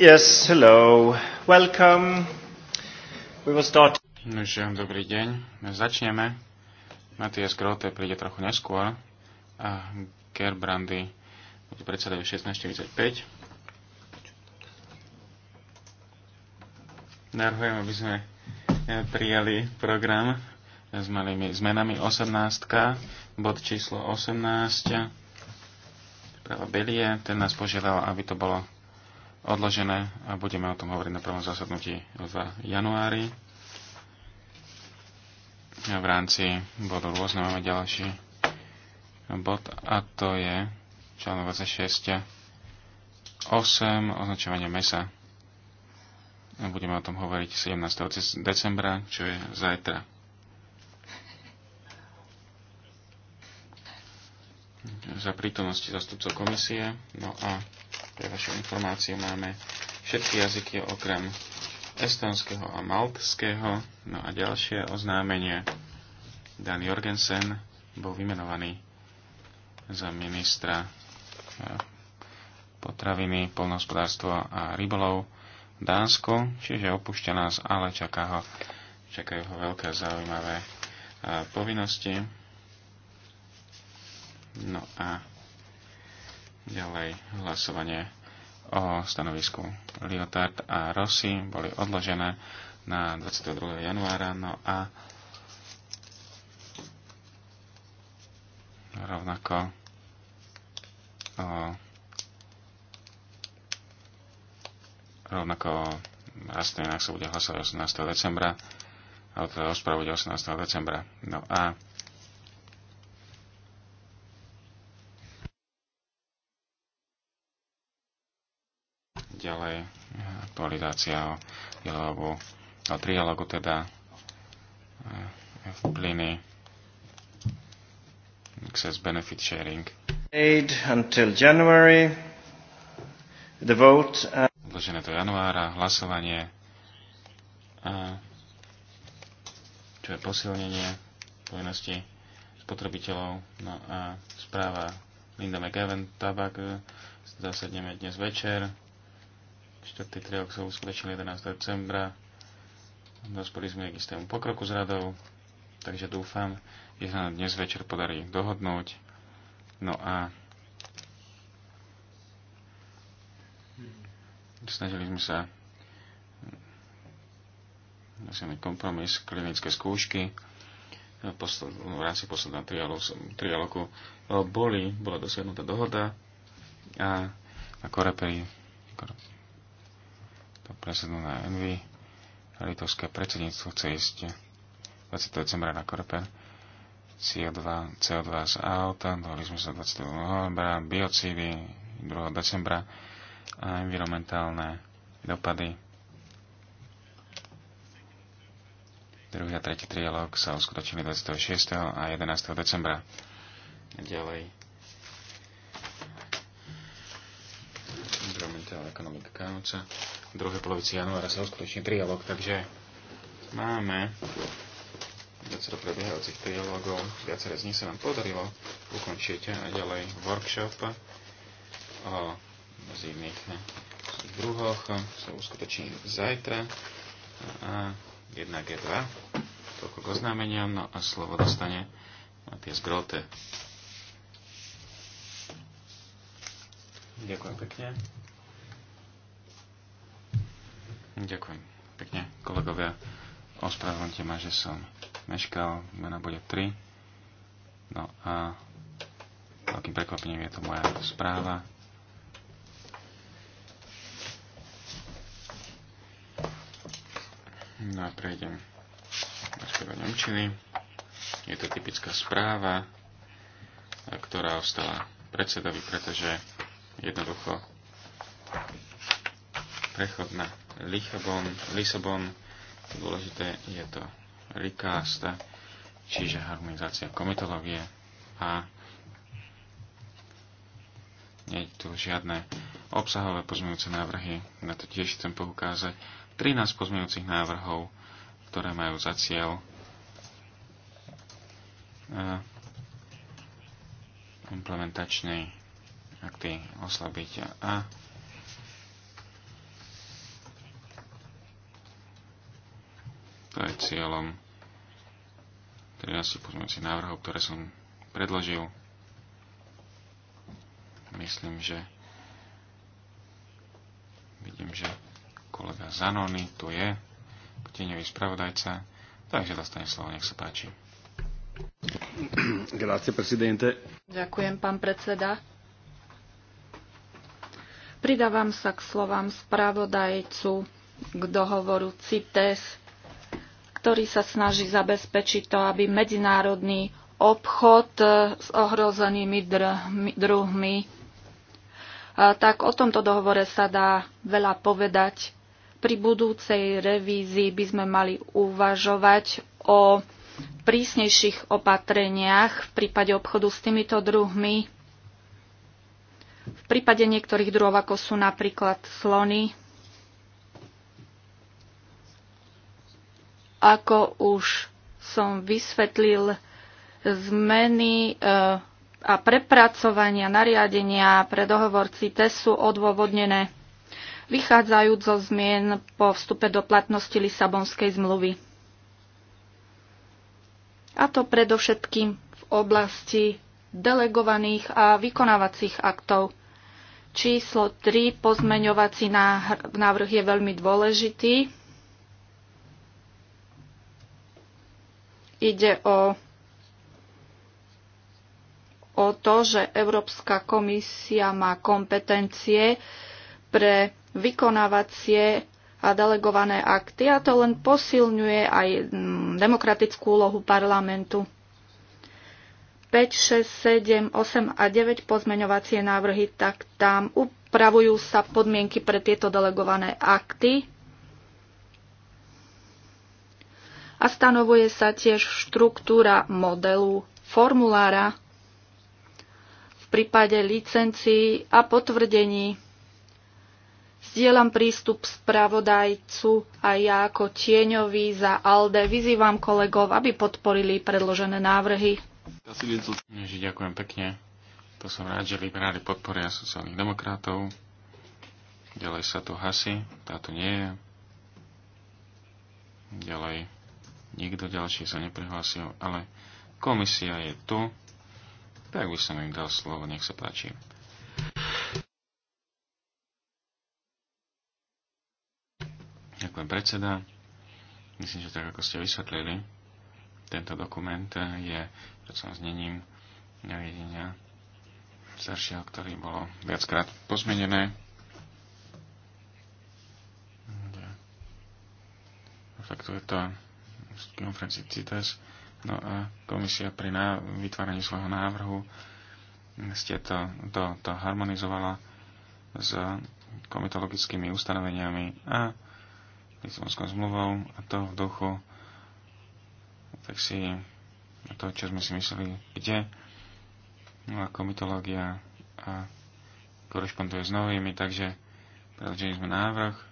Yes, hello. Welcome. We will start. Nože, dobrý deň. Začneme. Matias Grote príde trochu neskôr a Gerbrandy bude predseda 16.45. Navrhujem, aby sme e, prijali program s malými zmenami 18, bod číslo 18, práva Belie, ten nás požiadal, aby to bolo odložené a budeme o tom hovoriť na prvom zasadnutí v januári. A v rámci bodu rôzne máme ďalší bod a to je článok 26 8 označovanie mesa. A budeme o tom hovoriť 17. decembra, čo je zajtra. Za prítomnosti zastupcov komisie. No a pre vašu informáciu máme všetky jazyky okrem estonského a maltského. No a ďalšie oznámenie. Dan Jorgensen bol vymenovaný za ministra eh, potraviny, polnohospodárstvo a rybolov Dánsko, čiže opúšťa nás, ale čaká ho, čakajú ho veľké zaujímavé eh, povinnosti. No a Ďalej hlasovanie o stanovisku Lyotard a Rossi boli odložené na 22. januára. No a rovnako o, rovnako o rastlinách sa bude hlasovať 18. decembra, ale teda ospravuť 18. decembra. No a ďalej aktualizácia o dialogu, o trialogu teda eh, v plyny access benefit sharing. Aid until January. The vote. Uh, Odložené do januára, hlasovanie. A čo je posilnenie povinnosti spotrebiteľov. No a správa Linda McEwen, tabak, eh, zasadneme dnes večer. Čtvrtý triok sa uskutočnil 11. decembra. Dospeli sme k istému pokroku s radou, takže dúfam, že sa nám dnes večer podarí dohodnúť. No a snažili sme sa dosiahnuť kompromis klinické skúšky v rámci posledného trialogu eh, boli, bola dosiahnutá dohoda a ako reperi to presednú na Envy. Litovské predsedníctvo chce ísť 20. decembra na korpe CO2, CO2 z auta, dohli sme sa 20. novembra, biocídy 2. decembra a environmentálne dopady. Druhý a tretí trialog sa uskutočili 26. a 11. decembra. Ďalej. Environmentálna ekonomika Kánca v druhej polovici januára sa uskutoční trialog, takže máme viacero prebiehajúcich trialogov, Viacere z nich sa nám podarilo ukončiť a ďalej workshop o zimných druhoch sa uskutoční zajtra a 1G2 toľko k oznámeniam, no a slovo dostane Matias Grote. Ďakujem pekne. Ďakujem pekne, kolegovia. Ospravedlňte ma, že som meškal. Mena bude 3. No a veľkým prekvapením je to moja správa. No a prejdem do Nemčiny. Je to typická správa, ktorá ostala predsedovi, pretože jednoducho prechod na Lisabon, Lisabon dôležité je to recast, čiže harmonizácia komitológie a nie je tu žiadne obsahové pozmeňujúce návrhy. Na to tiež chcem poukázať 13 pozmeňujúcich návrhov, ktoré majú za cieľ e, implementačnej akty oslabiť a to je cieľom Teda ja si pozmem si návrhov, ktoré som predložil. Myslím, že vidím, že kolega Zanony tu je, tieňový spravodajca, takže dostane slovo, nech sa páči. Grazie, presidente. Ďakujem, pán predseda. Pridávam sa k slovám spravodajcu k dohovoru CITES ktorý sa snaží zabezpečiť to, aby medzinárodný obchod e, s ohrozenými druhmi. E, tak o tomto dohovore sa dá veľa povedať. Pri budúcej revízii by sme mali uvažovať o prísnejších opatreniach v prípade obchodu s týmito druhmi. V prípade niektorých druhov, ako sú napríklad slony, Ako už som vysvetlil, zmeny eh, a prepracovania nariadenia pre dohovorci TES sú odôvodnené, vychádzajúc zo zmien po vstupe do platnosti Lisabonskej zmluvy. A to predovšetkým v oblasti delegovaných a vykonávacích aktov. Číslo 3, pozmeňovací návrh je veľmi dôležitý Ide o, o to, že Európska komisia má kompetencie pre vykonávacie a delegované akty a to len posilňuje aj mm, demokratickú úlohu parlamentu. 5, 6, 7, 8 a 9 pozmeňovacie návrhy, tak tam upravujú sa podmienky pre tieto delegované akty a stanovuje sa tiež štruktúra modelu formulára v prípade licencií a potvrdení. Zdieľam prístup spravodajcu a ja ako tieňový za ALDE vyzývam kolegov, aby podporili predložené návrhy. Ďakujem pekne. To som rád, že vybrali podporia sociálnych demokratov. Ďalej sa tu hasi, táto nie je. Ďalej Nikto ďalší sa neprihlásil, ale komisia je tu. Tak by som im dal slovo, nech sa páči. Ďakujem predseda. Myslím, že tak ako ste vysvetlili, tento dokument je som znením nariadenia staršieho, ktorý bolo viackrát pozmenené. Faktuje to konferencii CITES. No a komisia pri vytváraní svojho návrhu ste to, to, to harmonizovala s komitologickými ustanoveniami a Lisabonskou zmluvou a to v duchu tak si to, čo sme si mysleli, kde no a komitológia a korešponduje s novými, takže predložili sme návrh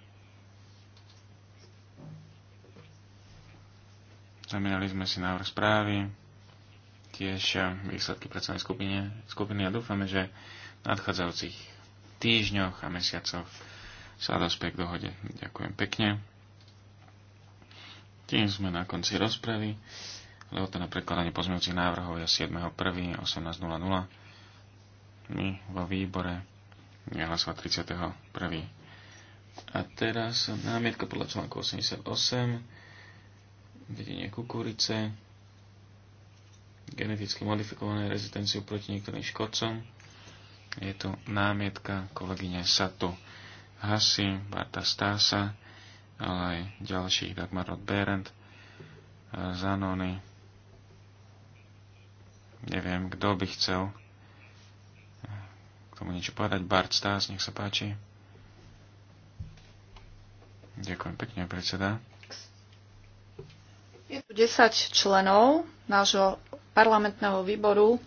Znamenali sme si návrh správy, tiež výsledky pracovnej skupiny, skupiny a dúfame, že v nadchádzajúcich týždňoch a mesiacoch sa dospie k dohode. Ďakujem pekne. Tým sme na konci rozpravy. to na prekladanie pozmeňujúcich návrhov je 7.1.18.00. My vo výbore je hlasovať 31. A teraz námietka podľa článku 88 vedenie kukurice, geneticky modifikované rezistenciu proti niektorým škodcom. Je tu námietka kolegyne Sato Hasi, Barta Stása, ale aj ďalších Dagmar Rod Berend, Zanony. Neviem, kto by chcel k tomu niečo povedať. Bart Stás, nech sa páči. Ďakujem pekne, predseda. Je tu 10 členov nášho parlamentného výboru,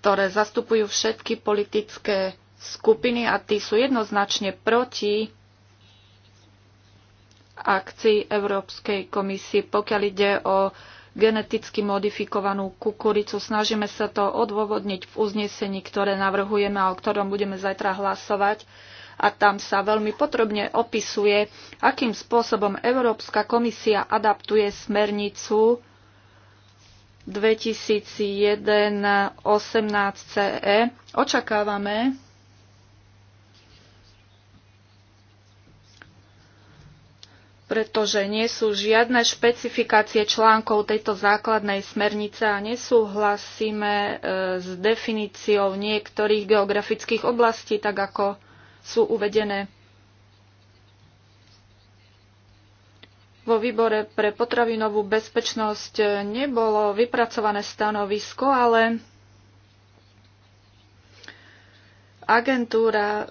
ktoré zastupujú všetky politické skupiny a tí sú jednoznačne proti akcii Európskej komisie, pokiaľ ide o geneticky modifikovanú kukuricu. Snažíme sa to odôvodniť v uznesení, ktoré navrhujeme a o ktorom budeme zajtra hlasovať a tam sa veľmi podrobne opisuje, akým spôsobom Európska komisia adaptuje smernicu 2001-18 CE. Očakávame, pretože nie sú žiadne špecifikácie článkov tejto základnej smernice a nesúhlasíme e, s definíciou niektorých geografických oblastí, tak ako sú uvedené. Vo výbore pre potravinovú bezpečnosť nebolo vypracované stanovisko, ale agentúra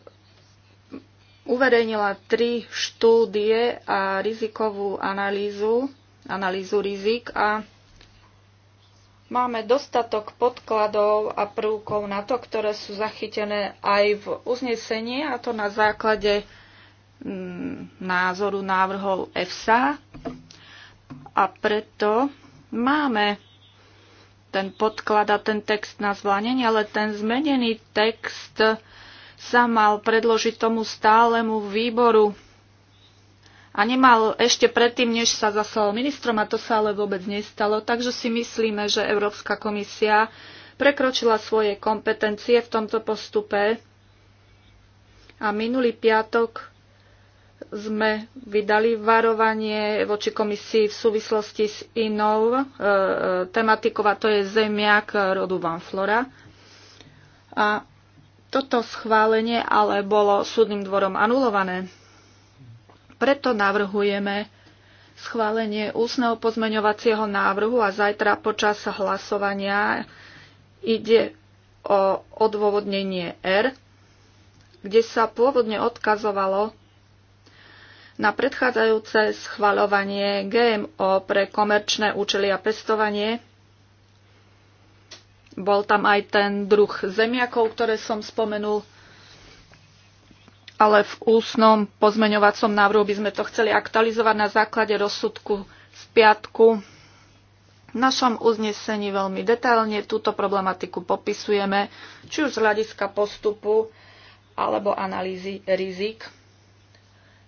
uverejnila tri štúdie a rizikovú analýzu, analýzu rizik a Máme dostatok podkladov a prvkov na to, ktoré sú zachytené aj v uznesení, a to na základe mm, názoru návrhov EFSA. A preto máme ten podklad a ten text na zvlánenie, ale ten zmenený text sa mal predložiť tomu stálemu výboru a nemal ešte predtým, než sa zaslal ministrom a to sa ale vôbec nestalo. Takže si myslíme, že Európska komisia prekročila svoje kompetencie v tomto postupe a minulý piatok sme vydali varovanie voči komisii v súvislosti s inou e, e tematikou a to je zemiak rodu Van Flora. A toto schválenie ale bolo súdnym dvorom anulované. Preto navrhujeme schválenie ústneho pozmeňovacieho návrhu a zajtra počas hlasovania ide o odôvodnenie R, kde sa pôvodne odkazovalo na predchádzajúce schvaľovanie GMO pre komerčné účely a pestovanie. Bol tam aj ten druh zemiakov, ktoré som spomenul ale v ústnom pozmeňovacom návrhu by sme to chceli aktualizovať na základe rozsudku z piatku. V našom uznesení veľmi detailne túto problematiku popisujeme, či už z hľadiska postupu alebo analýzy rizik.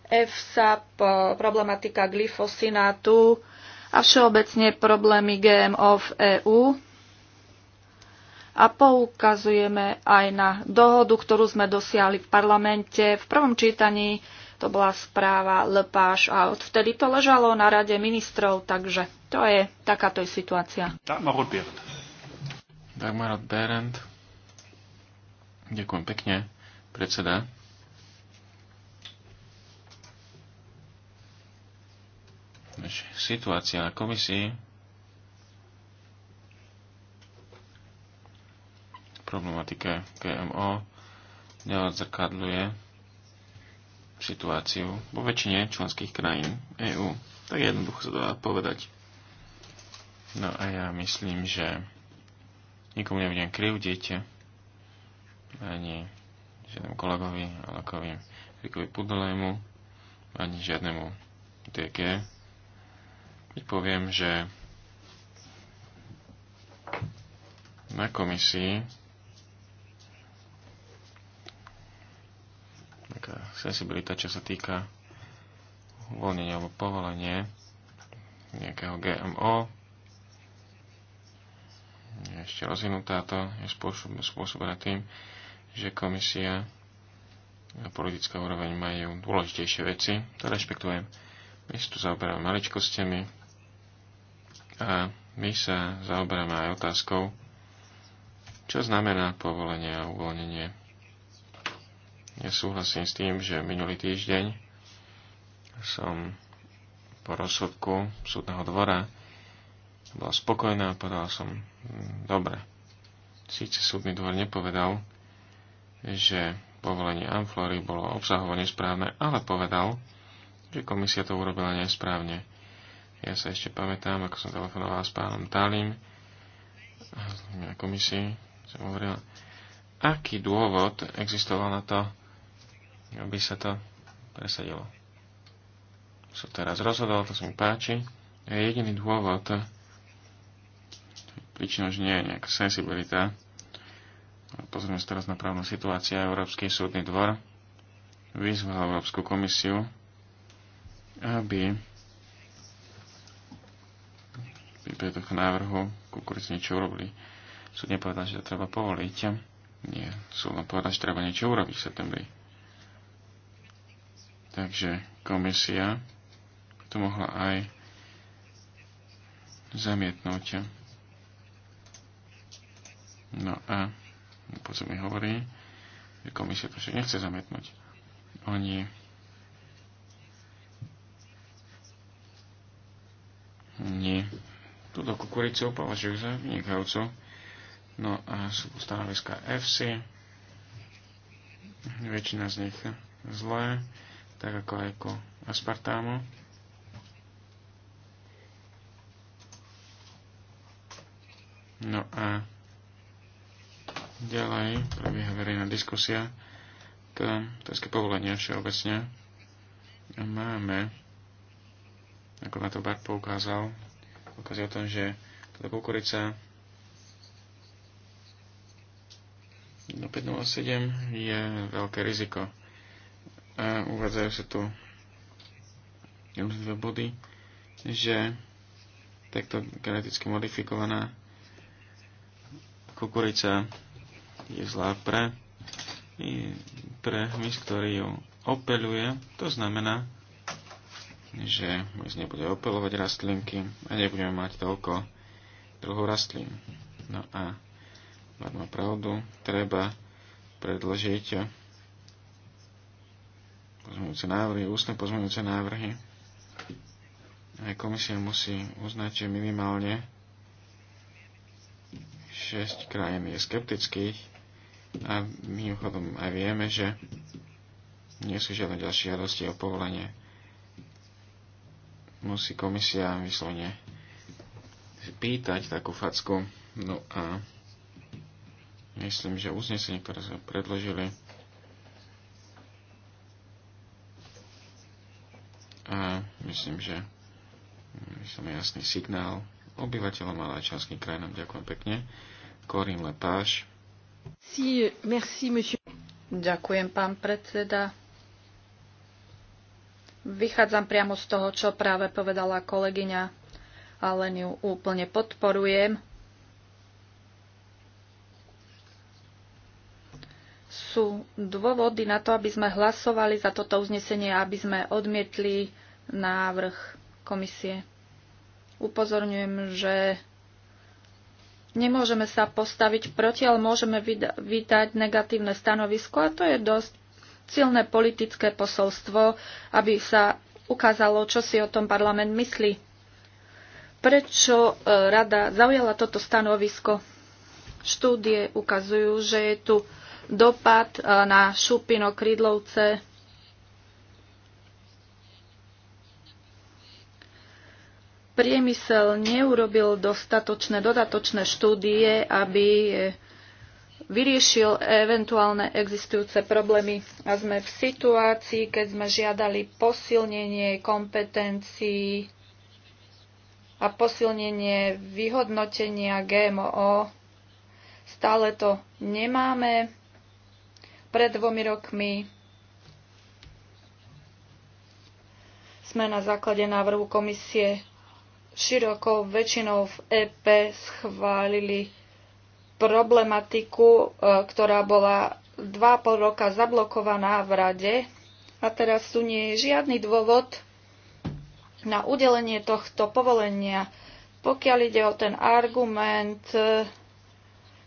FSAP, problematika glyfosinátu a všeobecne problémy GMO v EÚ a poukazujeme aj na dohodu, ktorú sme dosiahli v parlamente v prvom čítaní. To bola správa Lepáš a odvtedy to ležalo na rade ministrov, takže to je takáto je situácia. Dagmar Berend. Dagmar Berend. Ďakujem pekne, predseda. Situácia na komisii problematike GMO neodzrkadluje situáciu vo väčšine členských krajín EÚ. Tak jednoducho sa dá povedať. No a ja myslím, že nikomu nebudem krivdiť, ani žiadnemu kolegovi, Alakovi, Rikovi Pudolému, ani žiadnemu DG. Keď poviem, že na komisii taká eh, sensibilita, čo sa týka uvoľnenia alebo povolenie nejakého GMO. Je ešte rozvinutá to je spôsobená tým, že komisia a politická úroveň majú dôležitejšie veci. To rešpektujem. My sa tu zaoberáme maličkostiami a my sa zaoberáme aj otázkou, čo znamená povolenie a uvoľnenie ja súhlasím s tým, že minulý týždeň som po rozsudku súdneho dvora bola spokojná a povedal som, mm, dobre, síce súdny dvor nepovedal, že povolenie Amflory bolo obsahovo nesprávne, ale povedal, že komisia to urobila nesprávne. Ja sa ešte pamätám, ako som telefonoval s pánom Talim na komisii, som hovoril, aký dôvod existoval na to, aby sa to presadilo. Som teraz rozhodol, to sa mi páči. A jediný dôvod, príčinou, že nie je nejaká sensibilita. Pozrieme sa teraz na právnu situáciu. Európsky súdny dvor vyzval Európsku komisiu, aby pri tohto návrhu konkurenci niečo urobili. Súd nepovedal, že to treba povoliť. Nie, súd len povedal, že treba niečo urobiť v septembri. Takže komisia to mohla aj zamietnúť. No a pozor mi hovorí, že komisia to však nechce zamietnúť. Oni nie. Túto kukuricu považujú za vynikajúcu. No a sú tu stanoviska FC. Väčšina z nich zlé tak ako aj ako aspartámo. No a ďalej prebieha verejná diskusia k otázke povolenia všeobecne. A máme, ako na to Bart poukázal, poukázal o tom, že teda kukurica 507 no je veľké riziko a uvádzajú sa tu dve body, že takto geneticky modifikovaná kukurica je zlá pre, pre hmyz, ktorý ju opeluje. To znamená, že hmyz nebude opelovať rastlinky a nebudeme mať toľko druhú rastlín. No a má pravdu, treba predložiť pozmeňujúce návrhy, ústne pozmeňujúce návrhy. Aj komisia musí uznať, že minimálne 6 krajín je skeptických a mimochodom aj vieme, že nie sú žiadne ďalšie žiadosti o povolenie. Musí komisia vyslovne pýtať takú facku. No a myslím, že uznesenie, ktoré sme predložili, myslím, že myslím jasný signál obyvateľom, ale aj členským krajinám. Ďakujem pekne. Corinne Lepáš. Si, merci, monsieur. Ďakujem, pán predseda. Vychádzam priamo z toho, čo práve povedala kolegyňa, ale ju úplne podporujem. Sú dôvody na to, aby sme hlasovali za toto uznesenie, aby sme odmietli návrh komisie. Upozorňujem, že nemôžeme sa postaviť proti, ale môžeme vydať negatívne stanovisko a to je dosť silné politické posolstvo, aby sa ukázalo, čo si o tom parlament myslí. Prečo e, rada zaujala toto stanovisko? Štúdie ukazujú, že je tu dopad e, na šupino krídlovce priemysel neurobil dostatočné dodatočné štúdie, aby e, vyriešil eventuálne existujúce problémy. A sme v situácii, keď sme žiadali posilnenie kompetencií a posilnenie vyhodnotenia GMO. Stále to nemáme. Pred dvomi rokmi sme na základe návrhu komisie širokou väčšinou v EP schválili problematiku, e, ktorá bola 2,5 roka zablokovaná v Rade a teraz tu nie je žiadny dôvod na udelenie tohto povolenia. Pokiaľ ide o ten argument, e,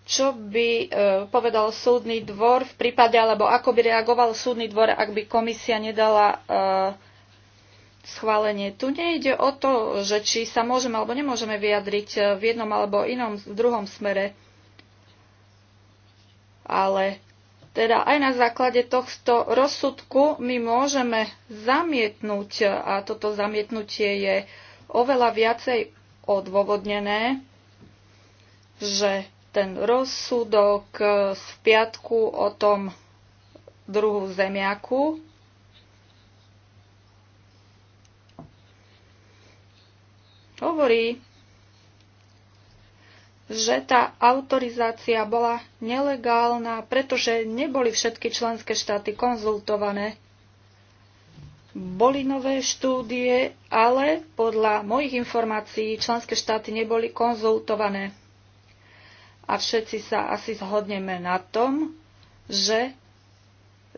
čo by e, povedal súdny dvor v prípade, alebo ako by reagoval súdny dvor, ak by komisia nedala schválenie. Tu nejde o to, že či sa môžeme alebo nemôžeme vyjadriť v jednom alebo inom, v druhom smere. Ale teda aj na základe tohto rozsudku my môžeme zamietnúť a toto zamietnutie je oveľa viacej odôvodnené, že ten rozsudok z piatku o tom druhu zemiaku hovorí, že tá autorizácia bola nelegálna, pretože neboli všetky členské štáty konzultované. Boli nové štúdie, ale podľa mojich informácií členské štáty neboli konzultované. A všetci sa asi zhodneme na tom, že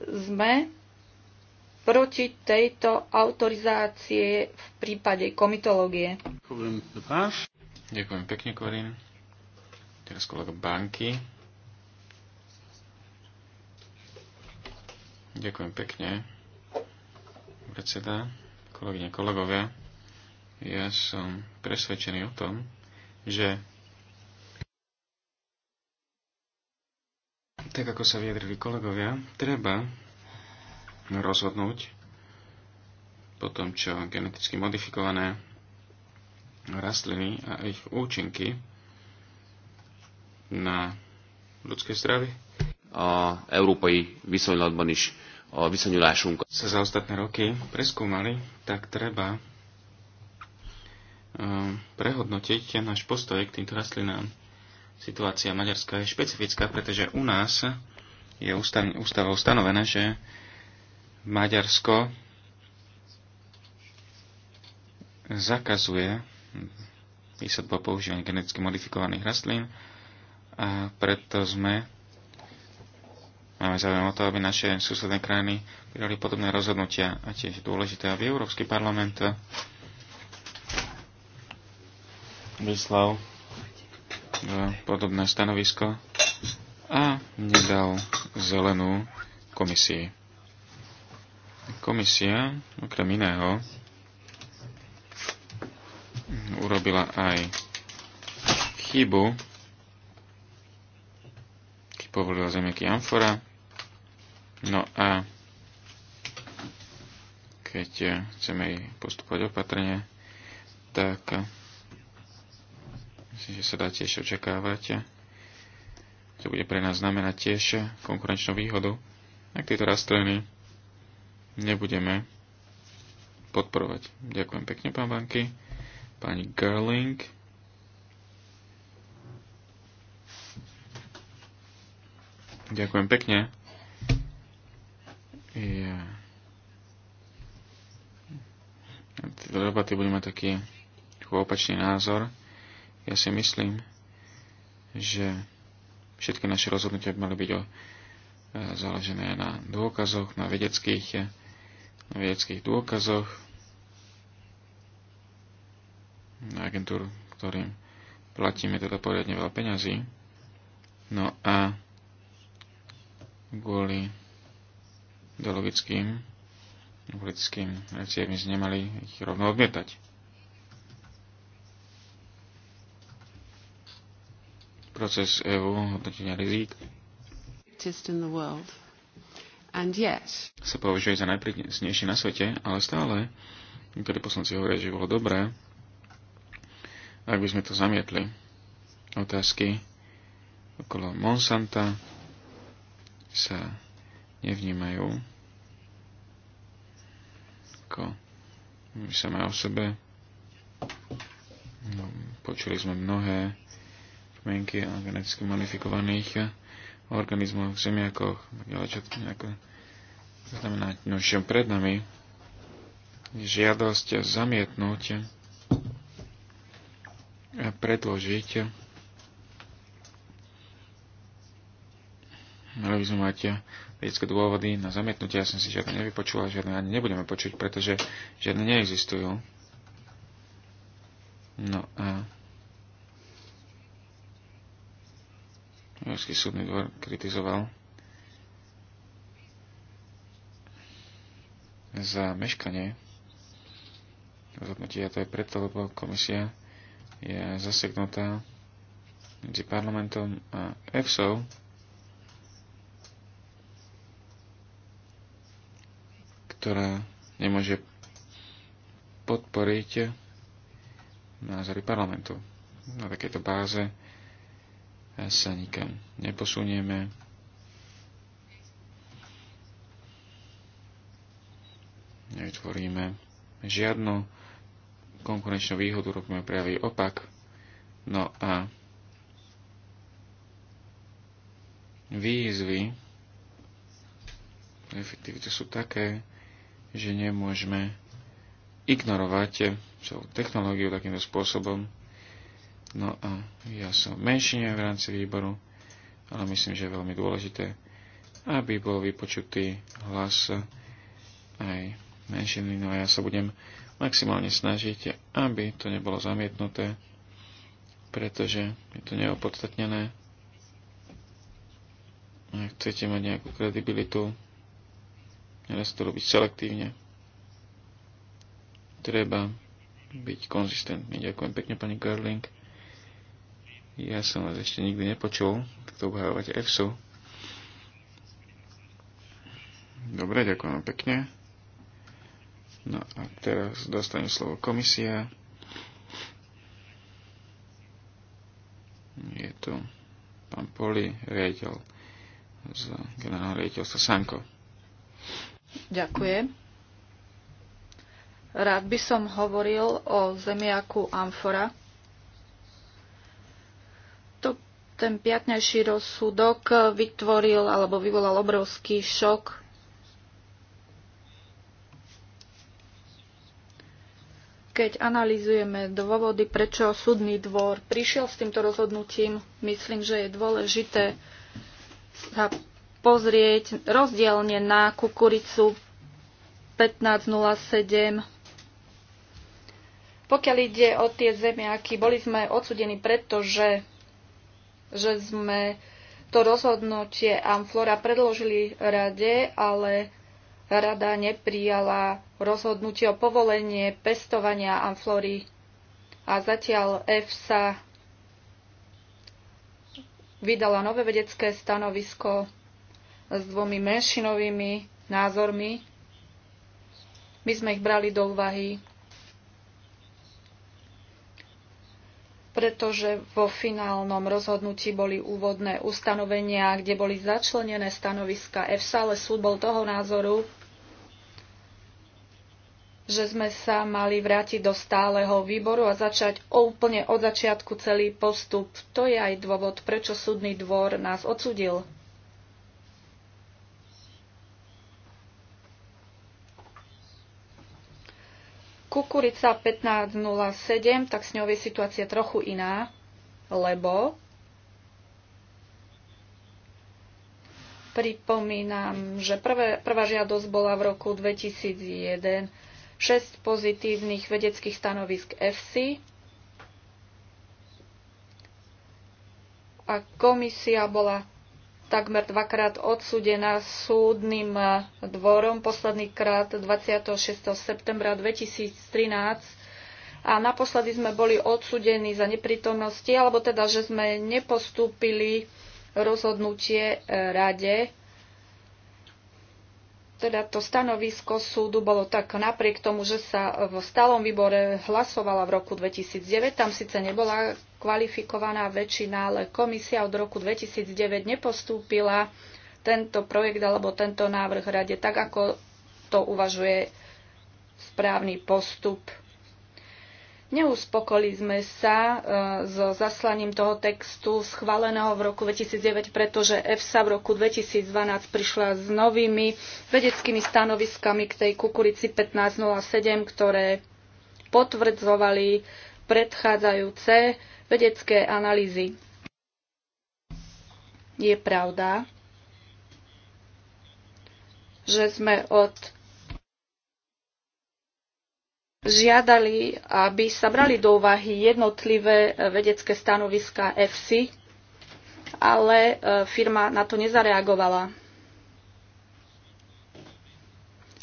sme proti tejto autorizácie v prípade komitológie. Ďakujem pekne, Korin. Teraz kolega banky. Ďakujem pekne, predseda, kolegyne, kolegovia. Ja som presvedčený o tom, že tak ako sa vyjadrili kolegovia, treba rozhodnúť po tom, čo geneticky modifikované rastliny a ich účinky na ľudské zdravie. A európai viszonylatban is a viszonyulásunkat. Sa za ostatné roky preskúmali, tak treba e, prehodnotiť náš postoj k týmto rastlinám. Situácia Maďarska je špecifická, pretože u nás je ústavou stanovené, že Maďarsko zakazuje výsadbu používania geneticky modifikovaných rastlín a preto sme máme záujem o to, aby naše susedné krajiny prijali podobné rozhodnutia a tiež je dôležité, aby Európsky parlament vyslal e, podobné stanovisko a nedal zelenú komisii. Komisia, okrem iného, urobila aj chybu, keď povolila zemieky amfora. No a keď chceme jej postupovať opatrne, tak myslím, že sa dá tiež očakávať. To bude pre nás znamenať tiež konkurenčnú výhodu, ak tieto rastliny nebudeme podporovať. Ďakujem pekne, pán Banky. Pani Gerling. Ďakujem pekne. Ja... Tieto debaty budú mať taký opačný názor. Ja si myslím, že všetky naše rozhodnutia by mali byť o, e, založené na dôkazoch, na vedeckých vedeckých dôkazoch na agentúru, ktorým platíme teda poriadne veľa peňazí. No a kvôli ideologickým politickým reciem by sme nemali ich rovno odmietať. Proces EU hodnotenia rizík. And yet, sa považuje za najprísnejší na svete, ale stále niektorí poslanci hovoria, že bolo dobré, ak by sme to zamietli. Otázky okolo Monsanta sa nevnímajú ako samé o sebe. No, počuli sme mnohé a geneticky modifikovaných organizmoch, zemiakoch, ako to znamená, no pred nami žiadosť zamietnúť a predložiť mali by sme mať vedecké dôvody na zamietnutie. Ja som si žiadne nevypočula, žiadne ani nebudeme počuť, pretože žiadne neexistujú. No a Európsky súdny dvor kritizoval za meškanie rozhodnutia. To je preto, lebo komisia je zaseknutá medzi parlamentom a EFSO. ktorá nemôže podporiť názory parlamentu. Na takejto báze sa nikam neposunieme. Nevytvoríme žiadnu konkurenčnú výhodu, robíme pravý opak. No a výzvy efektivity sú také, že nemôžeme ignorovať celú technológiu takýmto spôsobom, No a ja som menšine v rámci výboru, ale myslím, že je veľmi dôležité, aby bol vypočutý hlas aj menšiny. No a ja sa budem maximálne snažiť, aby to nebolo zamietnuté, pretože je to neopodstatnené. Ak chcete mať nejakú kredibilitu, sa to robiť selektívne. Treba byť konzistentný. Ďakujem pekne, pani Gerling. Ja som vás ešte nikdy nepočul, takto obhajovať EFSU. Dobre, ďakujem pekne. No a teraz dostane slovo komisia. Je tu pán Poli, riaditeľ z generálneho riaditeľstva Sanko. Ďakujem. Rád by som hovoril o zemiaku Amfora. Ten piatnejší rozsudok vytvoril alebo vyvolal obrovský šok keď analizujeme dôvody, prečo súdny dvor prišiel s týmto rozhodnutím, myslím, že je dôležité sa pozrieť rozdielne na kukuricu 1507. Pokiaľ ide o tie zemiaky, boli sme odsudení, pretože že sme to rozhodnutie Amflora predložili rade, ale rada neprijala rozhodnutie o povolenie pestovania Amflory a zatiaľ EFSA vydala nové vedecké stanovisko s dvomi menšinovými názormi. My sme ich brali do úvahy pretože vo finálnom rozhodnutí boli úvodné ustanovenia, kde boli začlenené stanoviska EFSA, ale súd bol toho názoru, že sme sa mali vrátiť do stáleho výboru a začať úplne od začiatku celý postup. To je aj dôvod, prečo súdny dvor nás odsudil. Kukurica 1507, tak s ňou je situácia trochu iná, lebo pripomínam, že prvé, prvá žiadosť bola v roku 2001 6 pozitívnych vedeckých stanovisk FC a komisia bola takmer dvakrát odsúdená súdnym e, dvorom, posledný krát 26. septembra 2013 a naposledy sme boli odsúdení za neprítomnosti, alebo teda, že sme nepostúpili rozhodnutie e, rade. Teda to stanovisko súdu bolo tak napriek tomu, že sa v stálom výbore hlasovala v roku 2009, tam síce nebola kvalifikovaná väčšina, ale komisia od roku 2009 nepostúpila tento projekt alebo tento návrh rade tak, ako to uvažuje správny postup. Neuspokoli sme sa e, so zaslaním toho textu schváleného v roku 2009, pretože EFSA v roku 2012 prišla s novými vedeckými stanoviskami k tej kukurici 1507, ktoré potvrdzovali predchádzajúce vedecké analýzy. Je pravda, že sme od žiadali, aby sa brali do úvahy jednotlivé e, vedecké stanoviska EFSI, ale e, firma na to nezareagovala.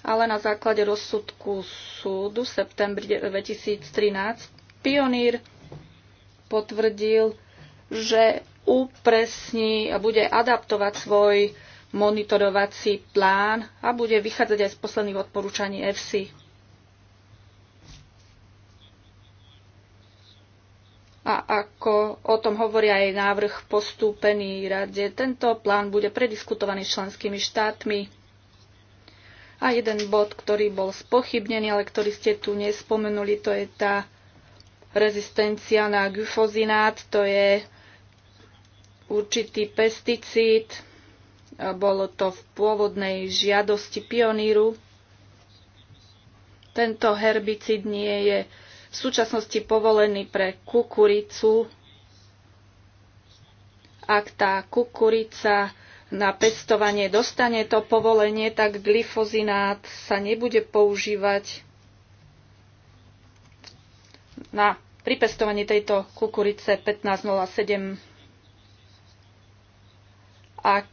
Ale na základe rozsudku súdu v septembri 2013 Pionír potvrdil, že upresní a bude adaptovať svoj monitorovací plán a bude vychádzať aj z posledných odporúčaní EFSI. A ako o tom hovorí aj návrh postúpený rade, tento plán bude prediskutovaný s členskými štátmi. A jeden bod, ktorý bol spochybnený, ale ktorý ste tu nespomenuli, to je tá rezistencia na glyfozinát, to je určitý pesticíd, bolo to v pôvodnej žiadosti pioníru. Tento herbicid nie je v súčasnosti povolený pre kukuricu, ak tá kukurica na pestovanie dostane to povolenie, tak glyfozinát sa nebude používať na pripestovanie tejto kukurice 1507. Ak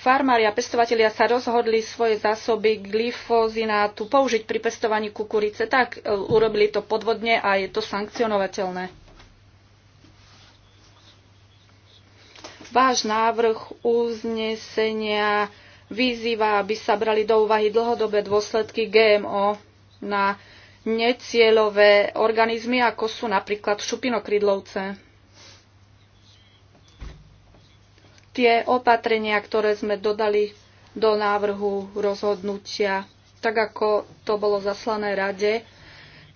farmári a pestovatelia sa rozhodli svoje zásoby glyfozinátu použiť pri pestovaní kukurice, tak e, urobili to podvodne a je to sankcionovateľné. Váš návrh uznesenia vyzýva, aby sa brali do úvahy dlhodobé dôsledky GMO na necieľové organizmy, ako sú napríklad šupinokrydlovce. Tie opatrenia, ktoré sme dodali do návrhu rozhodnutia, tak ako to bolo zaslané rade,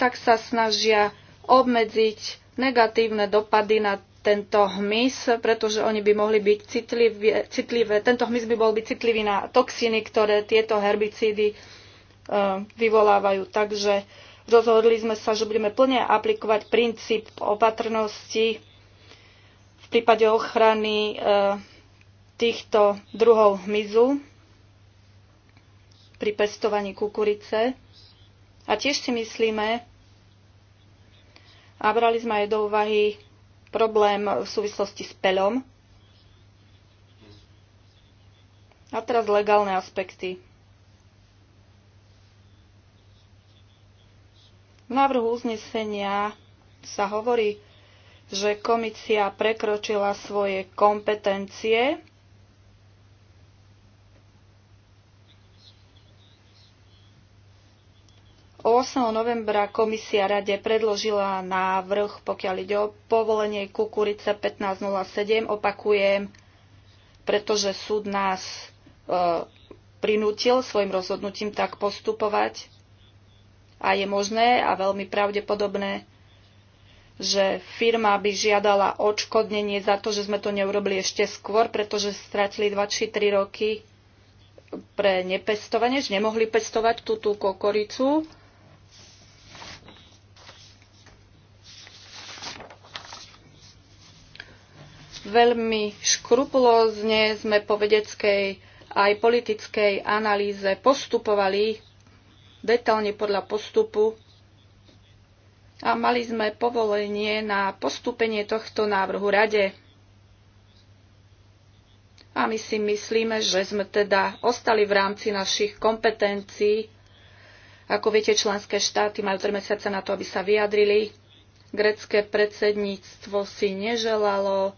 tak sa snažia obmedziť negatívne dopady na tento hmyz, pretože oni by mohli byť citlivé, citlivé. Tento hmyz by bol byť citlivý na toxíny, ktoré tieto herbicídy e, vyvolávajú. Takže Rozhodli sme sa, že budeme plne aplikovať princíp opatrnosti v prípade ochrany e, týchto druhov hmyzu pri pestovaní kukurice. A tiež si myslíme, a brali sme aj do úvahy problém v súvislosti s pelom. A teraz legálne aspekty. V návrhu uznesenia sa hovorí, že komisia prekročila svoje kompetencie O 8. novembra komisia rade predložila návrh, pokiaľ ide o povolenie kukurice 1507. Opakujem, pretože súd nás e, prinútil svojim rozhodnutím tak postupovať a je možné a veľmi pravdepodobné, že firma by žiadala odškodnenie za to, že sme to neurobili ešte skôr, pretože stratili 2 či 3 roky pre nepestovanie, že nemohli pestovať tú, tú kokoricu. Veľmi škrupulózne sme po vedeckej aj politickej analýze postupovali detálne podľa postupu a mali sme povolenie na postúpenie tohto návrhu rade. A my si myslíme, že sme teda ostali v rámci našich kompetencií. Ako viete, členské štáty majú 3 mesiace na to, aby sa vyjadrili. Grecké predsedníctvo si neželalo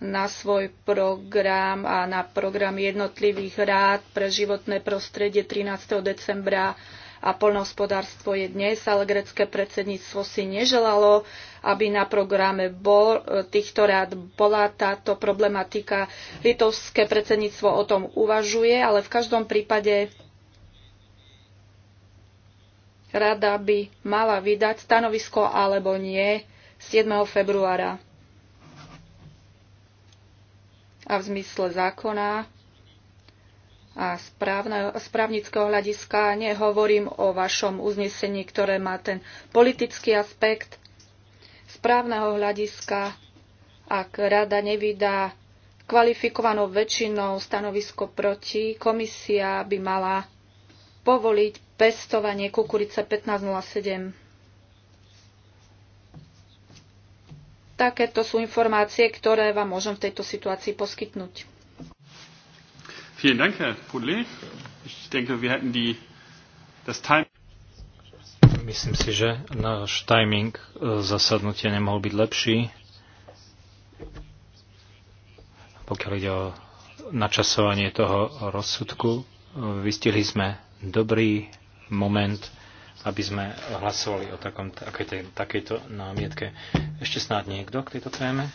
na svoj program a na program jednotlivých rád pre životné prostredie 13. decembra a poľnohospodárstvo je dnes, ale grecké predsedníctvo si neželalo, aby na programe bol, e, týchto rád bola táto problematika. Litovské predsedníctvo o tom uvažuje, ale v každom prípade rada by mala vydať stanovisko alebo nie 7. februára. A v zmysle zákona a správnického z právnického hľadiska nehovorím o vašom uznesení, ktoré má ten politický aspekt. Z právneho hľadiska, ak rada nevydá kvalifikovanou väčšinou stanovisko proti, komisia by mala povoliť pestovanie kukurice 1507. Takéto sú informácie, ktoré vám môžem v tejto situácii poskytnúť. Vielen Dank, Herr Poulet. Ich denke, wir hätten die, das Time. Myslím si, že náš timing e, zasadnutia nemohol byť lepší. Pokiaľ ide o načasovanie toho rozsudku, e, vystihli sme dobrý moment, aby sme hlasovali o takom, takejto, takejto námietke. Ešte snáď niekto k tejto téme?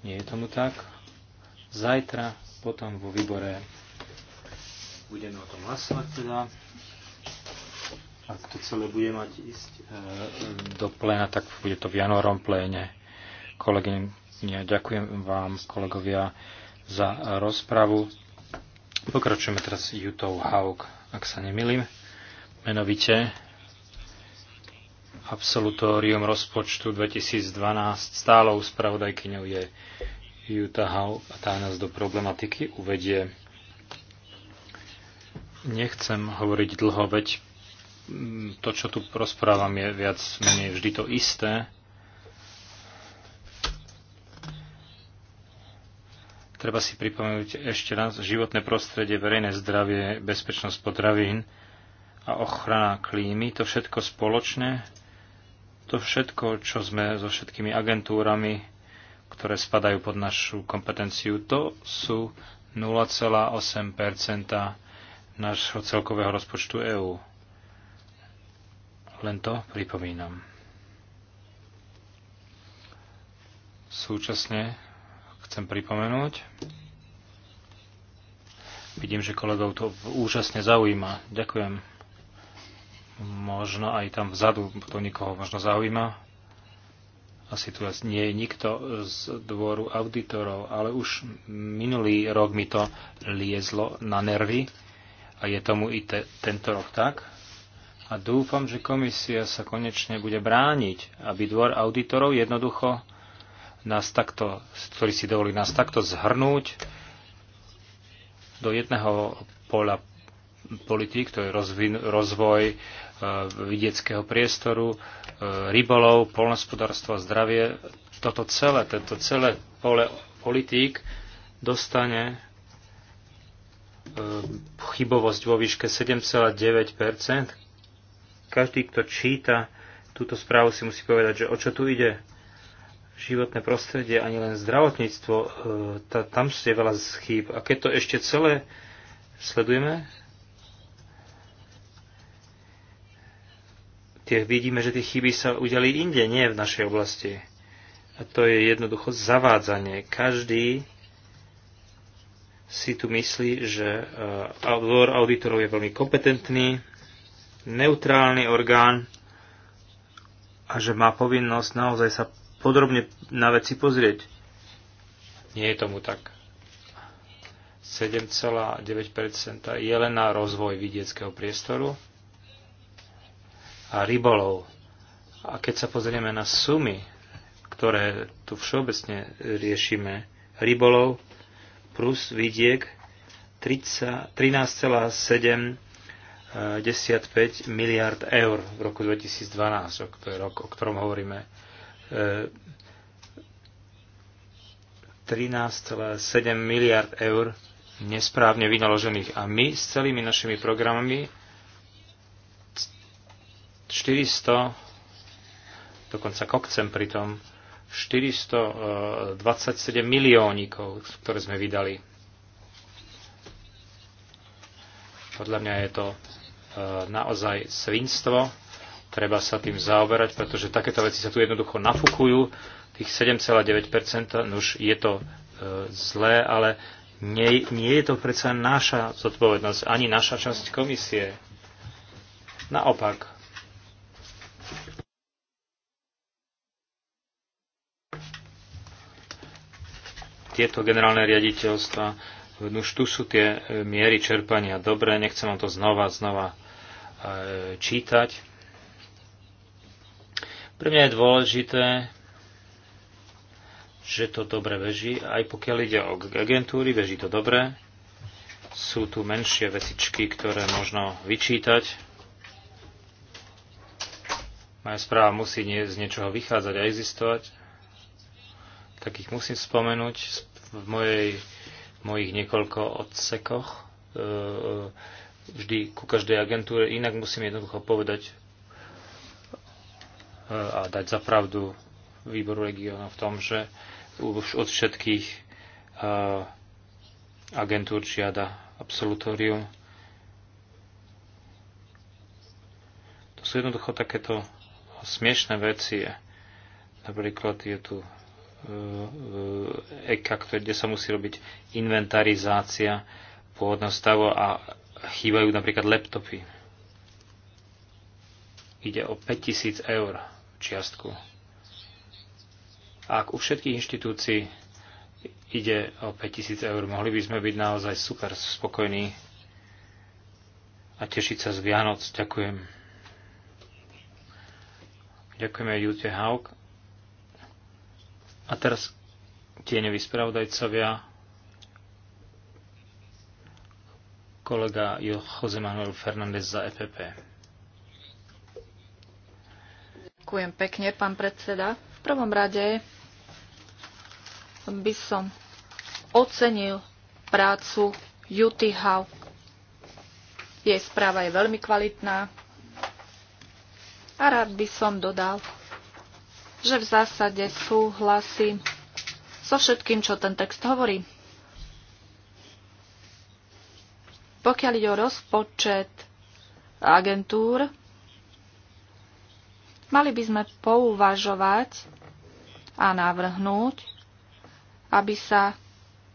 Nie je tomu tak. Zajtra potom vo výbore budeme o tom hlasovať teda. Ak to celé bude mať ísť e, e do pléna, tak bude to v januárom pléne. Kolegyne, ďakujem vám, kolegovia, za rozpravu. Pokračujeme teraz Jutou HAUK, ak sa nemilím. Menovite absolutórium rozpočtu 2012 stálou spravodajkyňou je Juta Hau, tá nás do problematiky uvedie. Nechcem hovoriť dlho, veď mm, to, čo tu rozprávam, je viac menej vždy to isté. Treba si pripomenúť ešte raz životné prostredie, verejné zdravie, bezpečnosť potravín a ochrana klímy. To všetko spoločné, to všetko, čo sme so všetkými agentúrami ktoré spadajú pod našu kompetenciu, to sú 0,8 nášho celkového rozpočtu EÚ. Len to pripomínam. Súčasne chcem pripomenúť, vidím, že kolegov to úžasne zaujíma. Ďakujem. Možno aj tam vzadu to nikoho možno zaujíma asi tu asi nie je nikto z dvoru auditorov, ale už minulý rok mi to liezlo na nervy a je tomu i te, tento rok tak. A dúfam, že komisia sa konečne bude brániť, aby dvor auditorov jednoducho nás takto, ktorí si dovolí nás takto zhrnúť do jedného pola politik, to je rozvin, rozvoj, E, vidieckého priestoru, e, rybolov, polnospodárstvo a zdravie. Toto celé, tento celé pole politík dostane e, chybovosť vo výške 7,9 Každý, kto číta túto správu, si musí povedať, že o čo tu ide. Životné prostredie, ani len zdravotníctvo, tam je veľa chýb. A keď to ešte celé sledujeme, tie, vidíme, že tie chyby sa udeli inde, nie v našej oblasti. A to je jednoducho zavádzanie. Každý si tu myslí, že eh, dvor auditorov je veľmi kompetentný, neutrálny orgán a že má povinnosť naozaj sa podrobne na veci pozrieť. Nie je tomu tak. 7,9% je len na rozvoj vidieckého priestoru, a rybolov. A keď sa pozrieme na sumy, ktoré tu všeobecne riešime, rybolov plus vidiek 13,75 miliard eur v roku 2012, to je rok, o ktorom hovoríme. 13,7 e, miliard eur nesprávne vynaložených. A my s celými našimi programami 400, dokonca kokcem pritom, 427 e, miliónikov, ktoré sme vydali. Podľa mňa je to e, naozaj svinstvo. Treba sa tým zaoberať, pretože takéto veci sa tu jednoducho nafukujú. Tých 7,9%, no už je to e, zlé, ale nie, nie je to predsa naša zodpovednosť, ani naša časť komisie. Naopak, tieto generálne riaditeľstva. Už tu sú tie e, miery čerpania dobré, nechcem vám to znova, znova e, čítať. Pre mňa je dôležité, že to dobre beží, aj pokiaľ ide o agentúry, beží to dobre. Sú tu menšie vecičky, ktoré možno vyčítať. Moja správa musí z niečoho vychádzať a existovať tak ich musím spomenúť v mojej, mojich niekoľko odsekoch. E, e, vždy ku každej agentúre, inak musím jednoducho povedať e, a dať za pravdu výboru regiónov v tom, že už od všetkých agentúr žiada absolutórium. To sú jednoducho takéto smiešné veci. Napríklad je tu EKA, e, e, e, kde sa musí robiť inventarizácia pôvodného stavu a chýbajú napríklad laptopy. Ide o 5000 eur čiastku. A ak u všetkých inštitúcií ide o 5000 eur, mohli by sme byť naozaj super spokojní a tešiť sa z Vianoc. Ďakujem. Ďakujeme Jute Haug a teraz tieňoví spravodajcovia, kolega Jose Manuel Fernández za EPP. Ďakujem pekne, pán predseda. V prvom rade by som ocenil prácu Juty Hau. Jej správa je veľmi kvalitná a rád by som dodal, že v zásade súhlasí so všetkým, čo ten text hovorí. Pokiaľ ide o rozpočet agentúr, mali by sme pouvažovať a navrhnúť, aby sa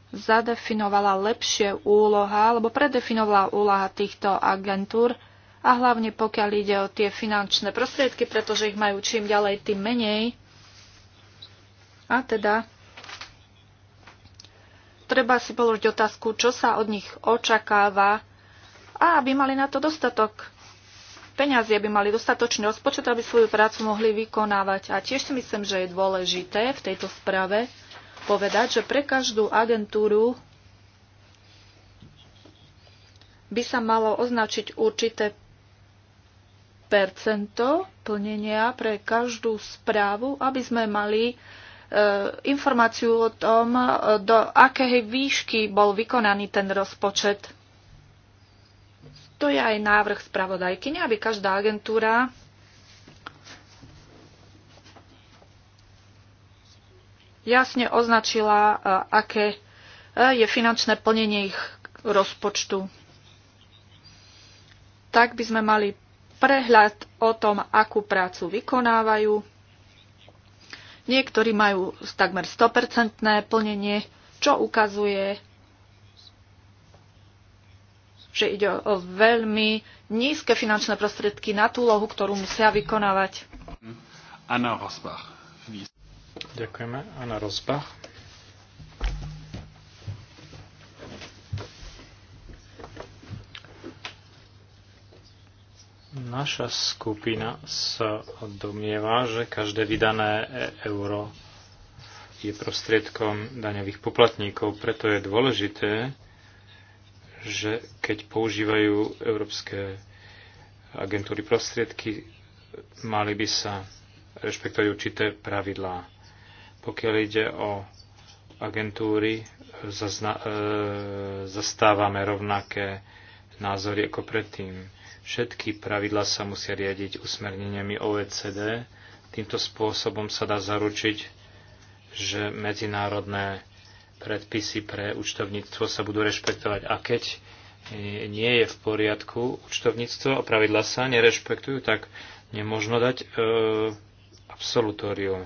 zadefinovala lepšie úloha, alebo predefinovala úloha týchto agentúr a hlavne pokiaľ ide o tie finančné prostriedky, pretože ich majú čím ďalej, tým menej. A teda treba si položiť otázku, čo sa od nich očakáva a aby mali na to dostatok peňazí, aby mali dostatočný rozpočet, aby svoju prácu mohli vykonávať. A tiež si myslím, že je dôležité v tejto sprave povedať, že pre každú agentúru by sa malo označiť určité percento plnenia pre každú správu, aby sme mali uh, Eh, informáciu o tom, eh, do akej výšky bol vykonaný ten rozpočet. To je aj návrh spravodajky, aby každá agentúra jasne označila, eh, aké je finančné plnenie ich rozpočtu. Tak by sme mali prehľad o tom, akú prácu vykonávajú Niektorí majú takmer 100% plnenie, čo ukazuje, že ide o veľmi nízke finančné prostriedky na tú lohu, ktorú musia vykonávať. Anna Rosbach. Ďakujeme. Anna Rosbach. Naša skupina sa domnieva, že každé vydané euro je prostriedkom daňových poplatníkov, preto je dôležité, že keď používajú európske agentúry prostriedky, mali by sa rešpektovať určité pravidlá. Pokiaľ ide o agentúry, zazna- e, zastávame rovnaké názory ako predtým Všetky pravidlá sa musia riadiť usmerneniami OECD. Týmto spôsobom sa dá zaručiť, že medzinárodné predpisy pre účtovníctvo sa budú rešpektovať. A keď nie je v poriadku účtovníctvo a pravidla sa nerešpektujú, tak nemôžno dať e, absolutórium.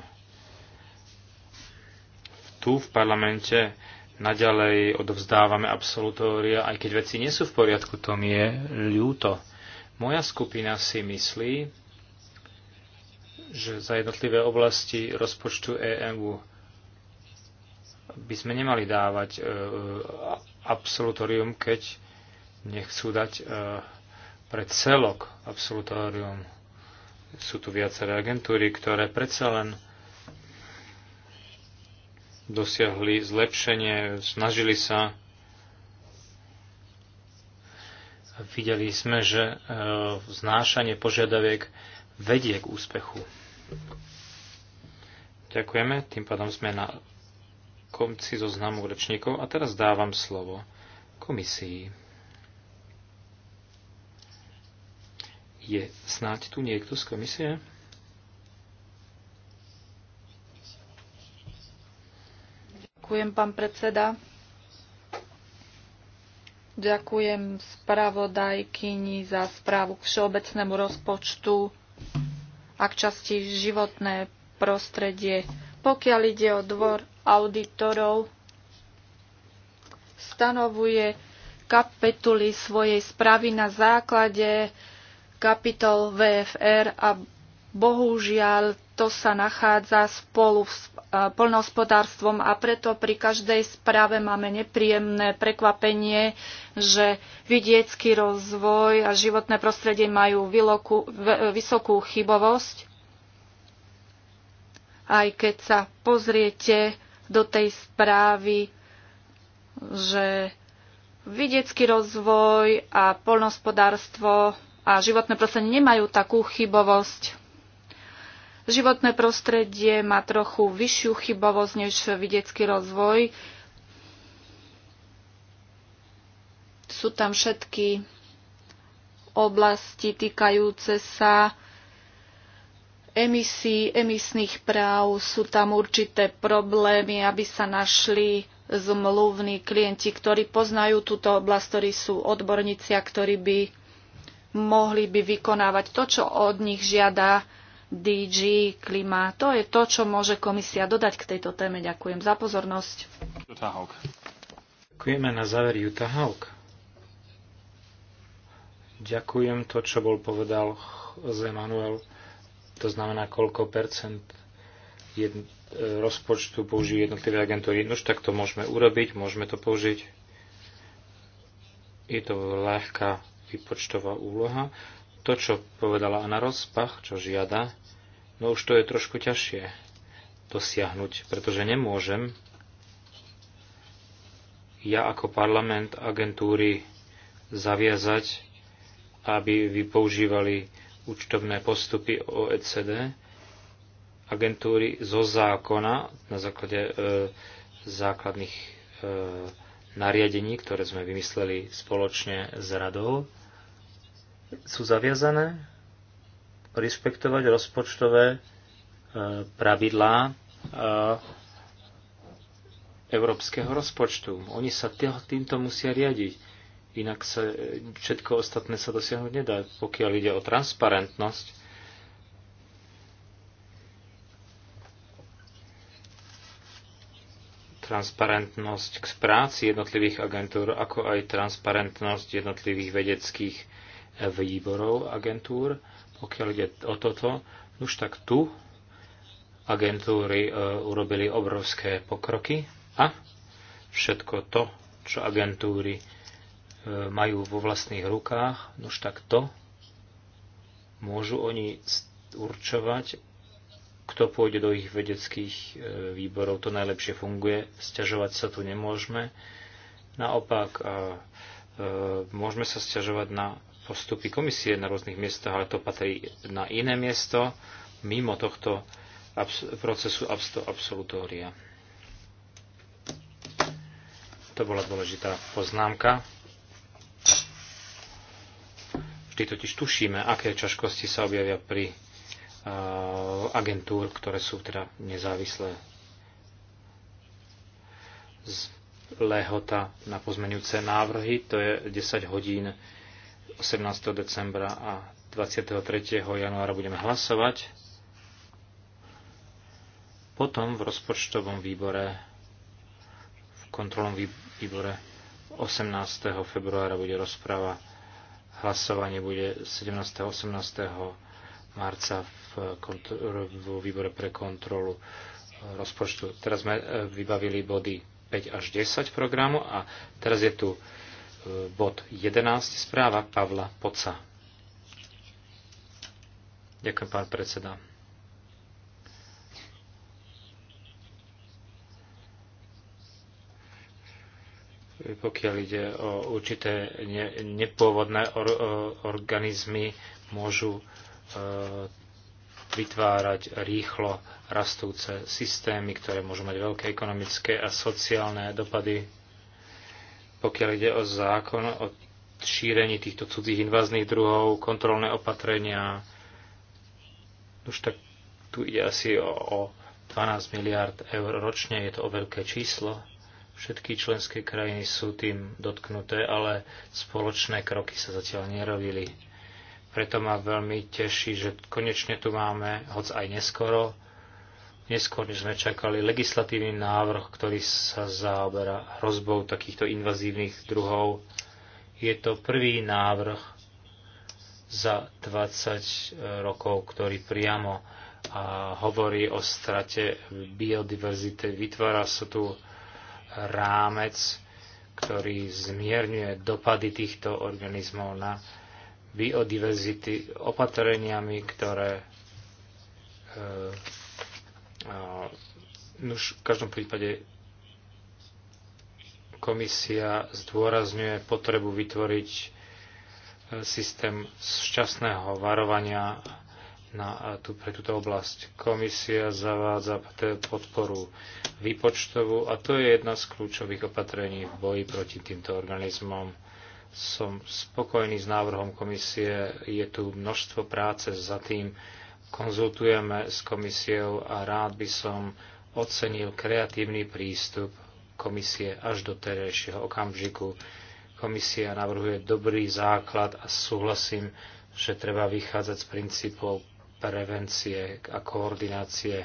Tu v parlamente naďalej odovzdávame absolutória, aj keď veci nie sú v poriadku, to mi je ľúto. Moja skupina si myslí, že za jednotlivé oblasti rozpočtu EMU by sme nemali dávať e, e, absolutorium, keď nechcú dať e, pre celok absolutorium. Sú tu viaceré agentúry, ktoré predsa len dosiahli zlepšenie, snažili sa Videli sme, že e, znášanie požiadaviek vedie k úspechu. Ďakujeme, tým pádom sme na konci zoznamu rečníkov a teraz dávam slovo komisii. Je snáď tu niekto z komisie? Ďakujem, pán predseda. Ďakujem spravodajkyni za správu k všeobecnému rozpočtu a k časti životné prostredie. Pokiaľ ide o dvor auditorov, stanovuje kapituly svojej správy na základe kapitol VFR a Bohužiaľ, to sa nachádza spolu s e, poľnohospodárstvom a preto pri každej správe máme nepríjemné prekvapenie, že vidiecký rozvoj a životné prostredie majú e, vysokú chybovosť. Aj keď sa pozriete do tej správy, že vidiecký rozvoj a polnohospodárstvo a životné prostredie nemajú takú chybovosť Životné prostredie má trochu vyššiu chybovosť než vidiecký rozvoj. Sú tam všetky oblasti týkajúce sa emisí, emisných práv. Sú tam určité problémy, aby sa našli zmluvní klienti, ktorí poznajú túto oblasť, ktorí sú odborníci a ktorí by mohli by vykonávať to, čo od nich žiada DG Klima. To je to, čo môže komisia dodať k tejto téme. Ďakujem za pozornosť. Ďakujeme na záver Juta Hauk. Ďakujem to, čo bol povedal Jose Manuel. To znamená, koľko percent jedn- rozpočtu použijú jednotlivé agentúry. Nož tak to môžeme urobiť, môžeme to použiť. Je to ľahká výpočtová úloha. To, čo povedala Anna Rozpach, čo žiada, no už to je trošku ťažšie dosiahnuť, pretože nemôžem ja ako parlament agentúry zaviazať, aby vypoužívali účtovné postupy OECD, agentúry zo zákona na základe e, základných e, nariadení, ktoré sme vymysleli spoločne s radou, sú zaviazané rešpektovať rozpočtové e, pravidlá e, európskeho rozpočtu. Oni sa týmto musia riadiť, inak sa všetko ostatné sa dosiahnuť nedá, pokiaľ ide o transparentnosť. transparentnosť k práci jednotlivých agentúr, ako aj transparentnosť jednotlivých vedeckých e, výborov agentúr pokiaľ ide o toto, už tak tu agentúry e, urobili obrovské pokroky a všetko to, čo agentúry e, majú vo vlastných rukách, už tak to môžu oni určovať, kto pôjde do ich vedeckých e, výborov, to najlepšie funguje, sťažovať sa tu nemôžeme. Naopak, e, e, môžeme sa sťažovať na postupy komisie na rôznych miestach, ale to patrí na iné miesto mimo tohto abs- procesu absolutória. To bola dôležitá poznámka. Vždy totiž tušíme, aké ťažkosti sa objavia pri uh, agentúr, ktoré sú teda nezávislé. Z lehota na pozmenujúce návrhy, to je 10 hodín 18. decembra a 23. januára budeme hlasovať. Potom v rozpočtovom výbore, v kontrolnom výbore 18. februára bude rozpráva. Hlasovanie bude 17. a 18. marca v, v výbore pre kontrolu rozpočtu. Teraz sme e, vybavili body 5 až 10 programu a teraz je tu bod 11, správa Pavla Poca. Ďakujem, pán predseda. Pokiaľ ide o určité nepôvodné or- organizmy, môžu e, vytvárať rýchlo rastúce systémy, ktoré môžu mať veľké ekonomické a sociálne dopady pokiaľ ide o zákon o šírení týchto cudzích invazných druhov, kontrolné opatrenia. Už tak tu ide asi o, o 12 miliard eur ročne, je to o veľké číslo. Všetky členské krajiny sú tým dotknuté, ale spoločné kroky sa zatiaľ nerovili. Preto ma veľmi teší, že konečne tu máme, hoc aj neskoro, neskôr, než sme čakali legislatívny návrh, ktorý sa zaoberá hrozbou takýchto invazívnych druhov. Je to prvý návrh za 20 e, rokov, ktorý priamo a hovorí o strate biodiverzity. Vytvára sa tu rámec, ktorý zmierňuje dopady týchto organizmov na biodiverzity opatreniami, ktoré e, Nuž, v každom prípade komisia zdôrazňuje potrebu vytvoriť e, systém šťastného varovania na, tu, pre túto oblasť. Komisia zavádza podporu výpočtovú a to je jedna z kľúčových opatrení v boji proti týmto organizmom. Som spokojný s návrhom komisie. Je tu množstvo práce za tým, konzultujeme s komisiou a rád by som ocenil kreatívny prístup komisie až do terejšieho okamžiku. Komisia navrhuje dobrý základ a súhlasím, že treba vychádzať z princípov prevencie a koordinácie.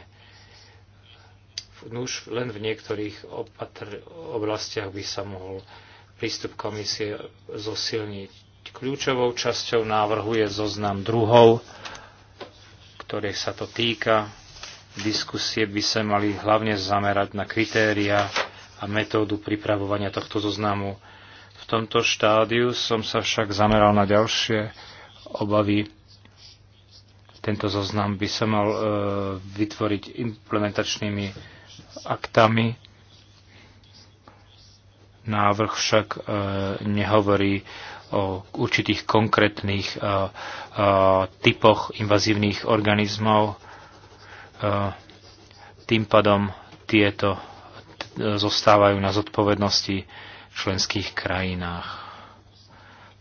Už len v niektorých opatr- oblastiach by sa mohol prístup komisie zosilniť. Kľúčovou časťou návrhu je zoznam druhov, ktoré sa to týka. Diskusie by sa mali hlavne zamerať na kritéria a metódu pripravovania tohto zoznamu. V tomto štádiu som sa však zameral na ďalšie obavy. Tento zoznam by sa mal e, vytvoriť implementačnými aktami. Návrh však e, nehovorí o určitých konkrétnych e, e, typoch invazívnych organizmov. E, tým pádom tieto zostávajú na zodpovednosti členských krajinách.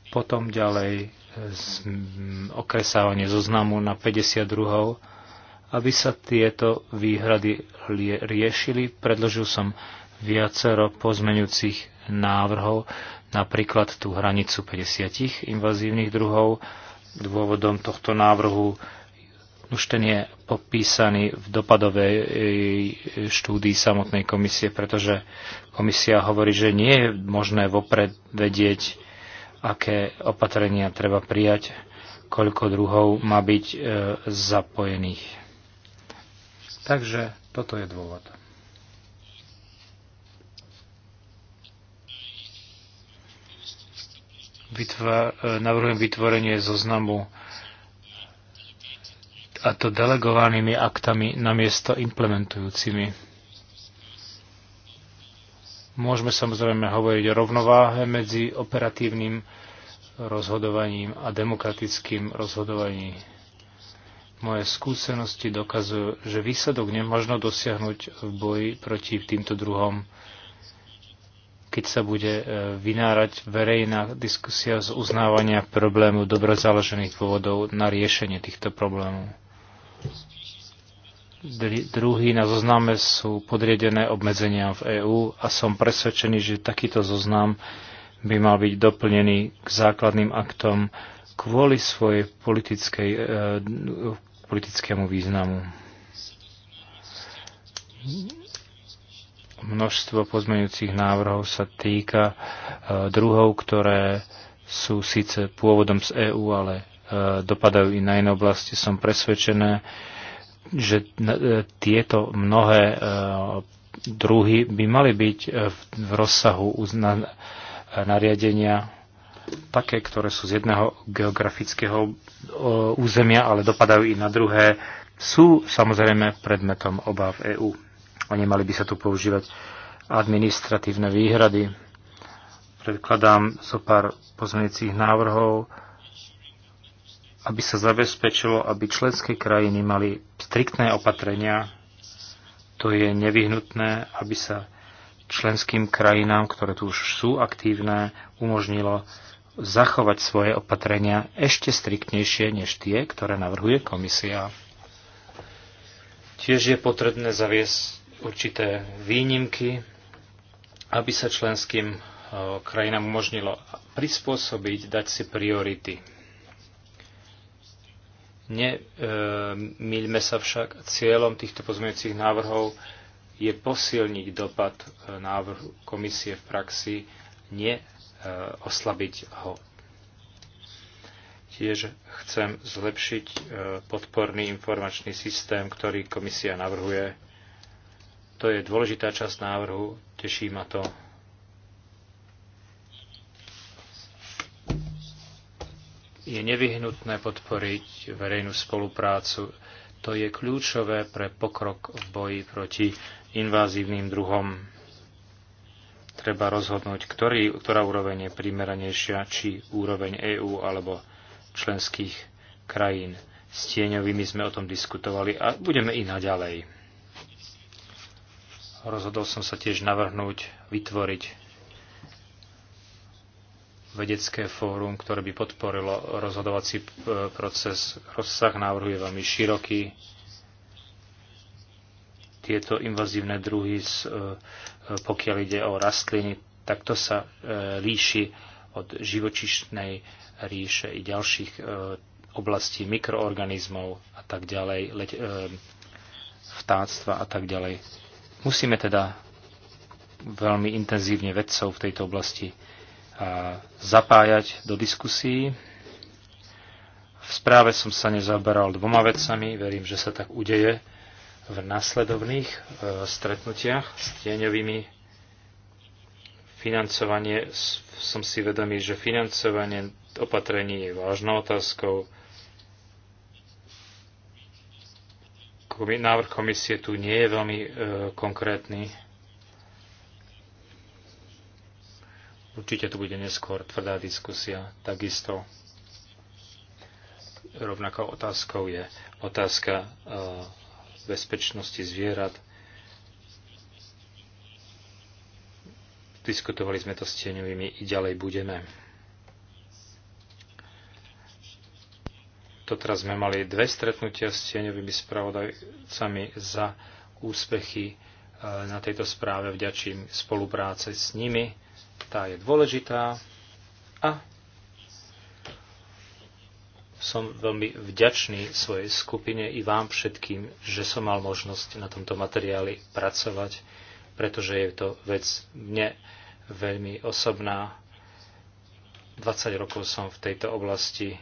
Potom ďalej okresávanie zoznamu na 52. Aby sa tieto výhrady riešili, predložil som viacero pozmeňujúcich návrhov napríklad tú hranicu 50 invazívnych druhov. Dôvodom tohto návrhu už ten je popísaný v dopadovej eh, štúdii samotnej komisie, pretože komisia hovorí, že nie je možné vopred vedieť, aké opatrenia treba prijať, koľko druhov má byť eh, zapojených. Takže toto je dôvod. E, navrhujem vytvorenie zoznamu a to delegovanými aktami namiesto implementujúcimi. Môžeme samozrejme hovoriť o rovnováhe medzi operatívnym rozhodovaním a demokratickým rozhodovaním. Moje skúsenosti dokazujú, že výsledok nemôžno dosiahnuť v boji proti týmto druhom keď sa bude e, vynárať verejná diskusia z uznávania problému dobre založených dôvodov na riešenie týchto problémov. Druhý na zozname sú podriedené obmedzenia v EÚ a som presvedčený, že takýto zoznam by mal byť doplnený k základným aktom kvôli svojej politickej, eh, politickému významu Množstvo pozmeňujúcich návrhov sa týka e, druhov, ktoré sú síce pôvodom z EÚ, ale e, dopadajú i na iné oblasti. Som presvedčené, že e, tieto mnohé druhy by mali byť v rozsahu nariadenia také, ktoré sú z jedného geografického územia, ale dopadajú i na druhé, sú samozrejme predmetom obáv EÚ a nemali by sa tu používať administratívne výhrady. Predkladám zo pár pozmeňujúcich návrhov, aby sa zabezpečilo, aby členské krajiny mali striktné opatrenia. To je nevyhnutné, aby sa členským krajinám, ktoré tu už sú aktívne, umožnilo zachovať svoje opatrenia ešte striktnejšie než tie, ktoré navrhuje komisia. Tiež je potrebné zaviesť určité výnimky, aby sa členským e, krajinám umožnilo prispôsobiť, dať si priority. Nemýľme e, sa však, cieľom týchto pozmeňujúcich návrhov je posilniť dopad e, návrhu komisie v praxi, nie oslabiť ho. Tiež chcem zlepšiť podporný informačný systém, ktorý komisia navrhuje to je dôležitá časť návrhu, teší ma to. Je nevyhnutné podporiť verejnú spoluprácu. To je kľúčové pre pokrok v boji proti invázívnym druhom. Treba rozhodnúť, ktorý, ktorá úroveň je primeranejšia, či úroveň EÚ alebo členských krajín. S tieňovými sme o tom diskutovali a budeme i naďalej rozhodol som sa tiež navrhnúť, vytvoriť vedecké fórum, ktoré by podporilo rozhodovací e, proces. Rozsah návrhu je veľmi široký. Tieto invazívne druhy, e, e, pokiaľ ide o rastliny, tak to sa líši od živočišnej ríše i ďalších oblastí mikroorganizmov a tak ďalej, vtáctva a tak ďalej Musíme teda veľmi intenzívne vedcov v tejto oblasti zapájať do diskusí. V správe som sa nezaberal dvoma vecami, verím, že sa tak udeje v nasledovných e, stretnutiach s tieňovými financovanie, som si vedomý, že financovanie opatrení je vážnou otázkou. návrh komisie tu nie je veľmi e, konkrétny. Určite tu bude neskôr tvrdá diskusia. Takisto rovnakou otázkou je otázka e, bezpečnosti zvierat. Diskutovali sme to s tieňovými i ďalej budeme. Doteraz sme mali dve stretnutia s tieňovými spravodajcami za úspechy e, na tejto správe. Vďačím spolupráce s nimi. Tá je dôležitá a som veľmi vďačný svojej skupine i vám všetkým, že som mal možnosť na tomto materiáli pracovať, pretože je to vec mne veľmi osobná. 20 rokov som v tejto oblasti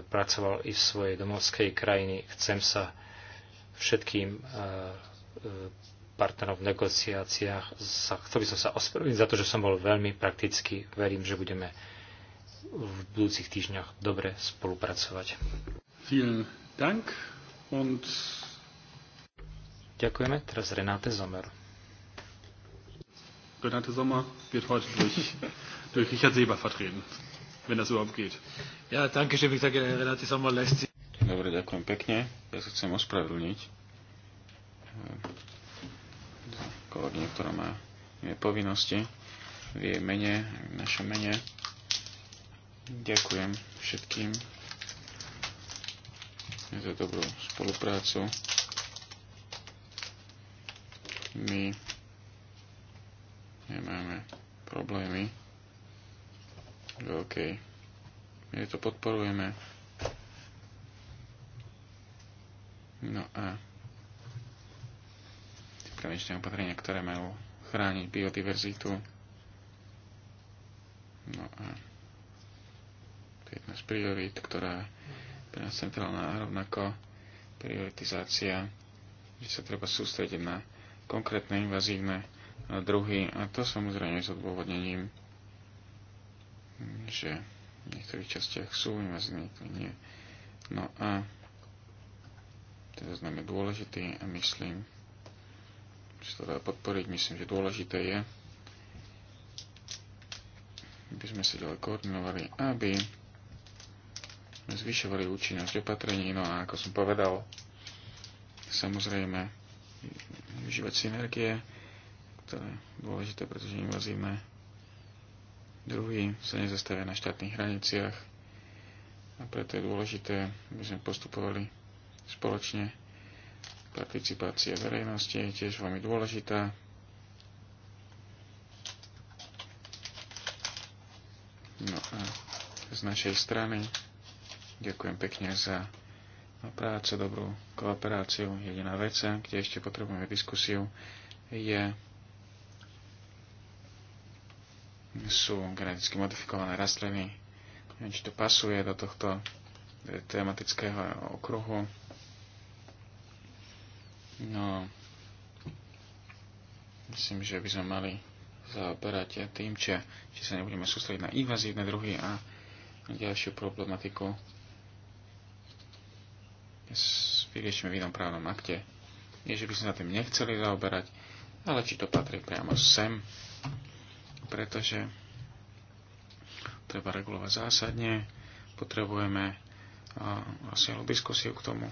pracoval i v svojej domovskej krajiny. Chcem sa všetkým e, e, partnerov v negociáciách. Chcel by som sa ospravedlniť za to, že som bol veľmi prakticky. Verím, že budeme v budúcich týždňoch dobre spolupracovať. Vielen Dank und Ďakujeme. Teraz Renate Sommer. Renate Sommer wird heute durch, durch Richard Seber vertreten wenn das überhaupt geht. Ja, danke schön, ich sage, Renate Sommer lässt sich. Dobre, ďakujem pekne. Ja sa chcem ospravedlniť. Kolegyne, ktorá má iné povinnosti, v jej mene, v našom mene. Ďakujem všetkým za dobrú spoluprácu. My nemáme problémy do OK. My to podporujeme. No a konečné opatrenia, ktoré majú chrániť biodiverzitu. No a to je jedna z priorít, ktorá pre nás centrálna rovnako prioritizácia, že sa treba sústrediť na konkrétne invazívne druhy a to samozrejme s odôvodnením že v niektorých častiach sú invazívne, nie. No a teda znamená dôležitý a myslím, že to dá podporiť. Myslím, že dôležité je, aby sme sa ďalej koordinovali, aby sme zvyšovali účinnosť opatrení. No a ako som povedal, samozrejme, využívať synergie, ktoré je dôležité, pretože invazívne druhý sa nezastavia na štátnych hraniciach a preto je dôležité, aby sme postupovali spoločne. Participácia verejnosti je tiež veľmi dôležitá. No a z našej strany ďakujem pekne za prácu, dobrú kooperáciu. Jediná vec, kde ešte potrebujeme diskusiu, je sú geneticky modifikované rastliny. Neviem, či to pasuje do tohto e, tematického okruhu. No, myslím, že by sme mali zaoberať tým, či, či sa nebudeme sústrediť na invazívne druhy a ďalšiu problematiku vyriešime v inom právnom akte. Nie, že by sme sa tým nechceli zaoberať, ale či to patrí priamo sem pretože treba regulovať zásadne, potrebujeme rozsiahlu vlastne diskusiu k tomu.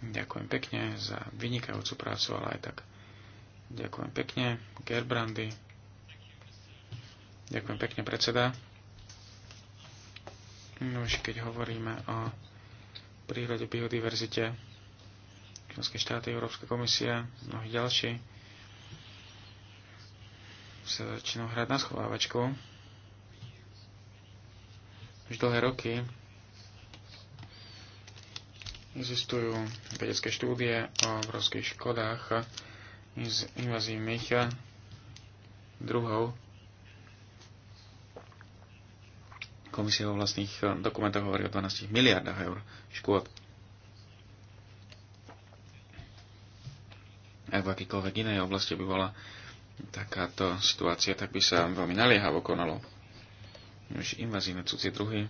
Ďakujem pekne za vynikajúcu prácu, ale aj tak ďakujem pekne, Gerbrandy. Ďakujem pekne, predseda. No už keď hovoríme o prírode biodiverzite, členské štáty, Európska komisia, mnohí ďalší, sa začínal hrať na schovávačku. Už dlhé roky existujú vedecké štúdie o obrovských škodách z invazívnych druhov. Komisia o vlastných dokumentoch hovorí o 12 miliardách eur škôd. Ak v akýkoľvek inej oblasti by bola takáto situácia, tak by sa veľmi naliehavo konalo. Už invazívne cudzie druhy.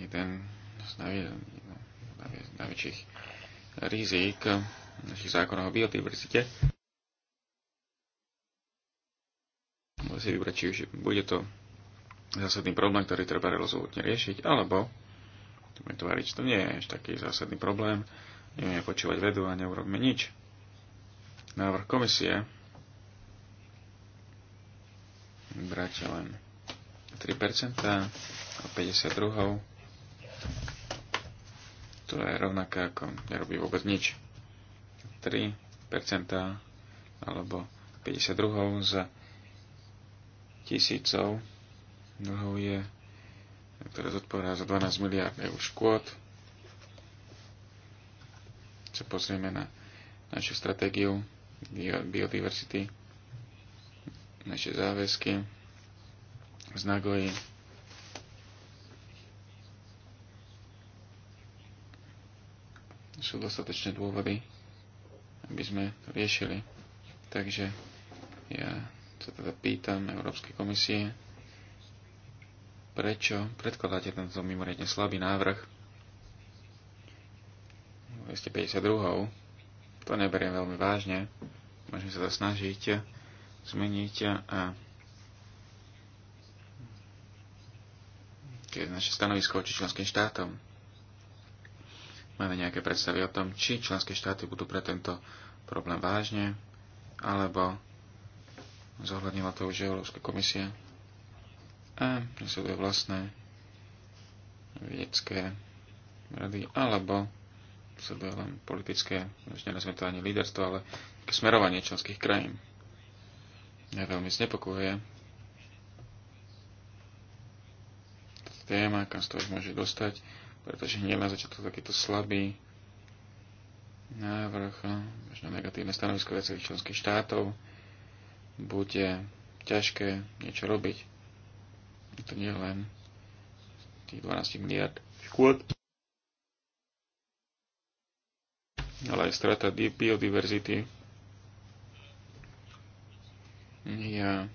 Jeden z najväčších rizik našich zákonov o biodiverzite. Môže si vybrať, či už bude to zásadný problém, ktorý treba rozhodne riešiť, alebo budeme tváriť, že to nie je až taký zásadný problém, nebudeme počúvať vedu a neurobíme nič návrh komisie brať len 3% a 52 to je rovnaké ako nerobí vôbec nič. 3% alebo 52 za tisícov druhou je, ktoré zodpovedá za 12 miliard eur škôd. Čo pozrieme na našu stratégiu biodiverzity, naše záväzky znagoji, Sú dostatočné dôvody, aby sme to riešili. Takže ja sa teda pýtam Európskej komisie, prečo predkladáte tento mimoriadne slabý návrh 252. To neberiem veľmi vážne môžeme sa to snažiť zmeniť a keď naše stanovisko či členským štátom máme nejaké predstavy o tom, či členské štáty budú pre tento problém vážne, alebo zohľadnila to už Európska komisia a nesleduje vlastné vedecké rady, alebo sleduje len politické, už nerozme to ani líderstvo, ale smerovanie členských krajín. Mňa veľmi znepokojuje téma, kam sa to už môže dostať, pretože hneď na začiatku takýto slabý návrh, možno negatívne stanovisko viacerých členských štátov, bude ťažké niečo robiť. Je to nie len tých 12 miliard škôd, ale aj strata biodiverzity ja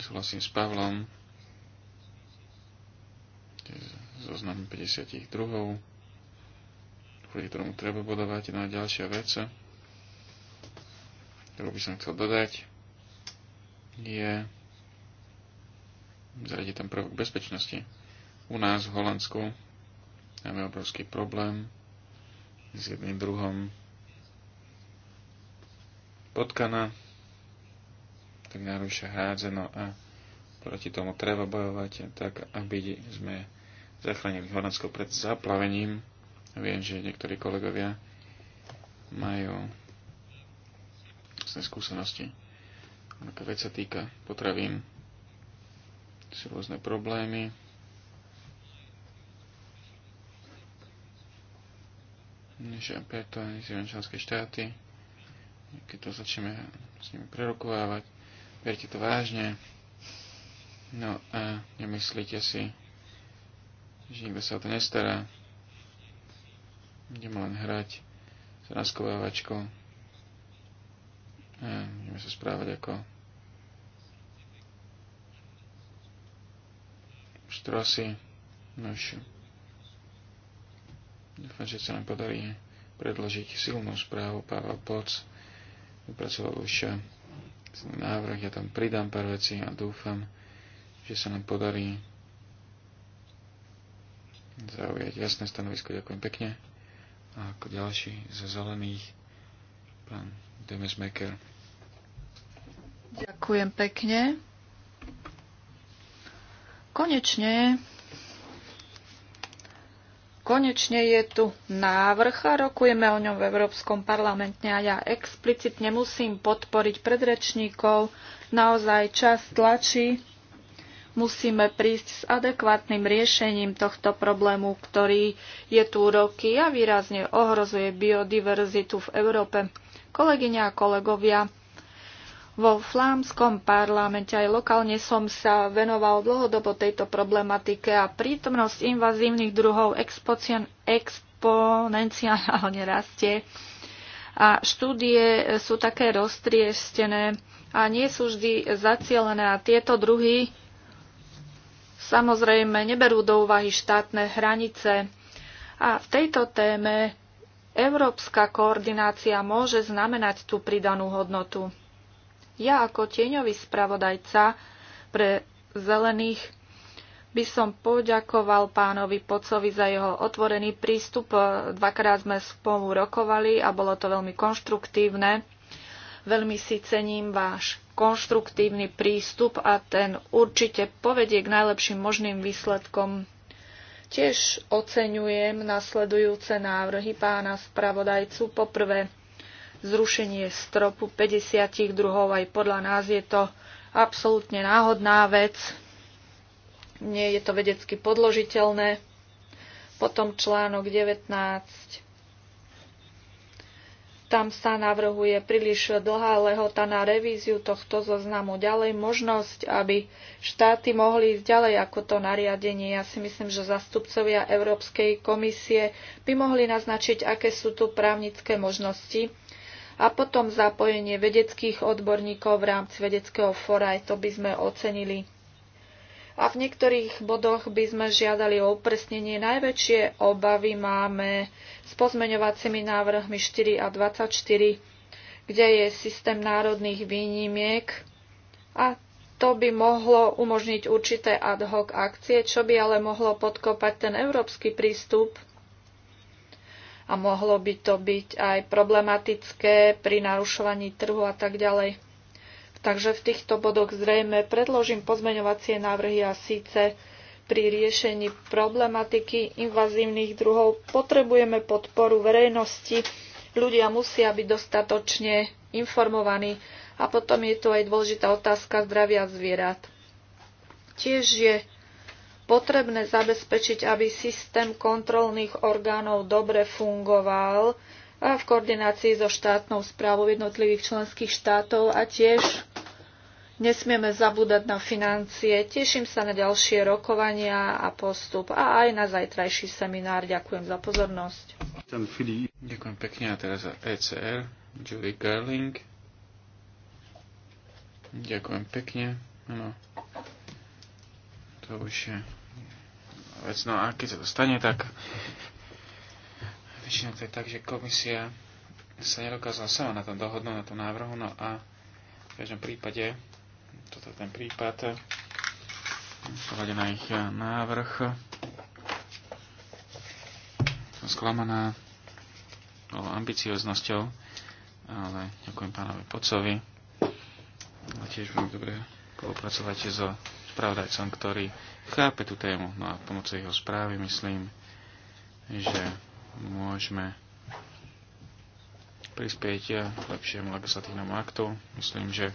súhlasím s Pavlom, zoznam 52, kvôli ktorému treba bodovať. na no ďalšia vec, ktorú by som chcel dodať, je zaradiť tam prvok bezpečnosti. U nás v Holandsku máme obrovský problém s jedným druhom potkana, kriminál už hádzeno a proti tomu treba bojovať, tak aby sme zachránili Holandsko pred zaplavením. Viem, že niektorí kolegovia majú skúsenosti. veď sa týka potravín, sú rôzne problémy, že preto aj štáty, keď to začneme s nimi prerokovávať, Verte to vážne. No a nemyslíte si, že nikto sa o to nestará. Ideme len hrať s naskovávačkou. A budeme sa správať ako štrosy. No Dúfam, že sa nám podarí predložiť silnú správu. Pavel Poc vypracoval už návrh, ja tam pridám pár veci a dúfam, že sa nám podarí zaujať jasné stanovisko. Ďakujem pekne. A ako ďalší zo zelených, pán Demesmaker. Ďakujem pekne. Konečne Konečne je tu návrh a rokujeme o ňom v Európskom parlamente a ja explicitne musím podporiť predrečníkov. Naozaj čas tlačí. Musíme prísť s adekvátnym riešením tohto problému, ktorý je tu roky a výrazne ohrozuje biodiverzitu v Európe. Kolegyňa a kolegovia, vo flámskom parlamente aj lokálne som sa venoval dlhodobo tejto problematike a prítomnosť invazívnych druhov exponenciálne rastie. A štúdie sú také roztrieštené a nie sú vždy zacielené a tieto druhy samozrejme neberú do úvahy štátne hranice. A v tejto téme európska koordinácia môže znamenať tú pridanú hodnotu. Ja ako tieňový spravodajca pre zelených by som poďakoval pánovi Pocovi za jeho otvorený prístup. Dvakrát sme spolu rokovali a bolo to veľmi konštruktívne. Veľmi si cením váš konštruktívny prístup a ten určite povedie k najlepším možným výsledkom. Tiež oceňujem nasledujúce návrhy pána spravodajcu. Poprvé, zrušenie stropu druhov aj podľa nás je to absolútne náhodná vec. Nie je to vedecky podložiteľné. Potom článok 19. Tam sa navrhuje príliš dlhá lehota na revíziu tohto zoznamu. Ďalej možnosť, aby štáty mohli ísť ďalej ako to nariadenie. Ja si myslím, že zastupcovia Európskej komisie by mohli naznačiť, aké sú tu právnické možnosti a potom zapojenie vedeckých odborníkov v rámci vedeckého fóra, aj to by sme ocenili. A v niektorých bodoch by sme žiadali o upresnenie. Najväčšie obavy máme s pozmeňovacími návrhmi 4 a 24, kde je systém národných výnimiek a to by mohlo umožniť určité ad hoc akcie, čo by ale mohlo podkopať ten európsky prístup a mohlo by to byť aj problematické pri narušovaní trhu a tak ďalej. Takže v týchto bodoch zrejme predložím pozmeňovacie návrhy a síce pri riešení problematiky invazívnych druhov potrebujeme podporu verejnosti. Ľudia musia byť dostatočne informovaní a potom je tu aj dôležitá otázka zdravia zvierat. Tiež je potrebné zabezpečiť, aby systém kontrolných orgánov dobre fungoval a v koordinácii so štátnou správou jednotlivých členských štátov a tiež nesmieme zabúdať na financie. Teším sa na ďalšie rokovania a postup a aj na zajtrajší seminár. Ďakujem za pozornosť. Ďakujem pekne a teraz za ECR, Julie Garling. Ďakujem pekne. Áno. To už je vec. No a keď sa to stane, tak väčšinou to je tak, že komisia sa nedokázala sama na tom dohodnúť, na tom návrhu, no a v každom prípade, toto je ten prípad, pohľade na ich eh, návrh. Som sklamaná o ambicioznosťou, ale ďakujem pánovi Pocovi. ale tiež veľmi dobre spolupracovate so spravodajcom, ktorý chápe tú tému. No a pomocou jeho správy myslím, že môžeme prispieť k lepšiemu legislatívnemu aktu. Myslím, že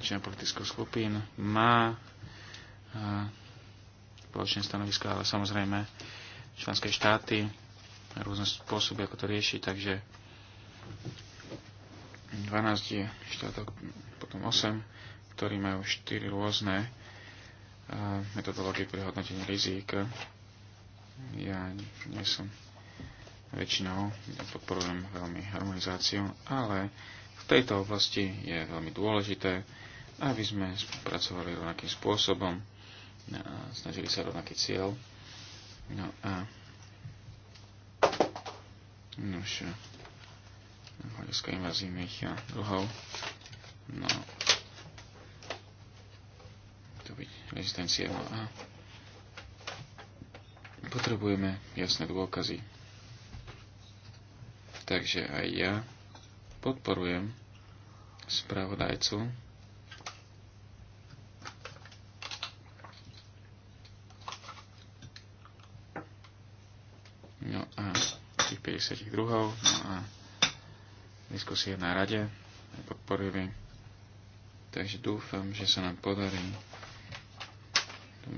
väčšina politických skupín má spoločné stanovisko, ale samozrejme členské štáty rôzne spôsoby, ako to rieši, takže 12 je štátov, potom 8, ktorí majú 4 rôzne metodológie pre hodnotenie rizik. Ja nie som väčšinou, ja podporujem veľmi harmonizáciu, ale v tejto oblasti je veľmi dôležité, aby sme pracovali rovnakým spôsobom a snažili sa rovnaký cieľ. No a nož hľadiska invazívnych druhov, No to byť rezistencia no a potrebujeme jasné dôkazy. Takže aj ja podporujem spravodajcu No a tých 52. No a diskusie na rade podporujeme. Takže dúfam, že sa nám podarí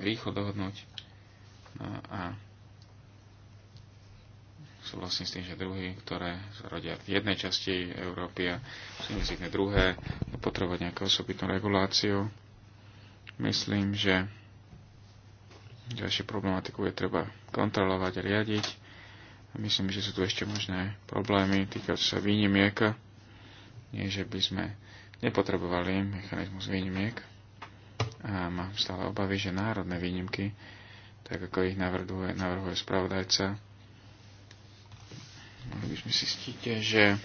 rýchlo dohodnúť. No a sú vlastne s tým, že druhy, ktoré sa rodia v jednej časti Európy a sú nezvykne druhé, potrebovať nejakú osobitnú reguláciu. Myslím, že ďalšiu problematiku je treba kontrolovať a riadiť. Myslím, že sú tu ešte možné problémy týkajúce sa výnimiek. Nie, že by sme nepotrebovali mechanizmus výnimiek a mám stále obavy, že národné výnimky, tak ako ich navrhuje, navrhuje spravodajca, mohli by sme si stíte, že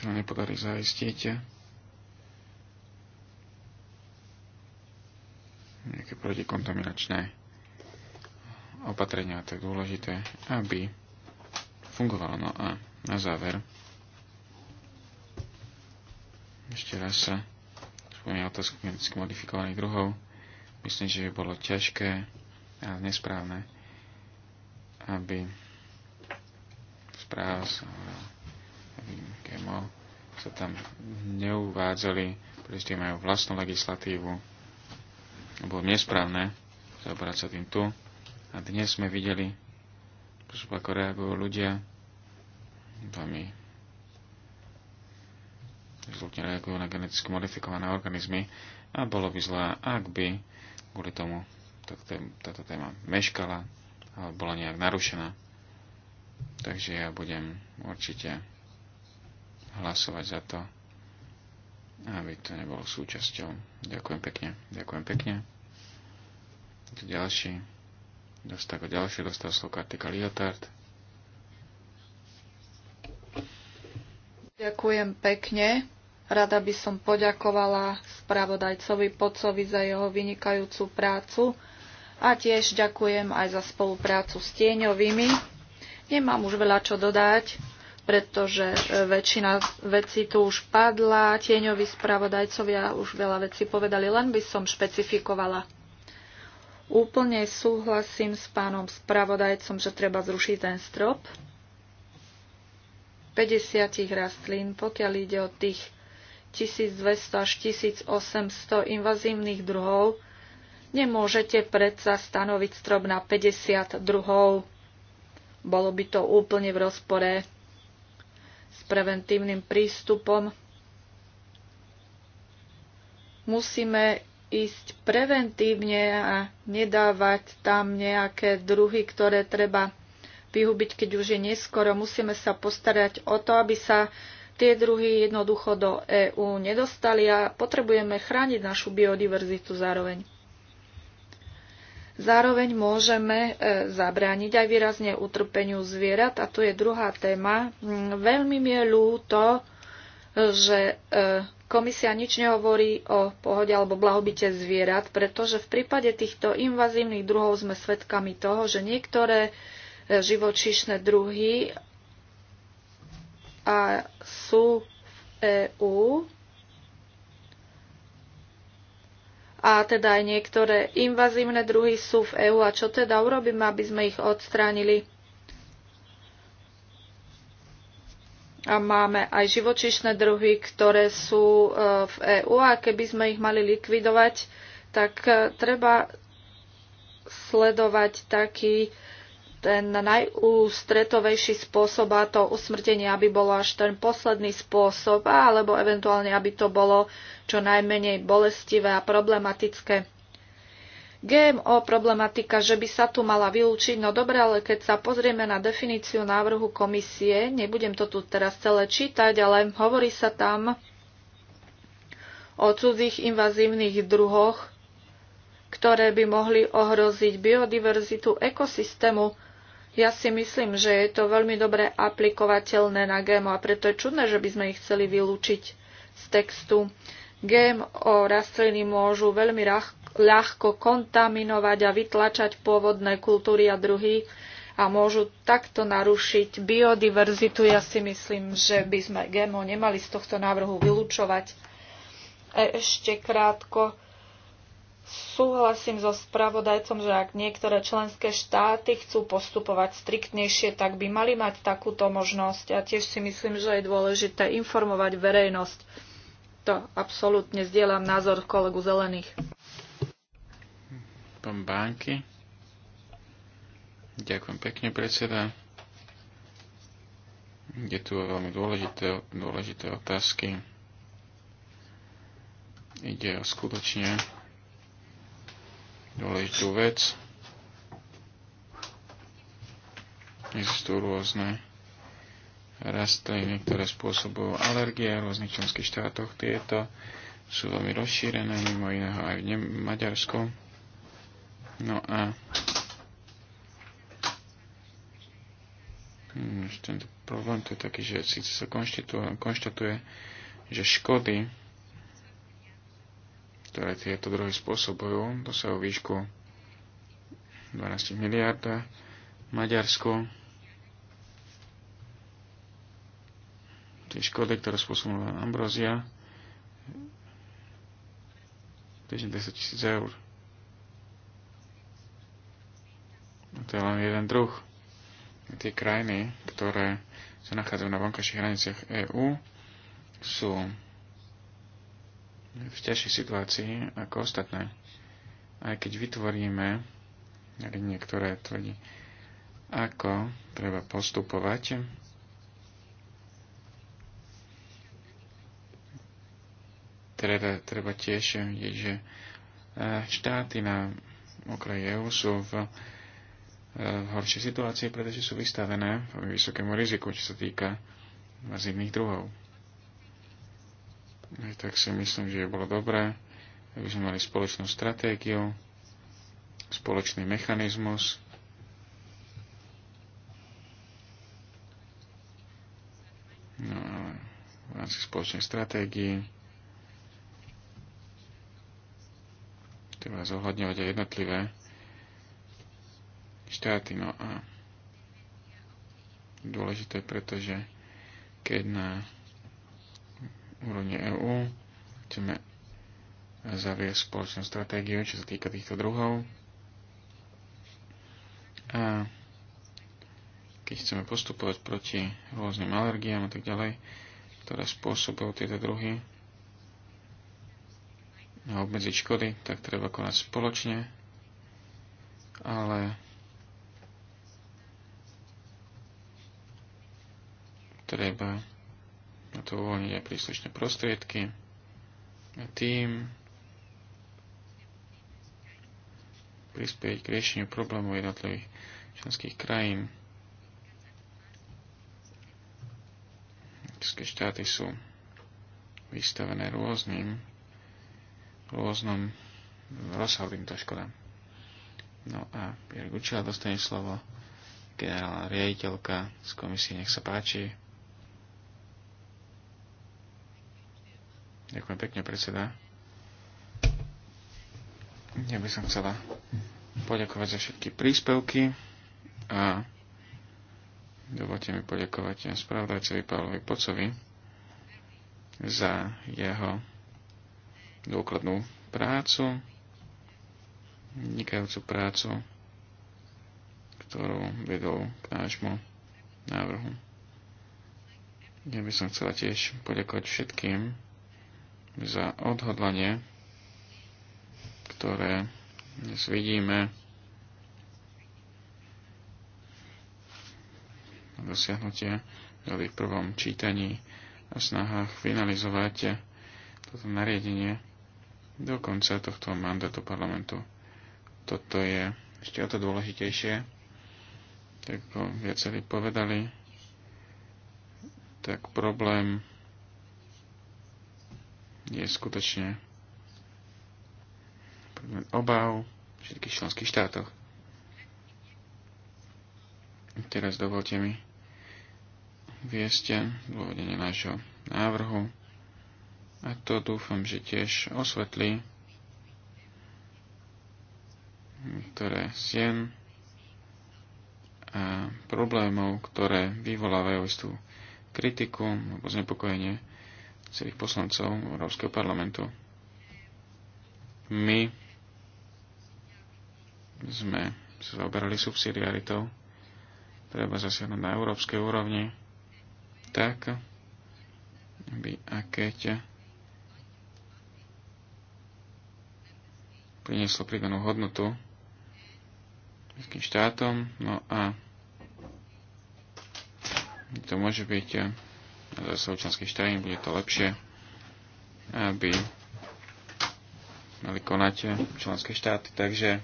to nepodarí zaistiť nejaké protikontaminačné opatrenia, tak dôležité, aby fungovalo. No a na záver, ešte raz sa spomínam otázku geneticky modifikovaných druhov. Myslím, že by bolo ťažké a nesprávne, aby správa sa GMO sa tam neuvádzali, pretože majú vlastnú legislatívu. Bolo nesprávne zaoberať sa tým tu. A dnes sme videli, ako reagujú ľudia, veľmi žlutne reagujú na geneticky modifikované organizmy a bolo by zlé, ak by kvôli tomu táto téma meškala alebo bola nejak narušená. Takže ja budem určite hlasovať za to, aby to nebolo súčasťou. Ďakujem pekne. Ďakujem pekne. ďalší. Dostal, ďalší dostal slovo Kartika Liotard. Ďakujem pekne. Rada by som poďakovala spravodajcovi Pocovi za jeho vynikajúcu prácu a tiež ďakujem aj za spoluprácu s tieňovými. Nemám už veľa čo dodať, pretože e, väčšina vecí tu už padla, tieňoví spravodajcovia už veľa vecí povedali, len by som špecifikovala. Úplne súhlasím s pánom spravodajcom, že treba zrušiť ten strop 50 rastlín, pokiaľ ide o tých 1200 až 1800 invazívnych druhov, nemôžete predsa stanoviť strop na 50 druhov. Bolo by to úplne v rozpore s preventívnym prístupom. Musíme ísť preventívne a nedávať tam nejaké druhy, ktoré treba vyhubiť, keď už je neskoro. Musíme sa postarať o to, aby sa tie druhy jednoducho do EÚ nedostali a potrebujeme chrániť našu biodiverzitu zároveň. Zároveň môžeme e, zabrániť aj výrazne utrpeniu zvierat a tu je druhá téma. Mm, veľmi mi je ľúto, e, že e, komisia nič nehovorí o pohode alebo blahobite zvierat, pretože v prípade týchto invazívnych druhov sme svedkami toho, že niektoré živočíšne druhy a sú v EÚ a teda aj niektoré invazívne druhy sú v EÚ. A čo teda urobíme, aby sme ich odstránili? A máme aj živočíšne druhy, ktoré sú e, v EÚ a keby sme ich mali likvidovať, tak e, treba sledovať taký ten najústretovejší spôsob a to usmrtenie, aby bolo až ten posledný spôsob, alebo eventuálne, aby to bolo čo najmenej bolestivé a problematické. GMO problematika, že by sa tu mala vylúčiť, no dobre, ale keď sa pozrieme na definíciu návrhu komisie, nebudem to tu teraz celé čítať, ale hovorí sa tam o cudzích invazívnych druhoch, ktoré by mohli ohroziť biodiverzitu ekosystému, ja si myslím, že je to veľmi dobre aplikovateľné na GMO a preto je čudné, že by sme ich chceli vylúčiť z textu. GMO rastliny môžu veľmi ľahko kontaminovať a vytlačať pôvodné kultúry a druhy a môžu takto narušiť biodiverzitu. Ja si myslím, že by sme GMO nemali z tohto návrhu vylúčovať. E, ešte krátko Súhlasím so spravodajcom, že ak niektoré členské štáty chcú postupovať striktnejšie, tak by mali mať takúto možnosť. A tiež si myslím, že je dôležité informovať verejnosť. To absolútne zdieľam názor kolegu Zelených. Pán Bánky. Ďakujem pekne, predseda. Je tu veľmi dôležité, dôležité otázky. Ide o skutočne dôležitú vec. Existujú rôzne rastliny, ktoré spôsobujú alergie v rôznych členských štátoch. Tieto sú veľmi rozšírené, mimo iného aj v Maďarsku. No a mm, tento problém to je taký, že síce sa konštatuje, konštatuje že škody ktoré tieto druhy spôsobujú, dosahujú výšku 12 miliard. Maďarsku tie škody, ktoré spôsobila Ambrozia, tiež 10 tisíc eur. A to je len jeden druh. Tie krajiny, ktoré sa nachádzajú na vonkajších hraniciach EÚ, sú v ťažšej situácii ako ostatné. Aj keď vytvoríme niektoré tvrdí, ako treba postupovať, treba, treba tiež vidieť, že e, štáty na okraji EU sú v, e, v horšej situácii, pretože sú vystavené vysokému riziku, čo sa týka invazívnych druhov tak si myslím, že by bolo dobré, aby sme mali spoločnú stratégiu, spoločný mechanizmus, no ale v rámci spoločnej stratégii treba zohľadňovať aj jednotlivé štáty. No a dôležité, pretože keď na úrovni EÚ chceme zaviesť spoločnú stratégiu, čo sa týka týchto druhov. A keď chceme postupovať proti rôznym alergiám a tak ďalej, ktoré spôsobujú tieto druhy a obmedziť škody, tak treba konať spoločne, ale treba na to uvoľniť aj príslušné prostriedky. a Tým prispieť k riešeniu problémov jednotlivých členských krajín. České štáty sú vystavené rôznym, rôznom rozsahu týmto škodám. No a Pierre Gučila dostane slovo generálna riaditeľka z komisie, nech sa páči. Ďakujem pekne, predseda. Ja by som chcela poďakovať za všetky príspevky a dovolte mi poďakovať spravodajcovi Pavlovi Pocovi za jeho dôkladnú prácu, vynikajúcu prácu, ktorú vedol k nášmu návrhu. Ja by som chcela tiež poďakovať všetkým, za odhodlanie, ktoré dnes vidíme na dosiahnutie v prvom čítaní a snahách finalizovať toto nariadenie do konca tohto mandátu parlamentu. Toto je ešte o to dôležitejšie, tak ako viacerí povedali, tak problém je skutočne obav všetkých členských štátoch. Teraz dovolte mi viesť dôvodenie nášho návrhu a to dúfam, že tiež osvetlí ktoré sien a problémov, ktoré vyvolávajú istú kritiku alebo znepokojenie celých poslancov Európskeho parlamentu. My sme sa zaoberali subsidiaritou, treba zasiahnuť na európskej úrovni, tak aby a keď prinieslo pridanú hodnotu všetkým štátom, no a to môže byť zase občanskej štajín, bude to lepšie, aby mali konať členské štáty. Takže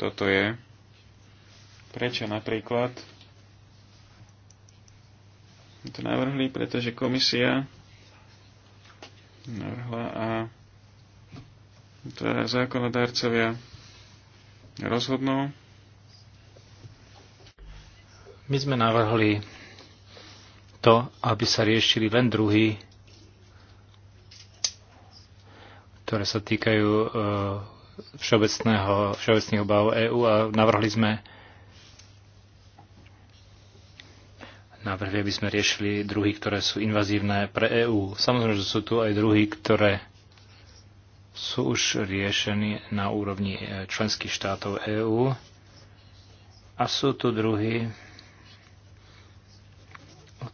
toto je prečo napríklad to navrhli, pretože komisia navrhla a teda zákonodárcovia rozhodnú. My sme navrhli to, aby sa riešili len druhy, ktoré sa týkajú e, všeobecného, všeobecných obáv EÚ a navrhli sme navrhli, aby sme riešili druhy, ktoré sú invazívne pre EÚ. Samozrejme, že sú tu aj druhy, ktoré sú už riešení na úrovni e, členských štátov EÚ a sú tu druhy,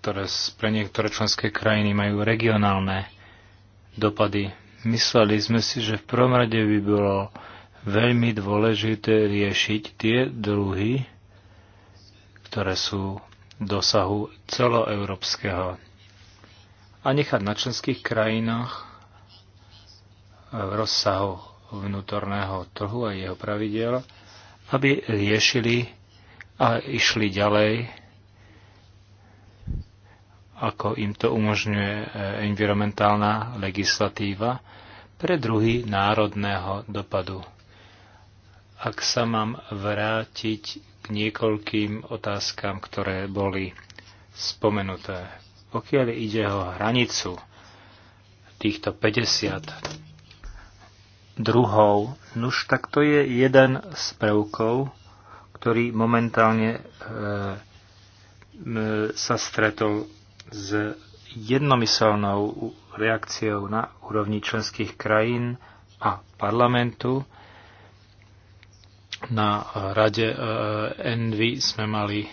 ktoré pre niektoré členské krajiny majú regionálne dopady. Mysleli sme si, že v prvom rade by bolo veľmi dôležité riešiť tie druhy, ktoré sú dosahu celoeurópskeho a nechať na členských krajinách eh, v rozsahu vnútorného trhu a jeho pravidel, aby riešili a išli ďalej ako im to umožňuje e, environmentálna legislatíva, pre druhy národného dopadu. Ak sa mám vrátiť k niekoľkým otázkam, ktoré boli spomenuté. Pokiaľ ide o hranicu týchto 50 druhov. Nuž tak to je jeden z prvkov, ktorý momentálne e, e, sa stretol s jednomyselnou reakciou na úrovni členských krajín a parlamentu. Na e, rade e, Envy sme mali e,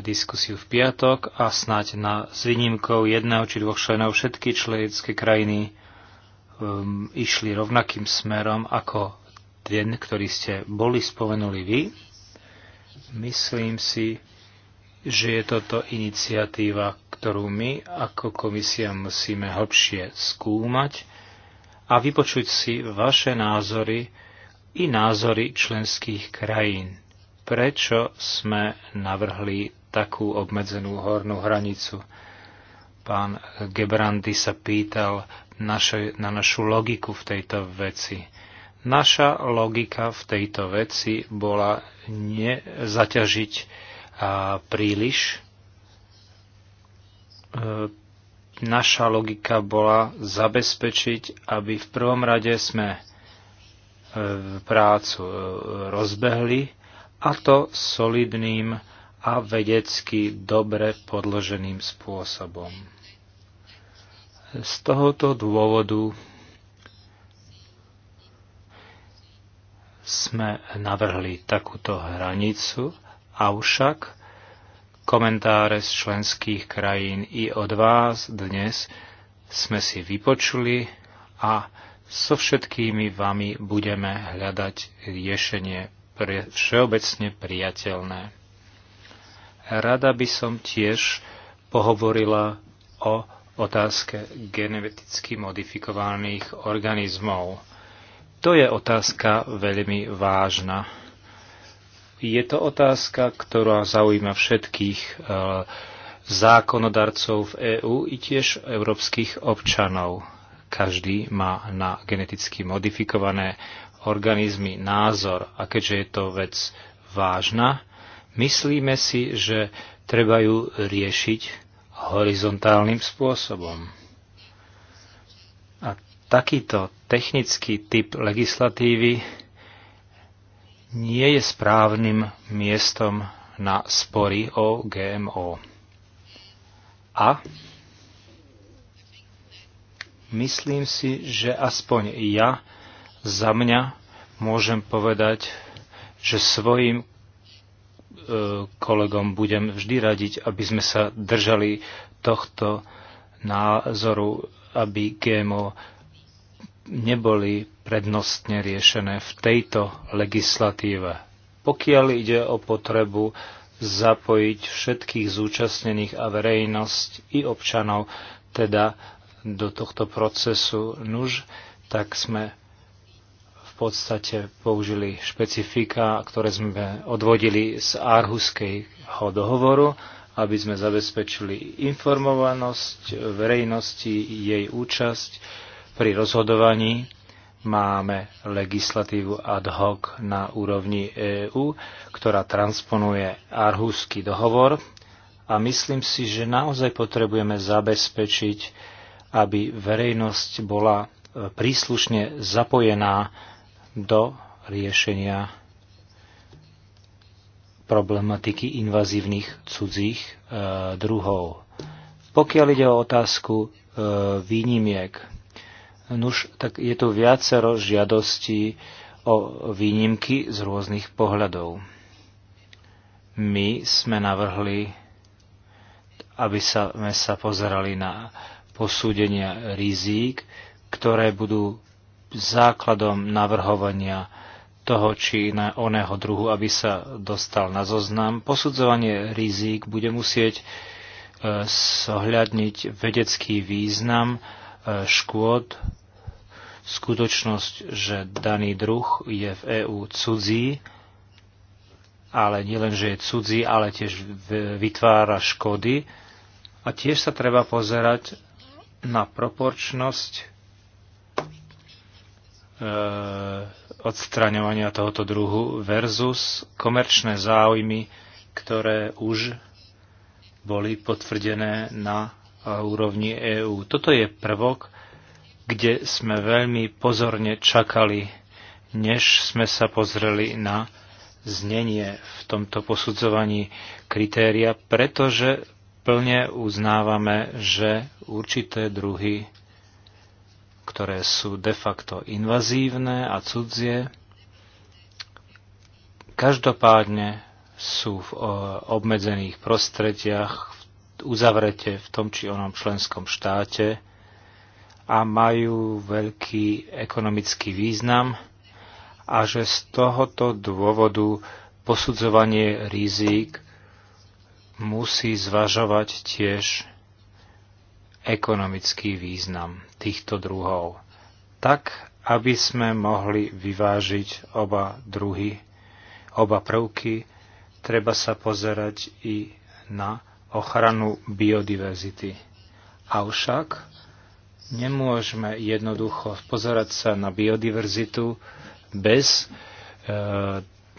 diskusiu v piatok a snáď na, s výnimkou jedného či dvoch členov všetky členské krajiny um, išli rovnakým smerom ako ten, ktorý ste boli spomenuli vy. Myslím si, že je toto iniciatíva, ktorú my ako komisia musíme hlbšie skúmať a vypočuť si vaše názory i názory členských krajín. Prečo sme navrhli takú obmedzenú hornú hranicu? Pán Gebrandy sa pýtal naše, na našu logiku v tejto veci. Naša logika v tejto veci bola nezaťažiť a príliš. E, naša logika bola zabezpečiť, aby v prvom rade sme e, prácu e, rozbehli a to solidným a vedecky dobre podloženým spôsobom. Z tohoto dôvodu sme navrhli takúto hranicu, Avšak komentáre z členských krajín i od vás dnes sme si vypočuli a so všetkými vami budeme hľadať riešenie pre všeobecne priateľné. Rada by som tiež pohovorila o otázke geneticky modifikovaných organizmov. To je otázka veľmi vážna je to otázka, ktorá zaujíma všetkých e, zákonodarcov v EÚ i tiež európskych občanov. Každý má na geneticky modifikované organizmy názor a keďže je to vec vážna, myslíme si, že treba ju riešiť horizontálnym spôsobom. A takýto technický typ legislatívy nie je správnym miestom na spory o GMO. A myslím si, že aspoň ja za mňa môžem povedať, že svojim e, kolegom budem vždy radiť, aby sme sa držali tohto názoru, aby GMO neboli prednostne riešené v tejto legislatíve. Pokiaľ ide o potrebu zapojiť všetkých zúčastnených a verejnosť i občanov, teda do tohto procesu nuž, tak sme v podstate použili špecifika, ktoré sme odvodili z Arhuskejho dohovoru, aby sme zabezpečili informovanosť verejnosti, jej účasť pri rozhodovaní máme legislatívu ad hoc na úrovni EÚ, ktorá transponuje Arhusky dohovor a myslím si, že naozaj potrebujeme zabezpečiť, aby verejnosť bola e, príslušne zapojená do riešenia problematiky invazívnych cudzích e, druhov. Pokiaľ ide o otázku e, výnimiek, Nuž, tak je tu viacero žiadostí o výnimky z rôznych pohľadov. My sme navrhli, aby sa, sme sa pozerali na posúdenia rizík, ktoré budú základom navrhovania toho či na oného druhu, aby sa dostal na zoznam. Posudzovanie rizík bude musieť sohľadniť e, vedecký význam, škôd, skutočnosť, že daný druh je v EÚ cudzí, ale nielen, že je cudzí, ale tiež vytvára škody. A tiež sa treba pozerať na proporčnosť e, odstraňovania tohoto druhu versus komerčné záujmy, ktoré už boli potvrdené na úrovni EÚ. Toto je prvok, kde sme veľmi pozorne čakali, než sme sa pozreli na znenie v tomto posudzovaní kritéria, pretože plne uznávame, že určité druhy, ktoré sú de facto invazívne a cudzie, každopádne sú v obmedzených prostrediach, uzavrete v tom či onom členskom štáte a majú veľký ekonomický význam a že z tohoto dôvodu posudzovanie rizík musí zvažovať tiež ekonomický význam týchto druhov, tak aby sme mohli vyvážiť oba druhy, oba prvky, treba sa pozerať i na ochranu biodiverzity. Avšak nemôžeme jednoducho pozerať sa na biodiverzitu bez e,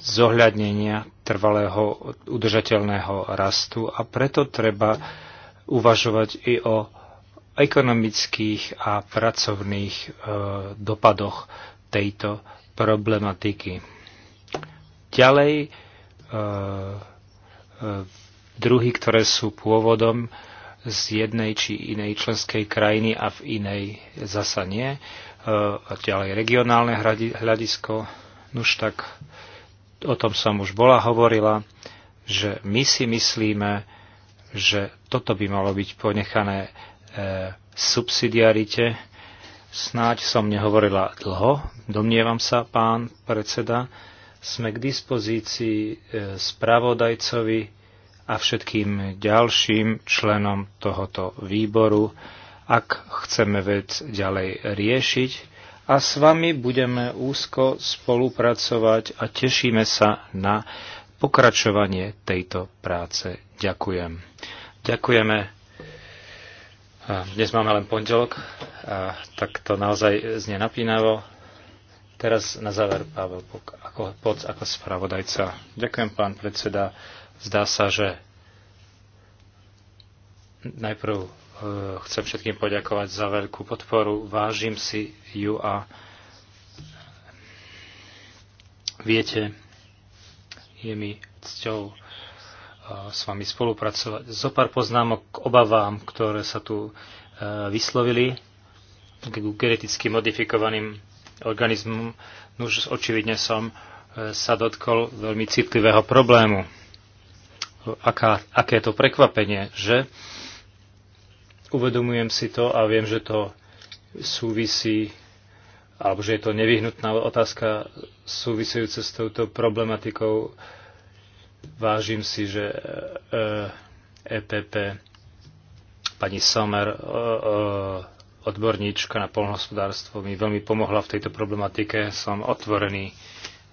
zohľadnenia trvalého udržateľného rastu a preto treba uvažovať i o ekonomických a pracovných e, dopadoch tejto problematiky. Ďalej e, e, druhy, ktoré sú pôvodom z jednej či inej členskej krajiny a v inej zasa nie. E, a ďalej regionálne hľadisko. Nuž tak, o tom som už bola hovorila, že my si myslíme, že toto by malo byť ponechané e, subsidiarite. Snáď som nehovorila dlho, domnievam sa, pán predseda. Sme k dispozícii e, spravodajcovi, a všetkým ďalším členom tohoto výboru, ak chceme vec ďalej riešiť a s vami budeme úzko spolupracovať a tešíme sa na pokračovanie tejto práce. Ďakujem. Ďakujeme. Dnes máme len pondelok, a tak to naozaj znie napínavo. Teraz na záver Pavel Pok, ako, Poc ako spravodajca. Ďakujem, pán predseda. Zdá sa, že najprv e, chcem všetkým poďakovať za veľkú podporu. Vážim si ju a viete, je mi cťou e, s vami spolupracovať. Zo pár poznámok k obavám, ktoré sa tu e, vyslovili k geneticky modifikovaným organizmom. Nuž no očividne som sa dotkol veľmi citlivého problému aká, aké to prekvapenie, že uvedomujem si to a viem, že to súvisí, alebo že je to nevyhnutná otázka súvisujúca s touto problematikou. Vážim si, že EPP e, e pani Sommer, e, odborníčka na polnohospodárstvo, mi veľmi pomohla v tejto problematike. Som otvorený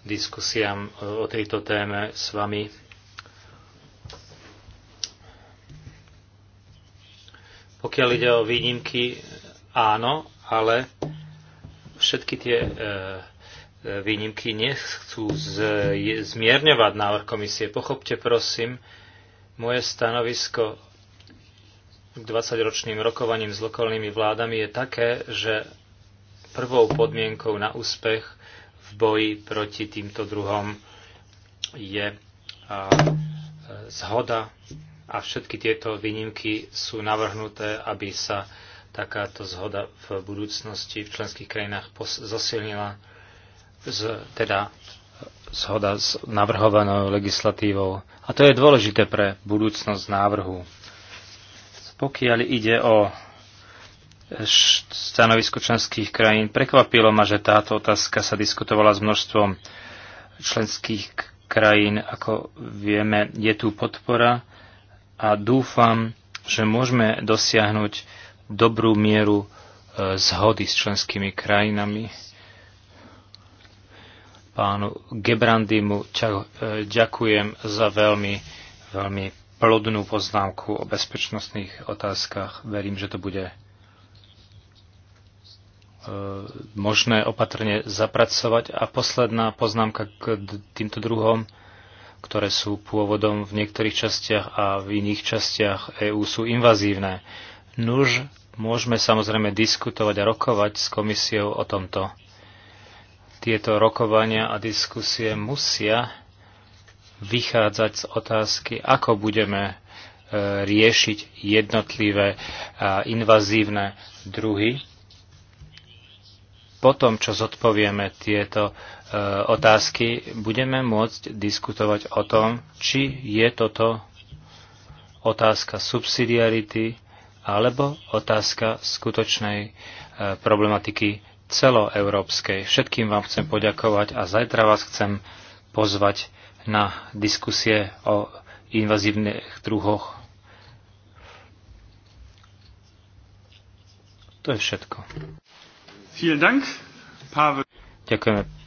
diskusiám o tejto téme s vami Pokiaľ ide o výnimky, áno, ale všetky tie e, e výnimky nechcú z, zmierňovať návrh komisie. Pochopte prosím moje stanovisko k 20-ročným rokovaním s lokálnymi vládami je také, že prvou podmienkou na úspech v boji proti týmto druhom je a, e, zhoda a všetky tieto výnimky sú navrhnuté, aby sa takáto zhoda v budúcnosti v členských krajinách zosilnila, z, teda zhoda s navrhovanou legislatívou. A to je dôležité pre budúcnosť návrhu. Pokiaľ ide o stanovisko členských krajín, prekvapilo ma, že táto otázka sa diskutovala s množstvom členských krajín. Ako vieme, je tu podpora a dúfam, že môžeme dosiahnuť dobrú mieru e, zhody s členskými krajinami. Pánu Gebrandimu e, ďakujem za veľmi, veľmi plodnú poznámku o bezpečnostných otázkach. Verím, že to bude e, možné opatrne zapracovať. A posledná poznámka k týmto druhom ktoré sú pôvodom v niektorých častiach a v iných častiach EÚ sú invazívne. Nuž, môžeme samozrejme diskutovať a rokovať s komisiou o tomto. Tieto rokovania a diskusie musia vychádzať z otázky, ako budeme e, riešiť jednotlivé a invazívne druhy. Potom, čo zodpovieme tieto E, otázky budeme môcť diskutovať o tom, či je toto otázka subsidiarity alebo otázka skutočnej e, problematiky celoeurópskej. Všetkým vám chcem poďakovať a zajtra vás chcem pozvať na diskusie o invazívnych druhoch. To je všetko. Ďakujeme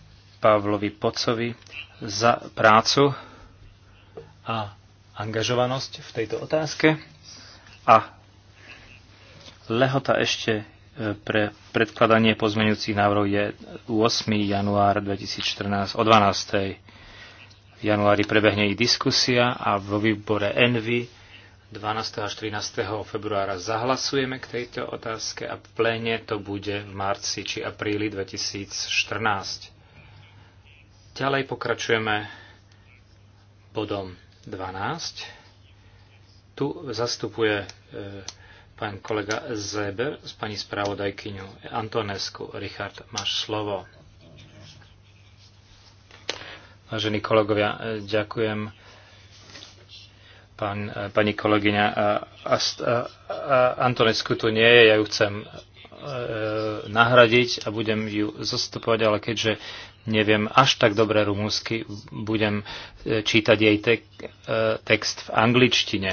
Pavlovi Pocovi za prácu a angažovanosť v tejto otázke. A lehota ešte e, pre predkladanie pozmeňujúcich návrhov je 8. január 2014 o 12. V januári prebehne i diskusia a vo výbore Envy 12. až 13. februára zahlasujeme k tejto otázke a v pléne to bude v marci či apríli 2014. Ďalej pokračujeme bodom 12. Tu zastupuje e, pán kolega Zeber s pani správodajkyňou Antonesku. Richard, máš slovo. Vážení kolegovia, e, ďakujem pán, e, pani kolegyňa Antonesku tu nie je, ja ju chcem e, nahradiť a budem ju zastupovať, ale keďže neviem až tak dobre rumúnsky, budem e, čítať jej tek, e, text v angličtine.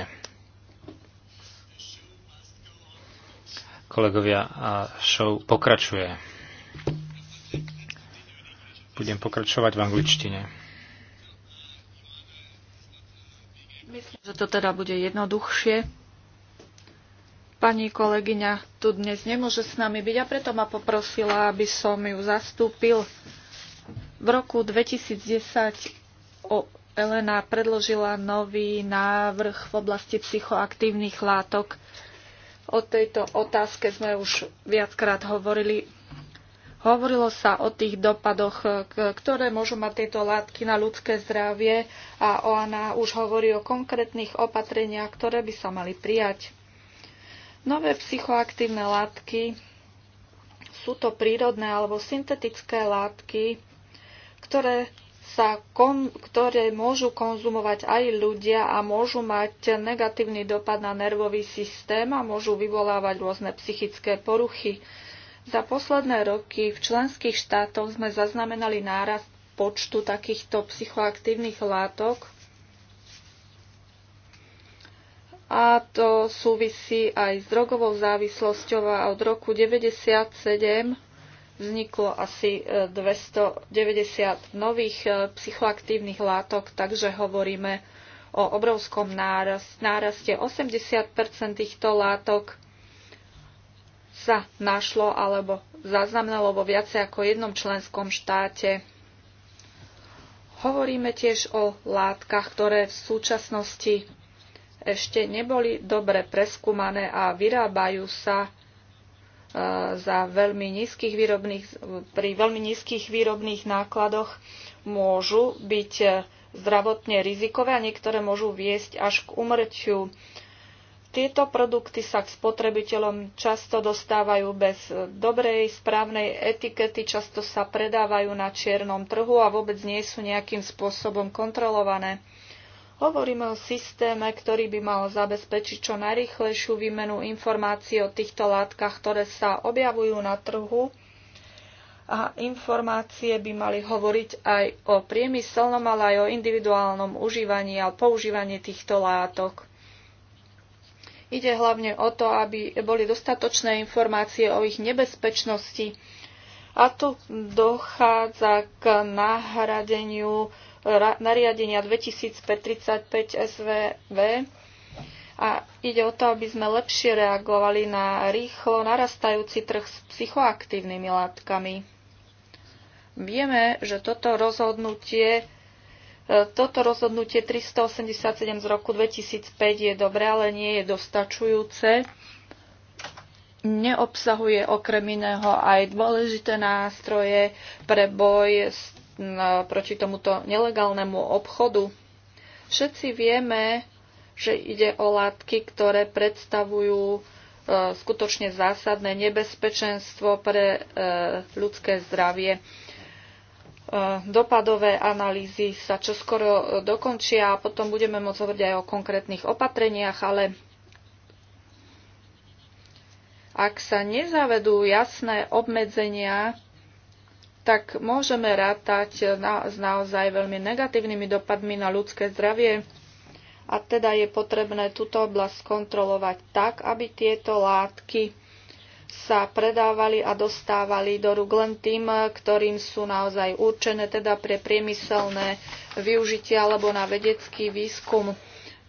Kolegovia, a show pokračuje. Budem pokračovať v angličtine. Myslím, že to teda bude jednoduchšie. Pani kolegyňa tu dnes nemôže s nami byť a preto ma poprosila, aby som ju zastúpil. V roku 2010 Elena predložila nový návrh v oblasti psychoaktívnych látok. O tejto otázke sme už viackrát hovorili. Hovorilo sa o tých dopadoch, ktoré môžu mať tieto látky na ľudské zdravie a ona už hovorí o konkrétnych opatreniach, ktoré by sa mali prijať. Nové psychoaktívne látky sú to prírodné alebo syntetické látky, ktoré, sa kon, ktoré môžu konzumovať aj ľudia a môžu mať negatívny dopad na nervový systém a môžu vyvolávať rôzne psychické poruchy. Za posledné roky v členských štátoch sme zaznamenali nárast počtu takýchto psychoaktívnych látok a to súvisí aj s drogovou závislosťou a od roku 1997 vzniklo asi 290 e, nových e, psychoaktívnych látok, takže hovoríme o obrovskom náraste. 80 týchto látok sa našlo alebo zaznamenalo vo viacej ako jednom členskom štáte. Hovoríme tiež o látkach, ktoré v súčasnosti ešte neboli dobre preskúmané a vyrábajú sa za veľmi nízkych výrobných, pri veľmi nízkych výrobných nákladoch môžu byť zdravotne rizikové a niektoré môžu viesť až k umrťu. Tieto produkty sa k spotrebiteľom často dostávajú bez dobrej, správnej etikety, často sa predávajú na čiernom trhu a vôbec nie sú nejakým spôsobom kontrolované. Hovoríme o systéme, ktorý by mal zabezpečiť čo najrychlejšiu výmenu informácií o týchto látkach, ktoré sa objavujú na trhu a informácie by mali hovoriť aj o priemyselnom, ale aj o individuálnom užívaní a používaní týchto látok. Ide hlavne o to, aby boli dostatočné informácie o ich nebezpečnosti. A tu dochádza k nahradeniu nariadenia 2535 SVV a ide o to, aby sme lepšie reagovali na rýchlo narastajúci trh s psychoaktívnymi látkami. Vieme, že toto rozhodnutie e, toto rozhodnutie 387 z roku 2005 je dobré, ale nie je dostačujúce. Neobsahuje okrem iného aj dôležité nástroje pre boj s proti tomuto nelegálnemu obchodu. Všetci vieme, že ide o látky, ktoré predstavujú e, skutočne zásadné nebezpečenstvo pre e, ľudské zdravie. E, dopadové analýzy sa čoskoro dokončia a potom budeme môcť hovoriť aj o konkrétnych opatreniach, ale ak sa nezavedú jasné obmedzenia tak môžeme rátať na, s naozaj veľmi negatívnymi dopadmi na ľudské zdravie. A teda je potrebné túto oblasť kontrolovať tak, aby tieto látky sa predávali a dostávali do rúk len tým, ktorým sú naozaj určené, teda pre priemyselné využitie alebo na vedecký výskum.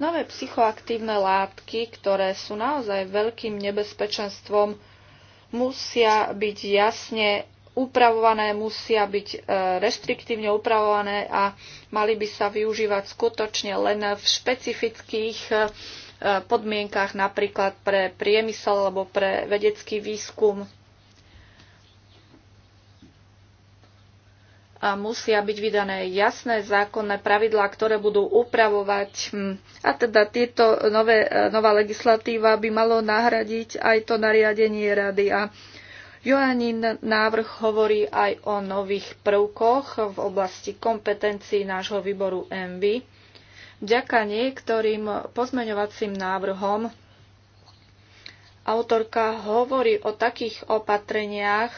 Nové psychoaktívne látky, ktoré sú naozaj veľkým nebezpečenstvom, musia byť jasne upravované, musia byť e, reštriktívne upravované a mali by sa využívať skutočne len v špecifických e, podmienkach, napríklad pre priemysel alebo pre vedecký výskum. a musia byť vydané jasné zákonné pravidlá, ktoré budú upravovať. Hm, a teda tieto nové, e, nová legislatíva by malo nahradiť aj to nariadenie rady a Joanin návrh hovorí aj o nových prvkoch v oblasti kompetencií nášho výboru MV. Vďaka niektorým pozmeňovacím návrhom autorka hovorí o takých opatreniach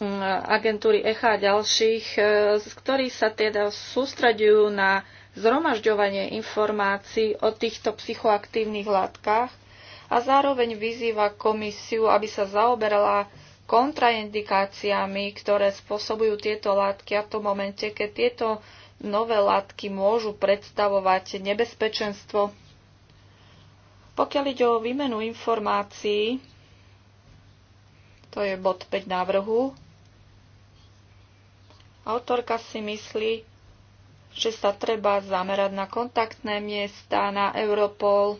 mm, agentúry ECHA a ďalších, e, z ktorých sa teda sústraďujú na zhromažďovanie informácií o týchto psychoaktívnych látkach a zároveň vyzýva komisiu, aby sa zaoberala kontraindikáciami, ktoré spôsobujú tieto látky a v tom momente, keď tieto nové látky môžu predstavovať nebezpečenstvo. Pokiaľ ide o výmenu informácií, to je bod 5 návrhu, autorka si myslí, že sa treba zamerať na kontaktné miesta, na Europol,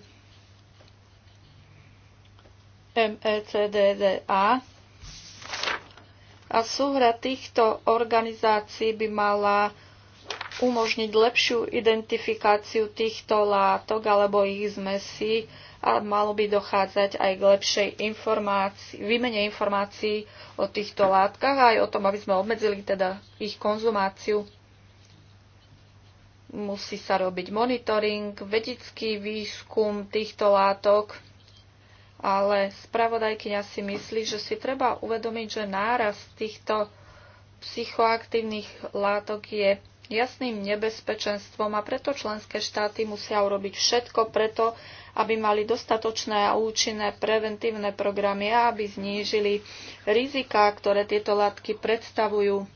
MECDDA. A súhra týchto organizácií by mala umožniť lepšiu identifikáciu týchto látok alebo ich zmesí a malo by dochádzať aj k lepšej informácii, výmene informácií o týchto látkach aj o tom, aby sme obmedzili teda ich konzumáciu. Musí sa robiť monitoring, vedecký výskum týchto látok ale spravodajkyňa si myslí, že si treba uvedomiť, že náraz týchto psychoaktívnych látok je jasným nebezpečenstvom a preto členské štáty musia urobiť všetko preto, aby mali dostatočné a účinné preventívne programy a aby znížili rizika, ktoré tieto látky predstavujú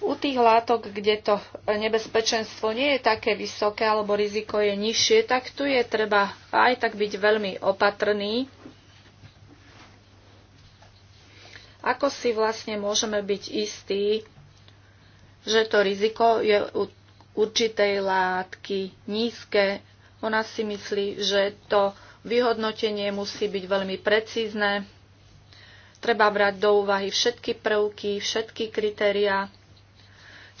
u tých látok, kde to nebezpečenstvo nie je také vysoké alebo riziko je nižšie, tak tu je treba aj tak byť veľmi opatrný. Ako si vlastne môžeme byť istí, že to riziko je u určitej látky nízke. Ona si myslí, že to vyhodnotenie musí byť veľmi precízne. Treba brať do úvahy všetky prvky, všetky kritériá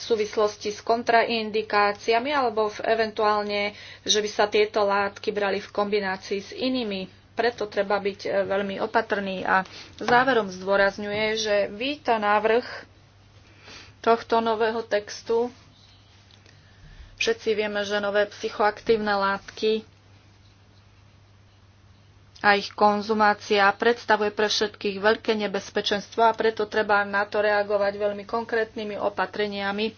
v súvislosti s kontraindikáciami alebo v eventuálne, že by sa tieto látky brali v kombinácii s inými. Preto treba byť e, veľmi opatrný a záverom zdôrazňuje, že víta návrh tohto nového textu. Všetci vieme, že nové psychoaktívne látky a ich konzumácia predstavuje pre všetkých veľké nebezpečenstvo a preto treba na to reagovať veľmi konkrétnymi opatreniami.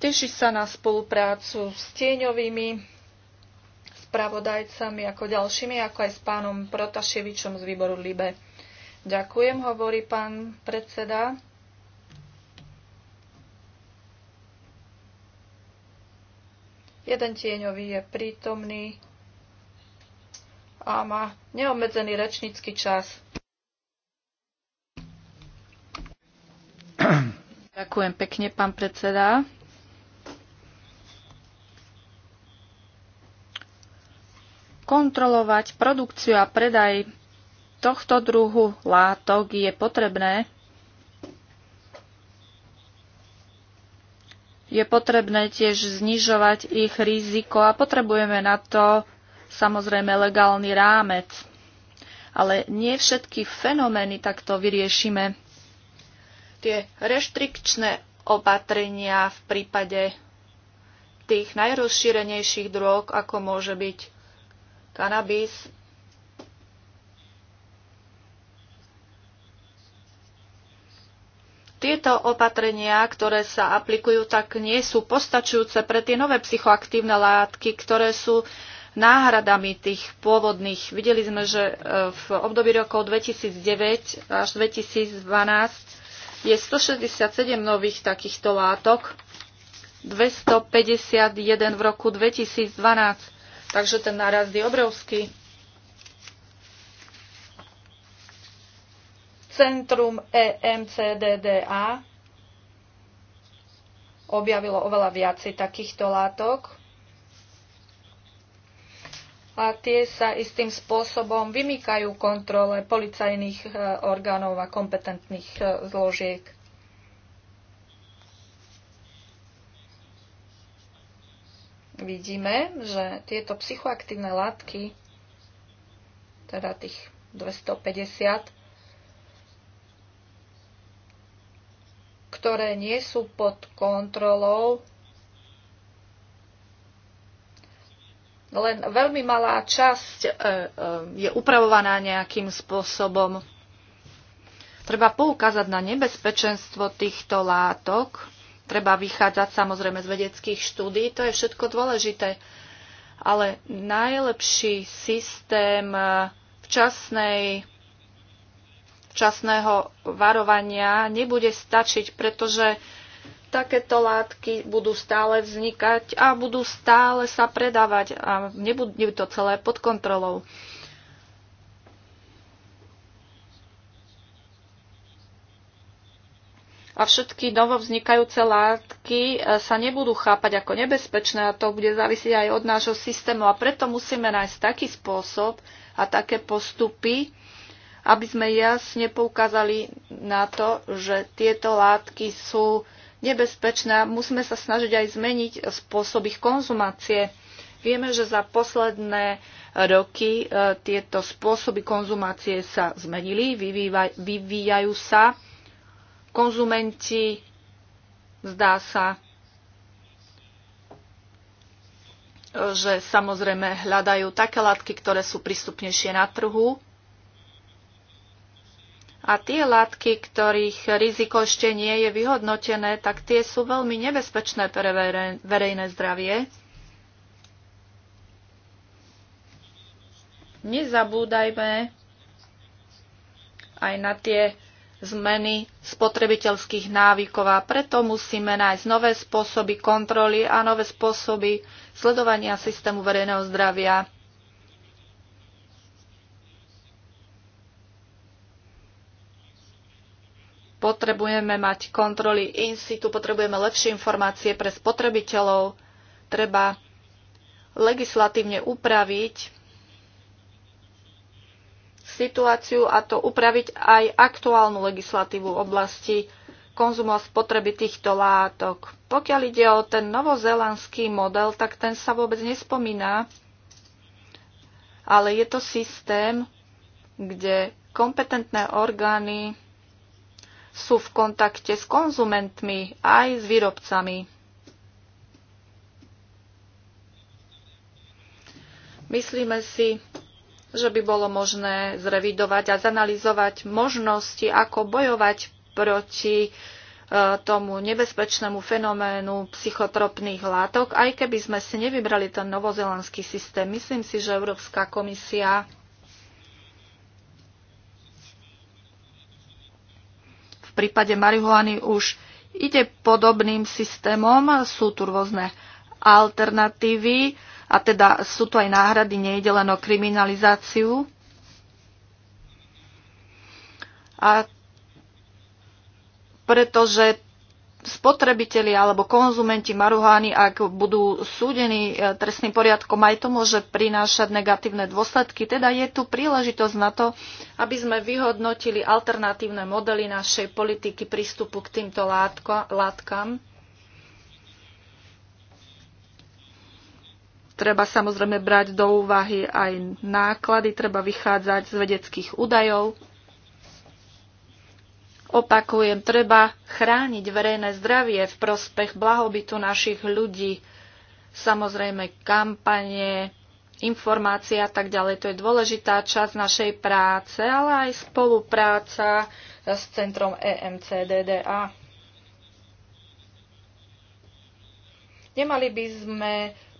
Teší sa na spoluprácu s tieňovými spravodajcami ako ďalšími, ako aj s pánom Protaševičom z výboru LIBE. Ďakujem, hovorí pán predseda. Jeden tieňový je prítomný a má neobmedzený rečnícky čas. Ďakujem pekne, pán predseda. Kontrolovať produkciu a predaj tohto druhu látok je potrebné. Je potrebné tiež znižovať ich riziko a potrebujeme na to samozrejme legálny rámec. Ale nie všetky fenomény takto vyriešime. Tie reštrikčné opatrenia v prípade tých najrozšírenejších drog, ako môže byť kanabis, Tieto opatrenia, ktoré sa aplikujú, tak nie sú postačujúce pre tie nové psychoaktívne látky, ktoré sú náhradami tých pôvodných. Videli sme, že e, v období rokov 2009 až 2012 je 167 nových takýchto látok, 251 v roku 2012. Takže ten náraz je obrovský. Centrum EMCDDA objavilo oveľa viacej takýchto látok a tie sa istým spôsobom vymýkajú kontrole policajných e, orgánov a kompetentných e, zložiek. Vidíme, že tieto psychoaktívne látky, teda tých 250, ktoré nie sú pod kontrolou len veľmi malá časť e, e, je upravovaná nejakým spôsobom. Treba poukázať na nebezpečenstvo týchto látok. Treba vychádzať samozrejme z vedeckých štúdí, to je všetko dôležité. Ale najlepší systém e, včasnej, včasného varovania nebude stačiť, pretože takéto látky budú stále vznikať a budú stále sa predávať a nebude to celé pod kontrolou. A všetky novovznikajúce látky e, sa nebudú chápať ako nebezpečné a to bude závisieť aj od nášho systému. A preto musíme nájsť taký spôsob a také postupy, aby sme jasne poukázali na to, že tieto látky sú a Musíme sa snažiť aj zmeniť spôsob ich konzumácie. Vieme, že za posledné roky e, tieto spôsoby konzumácie sa zmenili, vyvíjajú sa. Konzumenti, zdá sa, e, že samozrejme hľadajú také látky, ktoré sú prístupnejšie na trhu, a tie látky, ktorých riziko ešte nie je vyhodnotené, tak tie sú veľmi nebezpečné pre verejné zdravie. Nezabúdajme aj na tie zmeny spotrebiteľských návykov a preto musíme nájsť nové spôsoby kontroly a nové spôsoby sledovania systému verejného zdravia Potrebujeme mať kontroly in situ, potrebujeme lepšie informácie pre spotrebiteľov, treba legislatívne upraviť situáciu a to upraviť aj aktuálnu legislatívu v oblasti konzumu a spotreby týchto látok. Pokiaľ ide o ten novozelandský model, tak ten sa vôbec nespomína, ale je to systém, kde kompetentné orgány sú v kontakte s konzumentmi aj s výrobcami. Myslíme si, že by bolo možné zrevidovať a zanalizovať možnosti, ako bojovať proti e, tomu nebezpečnému fenoménu psychotropných látok, aj keby sme si nevybrali ten novozelandský systém. Myslím si, že Európska komisia prípade marihuany už ide podobným systémom, sú tu rôzne alternatívy a teda sú tu aj náhrady, nejde len o kriminalizáciu. A pretože Spotrebiteli alebo konzumenti maruhány, ak budú súdení e, trestným poriadkom, aj to môže prinášať negatívne dôsledky. Teda je tu príležitosť na to, aby sme vyhodnotili alternatívne modely našej politiky prístupu k týmto látko, látkam. Treba samozrejme brať do úvahy aj náklady, treba vychádzať z vedeckých údajov. Opakujem, treba chrániť verejné zdravie v prospech blahobytu našich ľudí. Samozrejme, kampanie, informácie a tak ďalej. To je dôležitá časť našej práce, ale aj spolupráca s centrom EMCDDA. Nemali by sme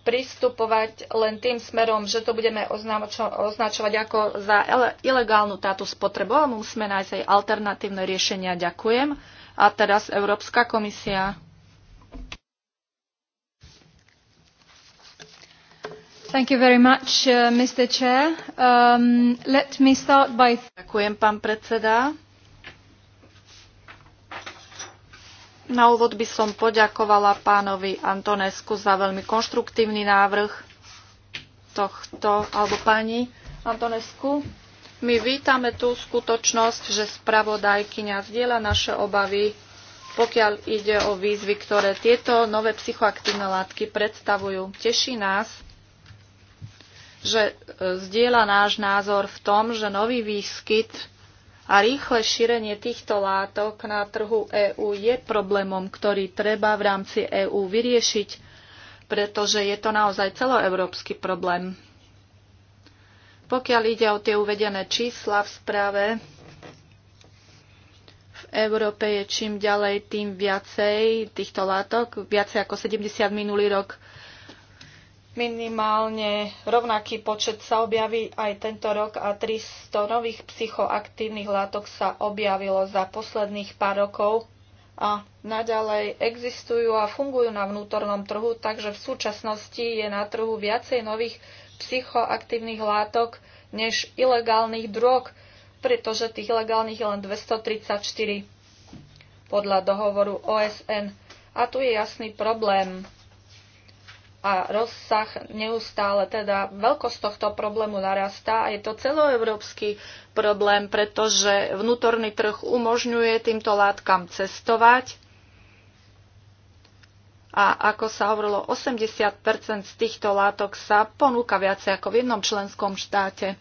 pristupovať len tým smerom, že to budeme označovať ako za ilegálnu táto spotrebu, ale musíme nájsť aj alternatívne riešenia. Ďakujem. A teraz Európska komisia. Thank you very much, uh, Mr. Chair. Um, let me start by... Ďakujem, pán predseda. Na úvod by som poďakovala pánovi Antonesku za veľmi konštruktívny návrh tohto, alebo pani Antonesku. My vítame tú skutočnosť, že spravodajkyňa zdieľa naše obavy, pokiaľ ide o výzvy, ktoré tieto nové psychoaktívne látky predstavujú. Teší nás, že e, zdieľa náš názor v tom, že nový výskyt a rýchle šírenie týchto látok na trhu EÚ je problémom, ktorý treba v rámci EÚ vyriešiť, pretože je to naozaj celoevropský problém. Pokiaľ ide o tie uvedené čísla v správe, v Európe je čím ďalej tým viacej týchto látok, viacej ako 70 minulý rok Minimálne rovnaký počet sa objaví aj tento rok a 300 nových psychoaktívnych látok sa objavilo za posledných pár rokov a naďalej existujú a fungujú na vnútornom trhu, takže v súčasnosti je na trhu viacej nových psychoaktívnych látok než ilegálnych drog, pretože tých ilegálnych je len 234 podľa dohovoru OSN. A tu je jasný problém a rozsah neustále, teda veľkosť tohto problému narastá a je to celoevropský problém, pretože vnútorný trh umožňuje týmto látkam cestovať a ako sa hovorilo, 80 z týchto látok sa ponúka viacej ako v jednom členskom štáte.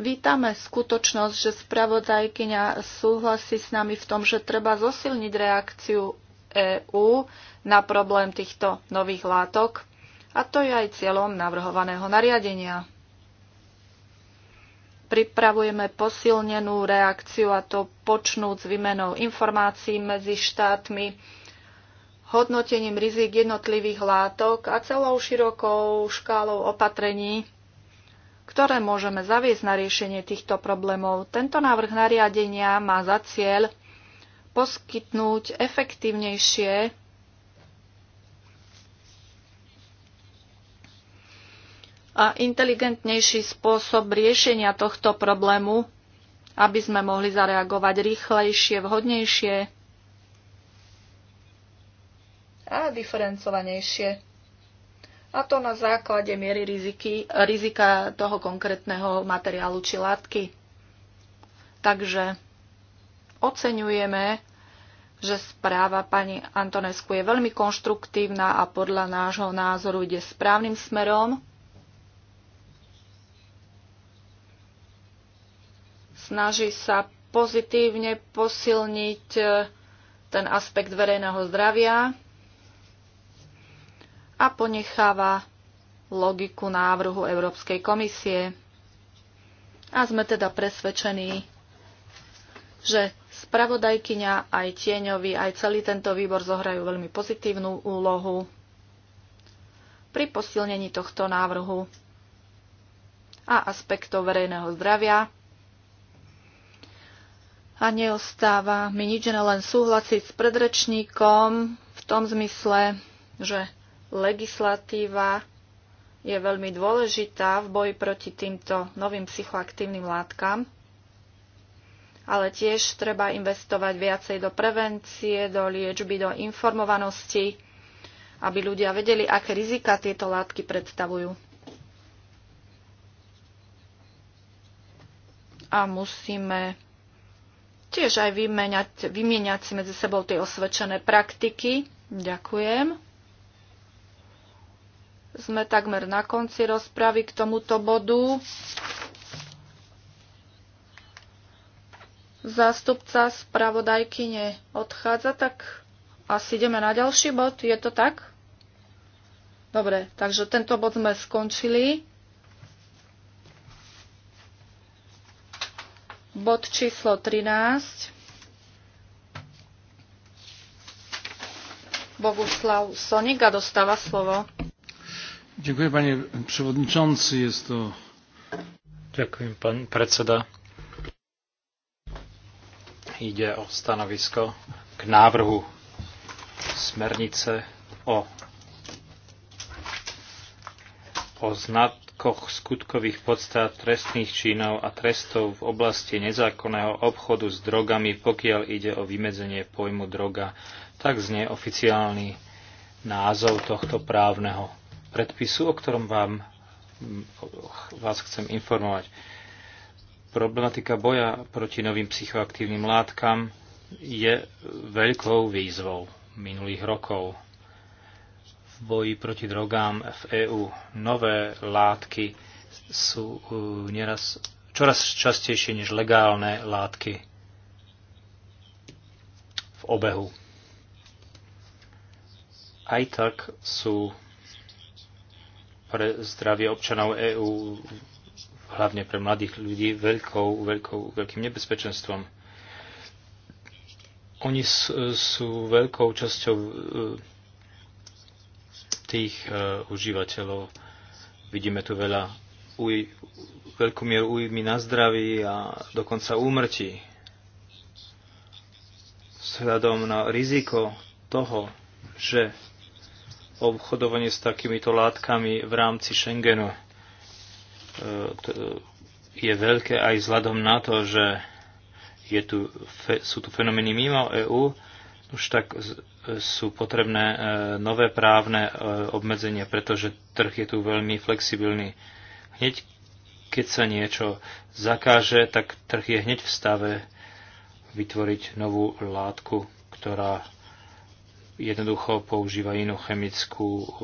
Vítame skutočnosť, že spravodajkyňa súhlasí s nami v tom, že treba zosilniť reakciu EÚ na problém týchto nových látok a to je aj cieľom navrhovaného nariadenia. Pripravujeme posilnenú reakciu a to počnúc výmenou informácií medzi štátmi, hodnotením rizik jednotlivých látok a celou širokou škálou opatrení, ktoré môžeme zaviesť na riešenie týchto problémov. Tento návrh nariadenia má za cieľ poskytnúť efektívnejšie a inteligentnejší spôsob riešenia tohto problému, aby sme mohli zareagovať rýchlejšie, vhodnejšie a diferencovanejšie. A to na základe miery riziky, rizika toho konkrétneho materiálu či látky. Takže oceňujeme, že správa pani Antonesku je veľmi konštruktívna a podľa nášho názoru ide správnym smerom snaží sa pozitívne posilniť e, ten aspekt verejného zdravia a ponecháva logiku návrhu Európskej komisie. A sme teda presvedčení, že spravodajkyňa, aj tieňovi, aj celý tento výbor zohrajú veľmi pozitívnu úlohu pri posilnení tohto návrhu a aspektov verejného zdravia a neostáva mi nič, len súhlasiť s predrečníkom v tom zmysle, že legislatíva je veľmi dôležitá v boji proti týmto novým psychoaktívnym látkam, ale tiež treba investovať viacej do prevencie, do liečby, do informovanosti, aby ľudia vedeli, aké rizika tieto látky predstavujú. A musíme tiež aj vymeniať, vymieňať si medzi sebou tie osvedčené praktiky. Ďakujem. Sme takmer na konci rozpravy k tomuto bodu. Zástupca spravodajky neodchádza. tak asi ideme na ďalší bod. Je to tak? Dobre, takže tento bod sme skončili. Bod číslo 13. Boguslav Sonika dostáva slovo. Ďakujem, pani przewodniczący. Jest to... Ďakujem pán predseda. Ide o stanovisko k návrhu smernice o o znat koch skutkových podstát trestných činov a trestov v oblasti nezákonného obchodu s drogami, pokiaľ ide o vymedzenie pojmu droga, tak znie oficiálny názov tohto právneho predpisu, o ktorom vám, vás chcem informovať. Problematika boja proti novým psychoaktívnym látkam je veľkou výzvou minulých rokov boji proti drogám v EÚ. Nové látky sú e, nieraz čoraz častejšie než legálne látky v obehu. Aj tak sú pre zdravie občanov EÚ, hlavne pre mladých ľudí, veľkou, veľkou, veľkým nebezpečenstvom. Oni sú veľkou časťou e, tých uh, užívateľov. Vidíme tu veľa, uj, veľkú mieru újmy na zdraví a dokonca úmrtí. Vzhľadom na riziko toho, že obchodovanie s takýmito látkami v rámci Schengenu e, je veľké aj vzhľadom na to, že je tu, fe, sú tu fenomény mimo EÚ, už tak sú potrebné e, nové právne e, obmedzenia, pretože trh je tu veľmi flexibilný. Hneď keď sa niečo zakáže, tak trh je hneď v stave vytvoriť novú látku, ktorá jednoducho používa inú chemickú e,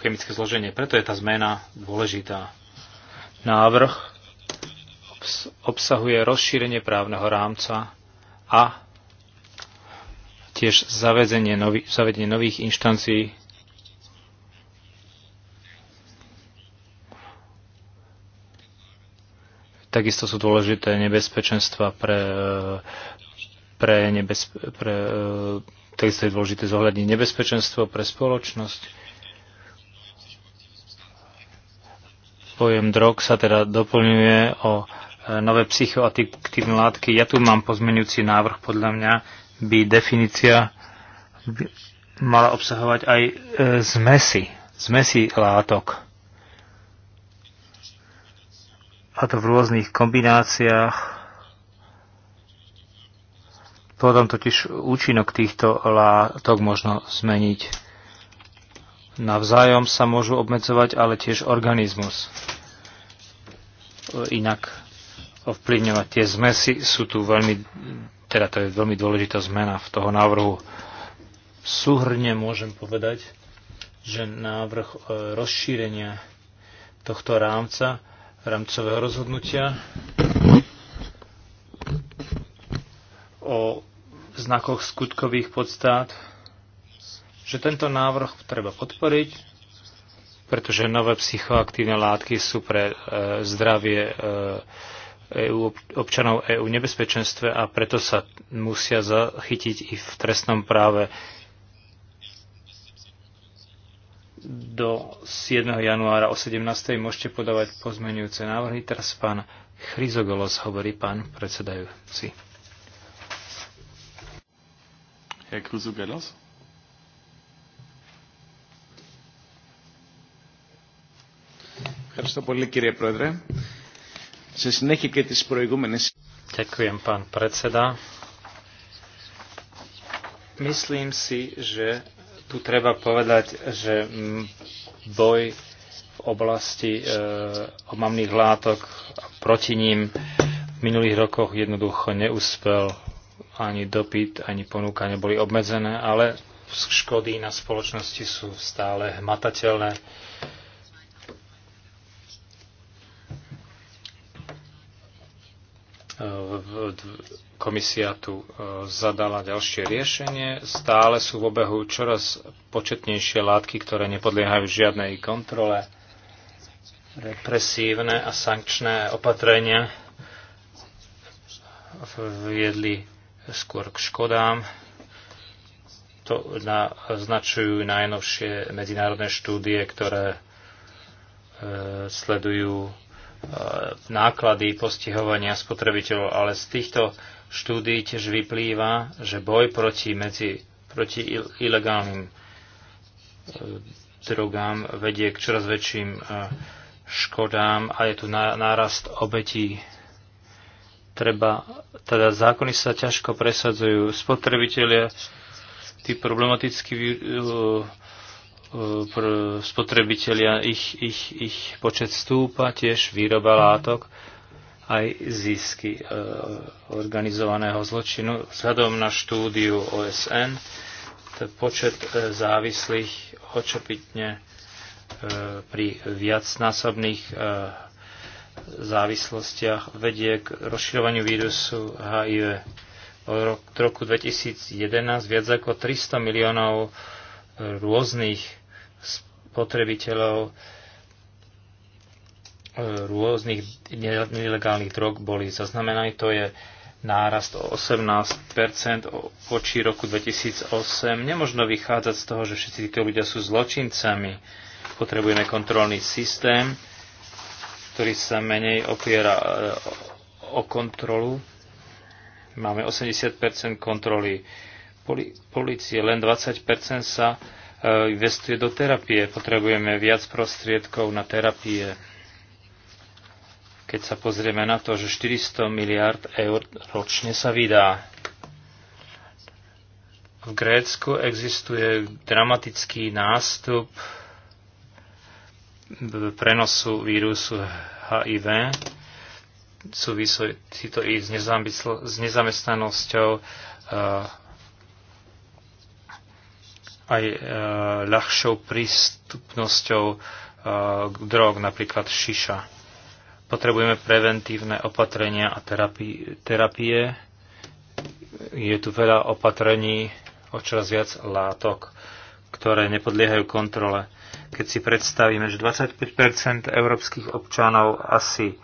chemické zloženie. Preto je tá zmena dôležitá. Návrh obsahuje rozšírenie právneho rámca a tiež zavedenie, nový, zavedenie nových inštancií Takisto sú dôležité nebezpečenstva pre, pre, nebezpe, pre e, takisto je dôležité zohľadniť nebezpečenstvo pre spoločnosť. Pojem drog sa teda doplňuje o nové psychoaktívne látky. Ja tu mám pozmenujúci návrh, podľa mňa by definícia by mala obsahovať aj e, zmesy, zmesy látok. A to v rôznych kombináciách. Potom totiž účinok týchto látok možno zmeniť. Navzájom sa môžu obmedzovať, ale tiež organizmus. Inak ovplyvňovať tie zmesy. Sú tu veľmi, teda to je veľmi dôležitá zmena v toho návrhu. Súhrne môžem povedať, že návrh e, rozšírenia tohto rámca, rámcového rozhodnutia o znakoch skutkových podstát, že tento návrh treba podporiť, pretože nové psychoaktívne látky sú pre e, zdravie e, EU, občanov EÚ nebezpečenstve a preto sa musia zachytiť i v trestnom práve do 7. januára o 17. môžete podávať pozmenujúce návrhy. Teraz pán Chryzogolos hovorí pán predsedajúci. Herr Chryzogolos? Ευχαριστώ πολύ kýrie Πρόεδρε σε συνέχεια και τις προηγούμενες. Ďakujem, pán predseda. Myslím si, že tu treba povedať, že boj v oblasti e, omamných látok proti ním v minulých rokoch jednoducho neúspel. Ani dopyt, ani ponuka neboli obmedzené, ale škody na spoločnosti sú stále hmatateľné. E, Komisia tu e, zadala ďalšie riešenie. Stále sú v obehu čoraz početnejšie látky, ktoré nepodliehajú žiadnej kontrole. Represívne a sankčné opatrenia viedli skôr k škodám. To naznačujú najnovšie medzinárodné štúdie, ktoré e, sledujú E, náklady postihovania spotrebiteľov, ale z týchto štúdí tiež vyplýva, že boj proti, medzi, proti ilegálnym e, drogám vedie k čoraz väčším e, škodám a je tu nárast obetí. Treba, teda zákony sa ťažko presadzujú. Spotrebitelia tí problematicky E, spotrebitelia, ich, ich, ich počet stúpa, tiež výroba látok, aj zisky e, organizovaného zločinu. Vzhľadom na štúdiu OSN, počet e, závislých očopitne pri viacnásobných závislostiach vedie k rozširovaniu vírusu HIV. Od roku 2011 viac ako 300 miliónov rôznych spotrebiteľov e, rôznych nelegálnych drog boli zaznamenaní. To je nárast o 18 voči roku 2008. Nemožno vychádzať z toho, že všetci títo ľudia sú zločincami. Potrebujeme kontrolný systém, ktorý sa menej opiera e, o kontrolu. Máme 80 kontroly policie, len 20 sa Eh, investuje do terapie. Potrebujeme viac prostriedkov na terapie. Keď sa pozrieme na to, že 400 miliard eur ročne sa vydá. V Grécku existuje dramatický nástup prenosu vírusu HIV. Súvisí to i s, nezamestnanosťou eh, aj e, ľahšou prístupnosťou e, drog, napríklad šiša. Potrebujeme preventívne opatrenia a terapie. terapie. Je tu veľa opatrení, o čoraz viac látok, ktoré nepodliehajú kontrole. Keď si predstavíme, že 25 európskych občanov, asi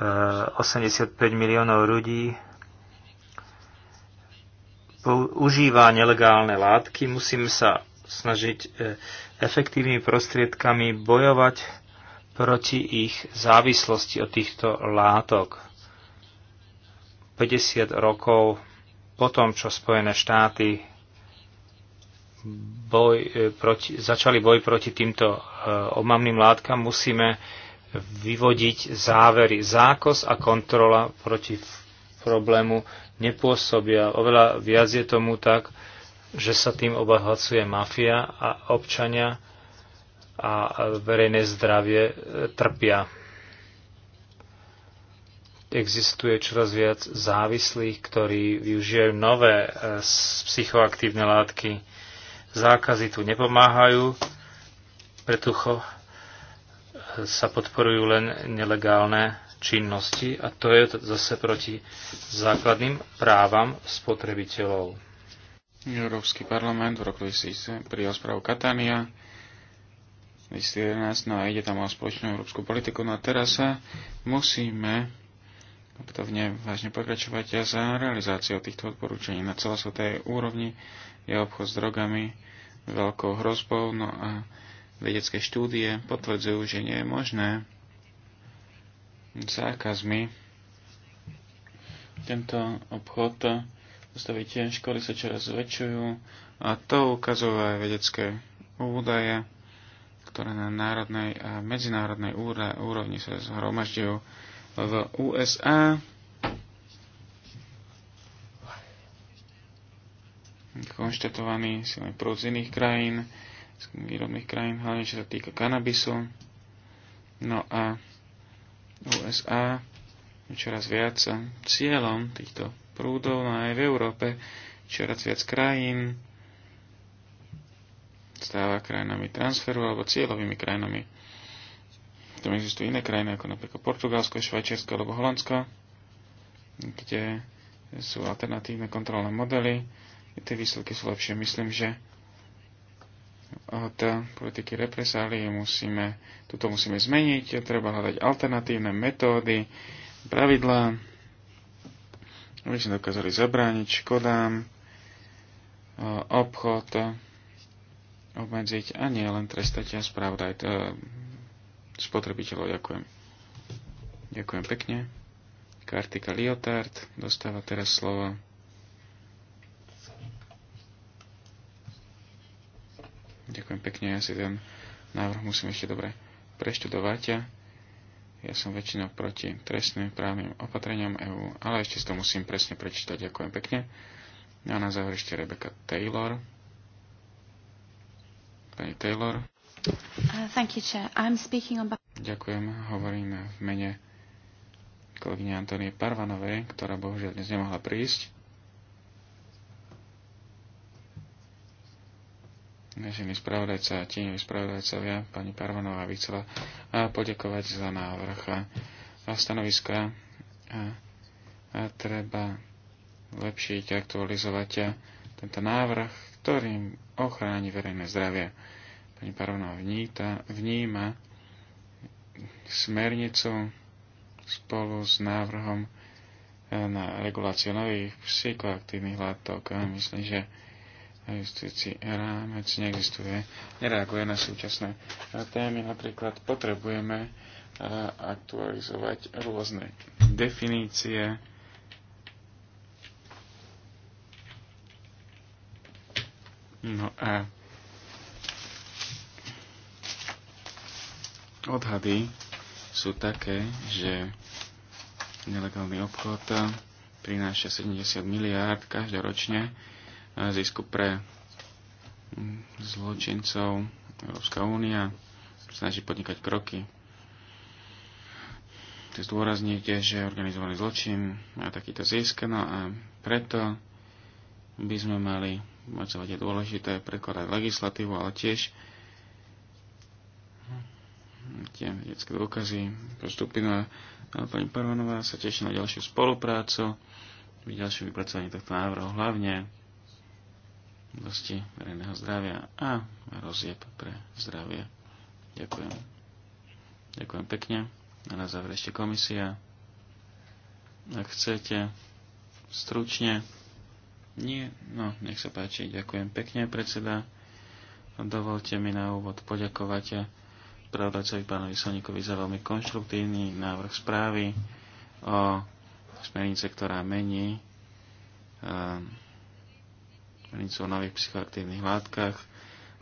85 e, miliónov ľudí používa nelegálne látky, musíme sa snažiť e, efektívnymi prostriedkami bojovať proti ich závislosti od týchto látok. 50 rokov po tom, čo Spojené štáty boj, e, proti, začali boj proti týmto e, omamným látkam, musíme vyvodiť závery. Zákos a kontrola proti problému nepôsobia. Oveľa viac je tomu tak, že sa tým obahacuje mafia a občania a verejné zdravie e, trpia. Existuje čoraz viac závislých, ktorí využijú nové e, psychoaktívne látky. Zákazy tu nepomáhajú, preto e, sa podporujú len nelegálne činnosti a to je zase proti základným právam spotrebiteľov. Európsky parlament v roku 2000 prijal správu Katania 2011, no a ide tam o spoločnú európsku politiku, no a teraz sa musíme opätovne vážne pokračovať za realizáciou týchto odporúčaní na celosvetovej úrovni je obchod s drogami veľkou hrozbou, no a vedecké štúdie potvrdzujú, že nie je možné zákazmi tento obchod zastavíte, školy sa čoraz zväčšujú a to ukazujú aj vedecké údaje, ktoré na národnej a medzinárodnej úrovni sa zhromažďujú v USA. konštatovaný silný prúd z iných krajín, z výrobných krajín, hlavne čo sa týka kanabisu. No a USA čoraz viac cieľom týchto prúdov no aj v Európe čoraz viac krajín stáva krajinami transferu alebo cieľovými krajinami. Tam existujú iné krajiny ako napríklad Portugalsko, Švajčiarsko alebo Holandsko, kde sú alternatívne kontrolné modely, tie výsledky sú lepšie. Myslím, že od politiky represálie musíme, tuto musíme zmeniť, treba hľadať alternatívne metódy, pravidlá, aby sme dokázali zabrániť škodám, e, obchod obmedziť a nie len trestať a správdať e, spotrebiteľov. Ďakujem. Ďakujem pekne. Kartika Liotard dostáva teraz slovo. Ďakujem pekne, ja si ten návrh musím ešte dobre preštudovať. Ja som väčšinou proti trestným právnym opatreniam EÚ, ale ešte si to musím presne prečítať. Ďakujem pekne. A na záver ešte Rebecca Taylor. Pani Taylor. Uh, thank you, Chair. I'm speaking on... Ďakujem, hovorím v mene kolegyne Antonie Parvanovej, ktorá bohužiaľ dnes nemohla prísť. Vážený spravodajca a tieňový spravodajcovia, pani Parvanová Vicela, A eh, poďakovať za návrh a stanoviska. A, a treba lepšiť a aktualizovať eh, tento návrh, ktorým ochráni verejné zdravie. Pani Parvanová vníta, vníma smernicu spolu s návrhom eh, na reguláciu nových psychoaktívnych látok. A myslím, že existujúci rámec neexistuje, nereaguje na súčasné témy. Napríklad potrebujeme eh, aktualizovať rôzne definície, No a odhady sú také, že nelegálny obchod prináša 70 miliárd každoročne zisku pre mm, zločincov. Európska únia snaží podnikať kroky. Chce zdôrazniť, že organizovaný zločin má takýto zisk, no a preto by sme mali mať je dôležité prekladať legislatívu, ale tiež tie detské dôkazy postupinu no a pani Parvanová sa teší na ďalšiu spoluprácu v ďalšom vypracovaní tohto návrhu hlavne oblasti verejného zdravia a rozjeb pre zdravie. Ďakujem. Ďakujem pekne. A na záver ešte komisia. Ak chcete, stručne. Nie, no, nech sa páči. Ďakujem pekne, predseda. Dovolte mi na úvod poďakovať pravdacovi pánovi Sonikovi za veľmi konštruktívny návrh správy o smernice, ktorá mení um, smernicu o nových psychoaktívnych látkach.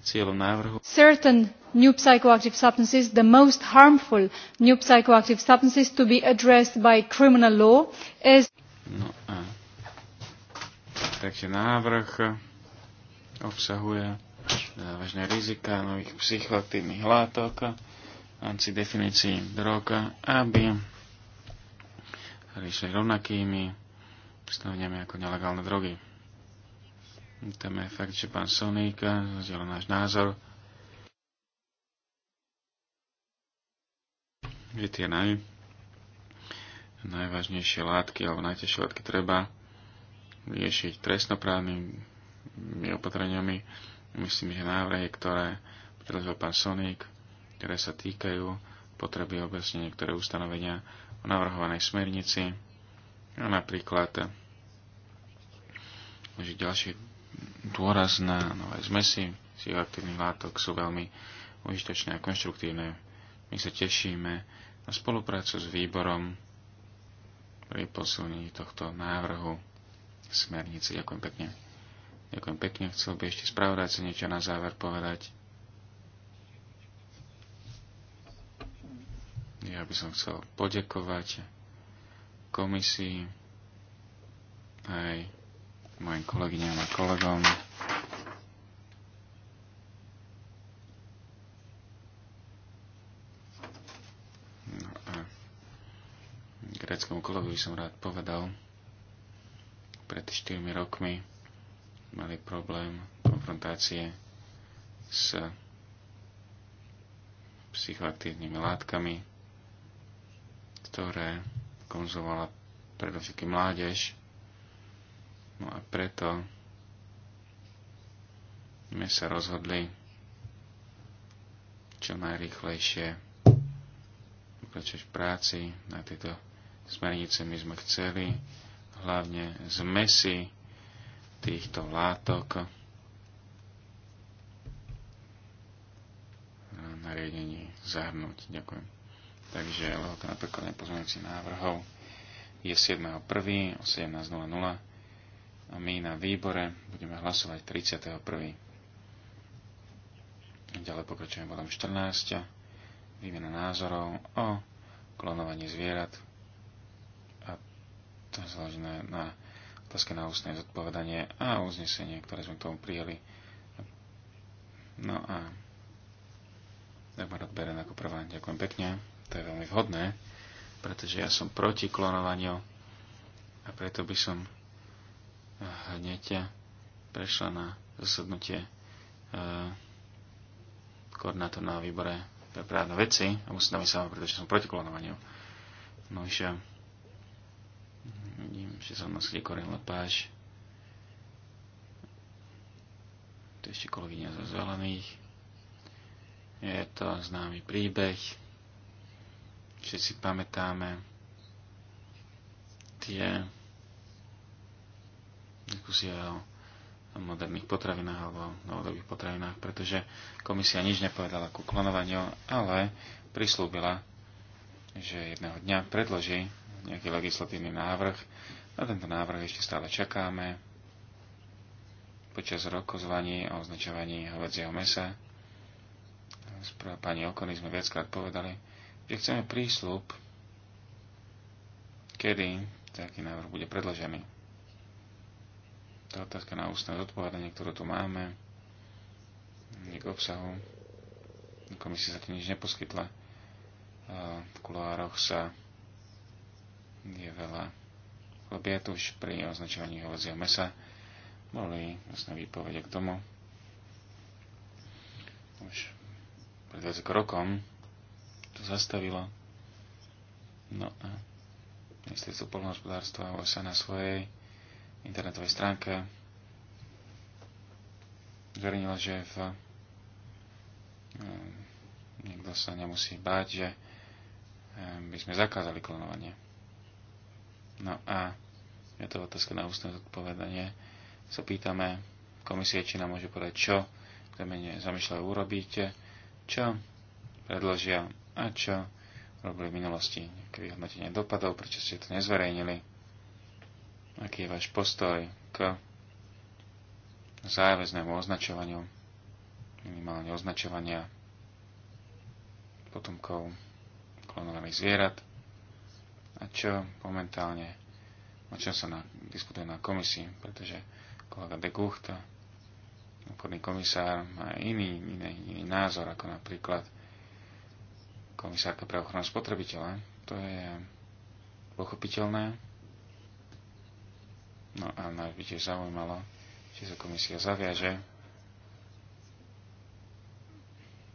Cieľom návrhu certain new psychoactive substances, the most harmful new psychoactive substances to be addressed by criminal law is... No a takže návrh obsahuje závažné rizika nových psychoaktívnych látok anci definícii droga, aby riešili rovnakými stavňami ako nelegálne drogy. Vítame fakt, že pán Sonik eh, zdieľa náš názor. Že tie naj, najvážnejšie látky alebo najtežšie látky treba riešiť trestnoprávnymi mm, opatreniami. Myslím, že návrhy, ktoré predložil pán Sonik, ktoré sa týkajú potreby obecne niektoré ustanovenia o navrhovanej smernici a napríklad že ďalšie dôraz na nové zmesy psychoaktívnych látok sú veľmi užitočné a konštruktívne. My sa tešíme na spoluprácu s výborom pri posilnení tohto návrhu smernice. Ďakujem pekne. Ďakujem pekne. Chcel by ešte spravodať sa niečo na záver povedať. Ja by som chcel poďakovať komisii aj mojim kolegyňam a kolegom. No a gréckomu kolegovi som rád povedal, pred 4 rokmi mali problém konfrontácie s psychoaktívnymi látkami, ktoré konzumovala predovšetkým mládež No a preto sme sa rozhodli čo najrýchlejšie pokračovať v práci na tieto smernice. My sme chceli hlavne zmesi týchto látok na nariadení zahrnúť. Ďakujem. Takže lehota na prekladanie pozmeňujúcich návrhov je 7.1. o 17.00 a my na výbore budeme hlasovať 31. Ďalej pokračujeme bodom 14. Výmena názorov o klonovaní zvierat a to je založené na otázke na ústne zodpovedanie a uznesenie, ktoré sme k tomu prijali. No a ma odberen ako prvá, ďakujem pekne. To je veľmi vhodné, pretože ja som proti klonovaniu a preto by som hneď prešla na zasadnutie e, koordinátor na výbore pre právne veci a musím tam sa pretože som proti klonovaniu. No už vidím, že som nosili Korin Lepáš. Tu ešte kolegyňa zo zelených. Je to známy príbeh. Všetci pamätáme tie diskusia o moderných potravinách alebo novodobých potravinách, pretože komisia nič nepovedala ku klonovaniu, ale prislúbila, že jedného dňa predloží nejaký legislatívny návrh. Na tento návrh ešte stále čakáme. Počas rokozvaní a označovaní hovedzieho mesa pani Okony sme viackrát povedali, že chceme prísľub, kedy taký návrh bude predložený tá otázka na ústne zodpovedanie, ktorú tu máme, k obsahu. Komisia sa tým nič neposkytla. V kuloároch sa je veľa obiet už pri označovaní hovedzieho mesa. Boli vlastne výpovede k tomu. Už pred viac rokom to zastavilo. No a ministerstvo polnohospodárstva USA na svojej internetovej stránke zverejnila, že v, eh, nikto sa nemusí báť, že eh, by sme zakázali klonovanie. No a je to otázka na ústne zodpovedanie. Sa pýtame komisie, či nám môže povedať, čo zamene zamýšľajú urobiť, čo predložia a čo robili v minulosti. Nejaké vyhodnotenie dopadov, prečo ste to nezverejnili. Aký je váš postoj k záväznému označovaniu, minimálne označovania potomkov klonovaných zvierat a čo momentálne, o čom sa na, diskutuje na komisii, pretože kolega de Gucht, obchodný komisár, má iný, iný, iný názor, ako napríklad komisárka pre ochranu spotrebiteľa. To je pochopiteľné, No a nás by tiež zaujímalo, či sa komisia zaviaže,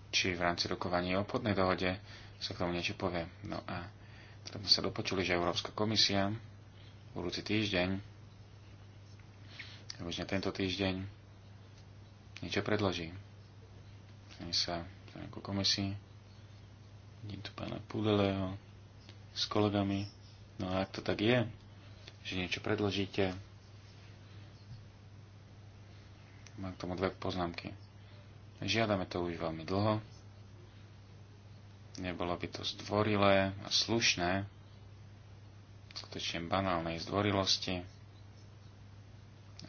či v rámci rokovaní o podnej dohode sa k tomu niečo povie. No a tak sme sa dopočuli, že Európska komisia budúci týždeň, na tento týždeň, niečo predloží. Zane sa ako komisii, vidím tu pána Pudeleho s kolegami. No a ak to tak je, že niečo predložíte, Mám k tomu dve poznámky. Žiadame to už veľmi dlho. Nebolo by to zdvorilé a slušné, skutočne banálnej zdvorilosti,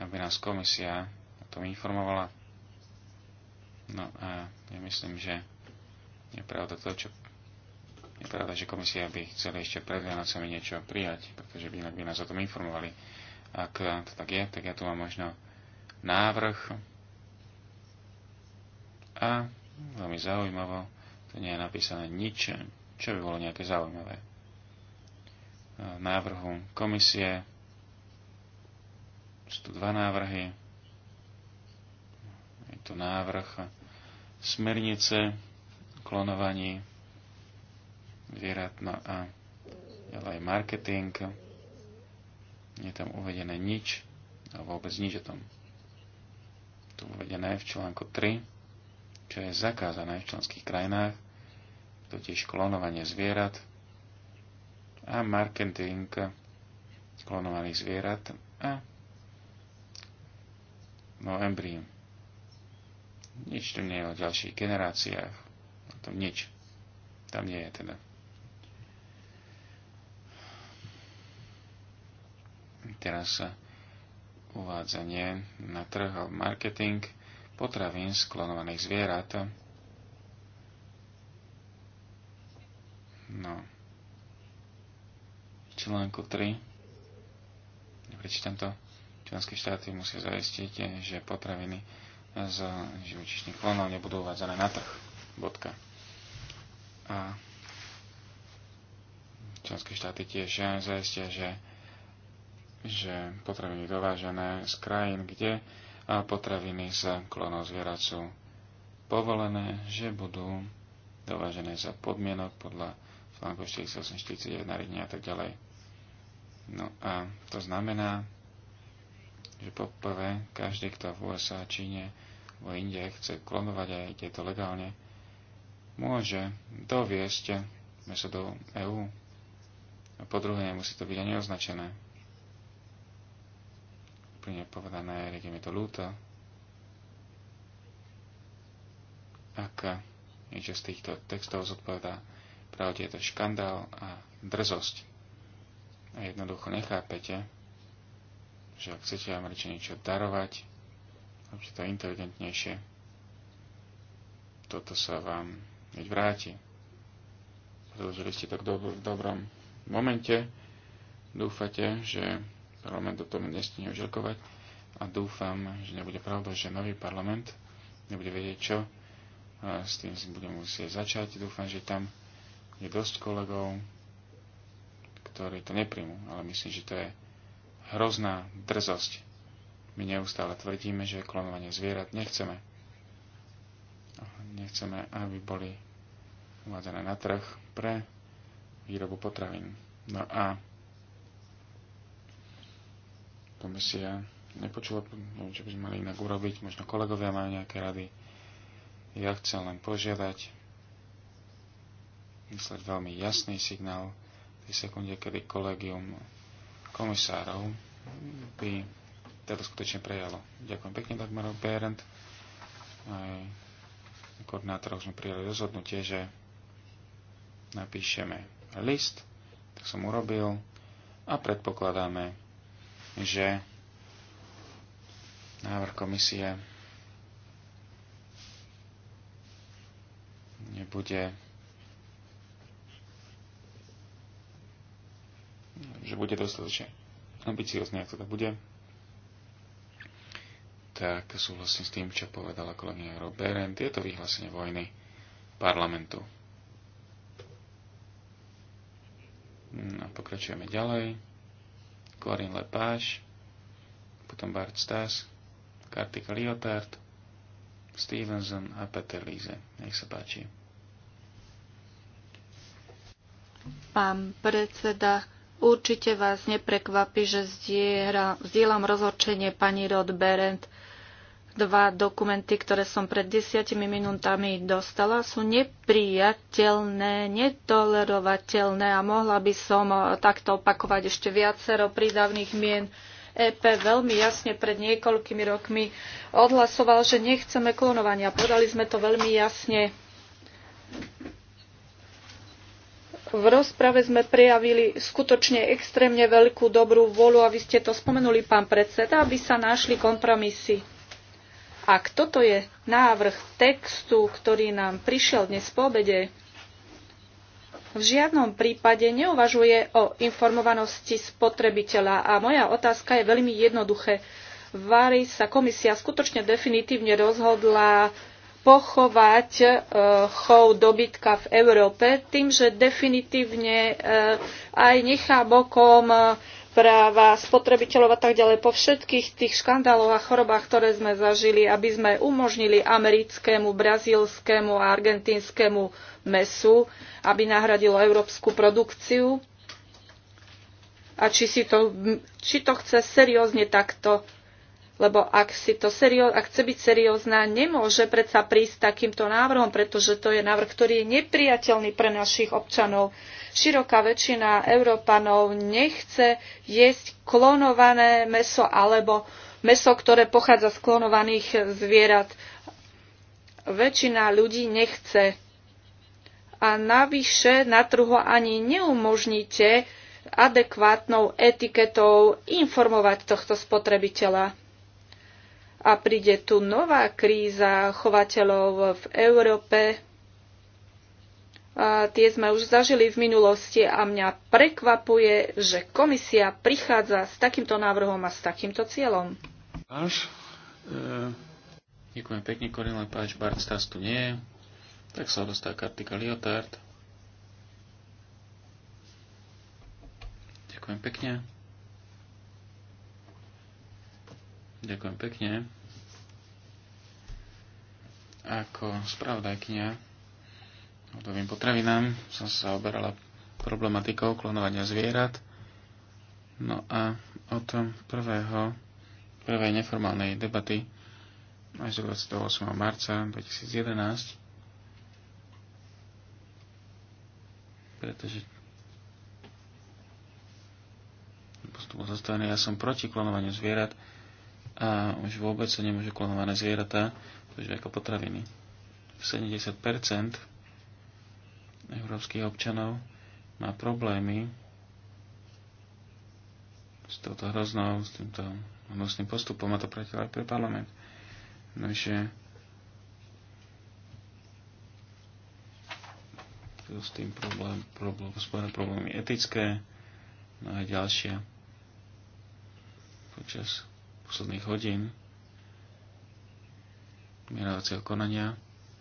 aby nás komisia o tom informovala. No a ja myslím, že je pravda to, čo je pravda, že komisia by chceli ešte pred Vianocami niečo prijať, pretože by inak by nás o tom informovali. Ak to tak je, tak ja tu mám možno návrh a veľmi zaujímavo, to nie je napísané nič, čo by bolo nejaké zaujímavé. návrhu komisie sú tu dva návrhy. Je to návrh smernice klonovaní zvierat no a ďalej marketing. Nie je tam uvedené nič, alebo vôbec nič o tom tu uvedené v článku 3, čo je zakázané v členských krajinách, totiž klonovanie zvierat a marketing klonovaných zvierat a no embryí. Nič tu nie je o ďalších generáciách. O tom nič. Tam nie je teda. Teraz sa uvádzanie na trh alebo marketing potravín sklonovaných zvierat. No. Článku 3. Prečítam to. Členské štáty musia zaistiť, že potraviny z živočišných klonov nebudú uvádzané na trh. Bodka. A členské štáty tiež zaistia, že že potraviny dovážené z krajín, kde a potraviny z klonov zvierat sú povolené, že budú dovážené za podmienok podľa článku 4841 nariadenia a tak ďalej. No a to znamená, že poprvé každý, kto v USA, Číne vo Indie chce klonovať a ide to legálne, môže doviesť meso do EÚ. A po druhé, musí to byť ani označené úplne povedané, je mi to ľúto. Ak niečo z týchto textov zodpovedá pravde, je to škandál a drzosť. A jednoducho nechápete, že ak chcete Američanom niečo darovať, robte to inteligentnejšie. Toto sa vám hneď vráti. Predložili ste to v dobrom momente. Dúfate, že parlament o tom nestíne žilkovať a dúfam, že nebude pravda, že nový parlament nebude vedieť, čo a s tým si budem musieť začať. Dúfam, že tam je dosť kolegov, ktorí to neprimú, ale myslím, že to je hrozná drzosť. My neustále tvrdíme, že klonovanie zvierat nechceme. Nechceme, aby boli uvádzané na trh pre výrobu potravín. No a komisia nepočula, neviem, čo by sme mali inak urobiť, možno kolegovia majú nejaké rady. Ja chcem len požiadať, vyslať veľmi jasný signál v tej sekunde, kedy kolegium komisárov by teda skutočne prejalo. Ďakujem pekne, Dagmar Berend. Aj koordinátorov sme prijali rozhodnutie, že napíšeme list, tak som urobil a predpokladáme že návrh komisie nebude že bude dostatočne ambiciozný, ak to tak bude, tak súhlasím s tým, čo povedala kolegyňa Roberen. Tieto vyhlásenie vojny parlamentu. No, pokračujeme ďalej. Corinne Lepage, potom Bart Stas, Kartik Liotard, Stevenson a Peter Lise. Nech sa páči. Pán predseda, určite vás neprekvapí, že zdieľam rozhorčenie pani Rod Berendt Dva dokumenty, ktoré som pred desiatimi minútami dostala, sú nepriateľné, netolerovateľné a mohla by som eh, takto opakovať ešte viacero prídavných mien. EP veľmi jasne pred niekoľkými rokmi odhlasoval, že nechceme klonovania. Podali sme to veľmi jasne. V rozprave sme prejavili skutočne extrémne veľkú dobrú vôľu a vy ste to spomenuli, pán predseda, aby sa našli kompromisy. Ak toto je návrh textu, ktorý nám prišiel dnes po obede, v žiadnom prípade neuvažuje o informovanosti spotrebiteľa a moja otázka je veľmi jednoduché. Vári sa komisia skutočne definitívne rozhodla pochovať e, chov dobytka v Európe tým, že definitívne e, aj nechá bokom práva spotrebiteľov a tak ďalej, po všetkých tých škandáloch a chorobách, ktoré sme zažili, aby sme umožnili americkému, brazílskému a argentínskému mesu, aby nahradilo európsku produkciu. A či, si to, či to chce seriózne takto, lebo ak, si to serió, ak chce byť seriózna, nemôže predsa prísť takýmto návrhom, pretože to je návrh, ktorý je nepriateľný pre našich občanov široká väčšina Európanov nechce jesť klonované meso alebo meso, ktoré pochádza z klonovaných zvierat. Väčšina ľudí nechce. A navyše na trhu ani neumožníte adekvátnou etiketou informovať tohto spotrebiteľa a príde tu nová kríza chovateľov v Európe tie sme už zažili v minulosti a mňa prekvapuje, že komisia prichádza s takýmto návrhom a s takýmto cieľom. Až, e... Eh, Ďakujem pekne, Korinle Páč, Bart Stas tu nie je. Tak sa dostá Kartika Liotard. Ďakujem pekne. Ďakujem pekne. Ako spravodajkňa hodovým potravinám som sa oberala problematikou klonovania zvierat. No a od prvého, prvej neformálnej debaty až do 28. marca 2011, pretože postup bol zastavený, ja som proti klonovaniu zvierat a už vôbec sa nemôžu klonované zvieratá pretože ako potraviny. 70 európskych občanov má problémy s touto hroznou, s týmto hnusným postupom a to platil aj pre parlament. No, Nože s tým problém, problém, spojené problémy etické, no aj ďalšia počas posledných hodín mierovacieho konania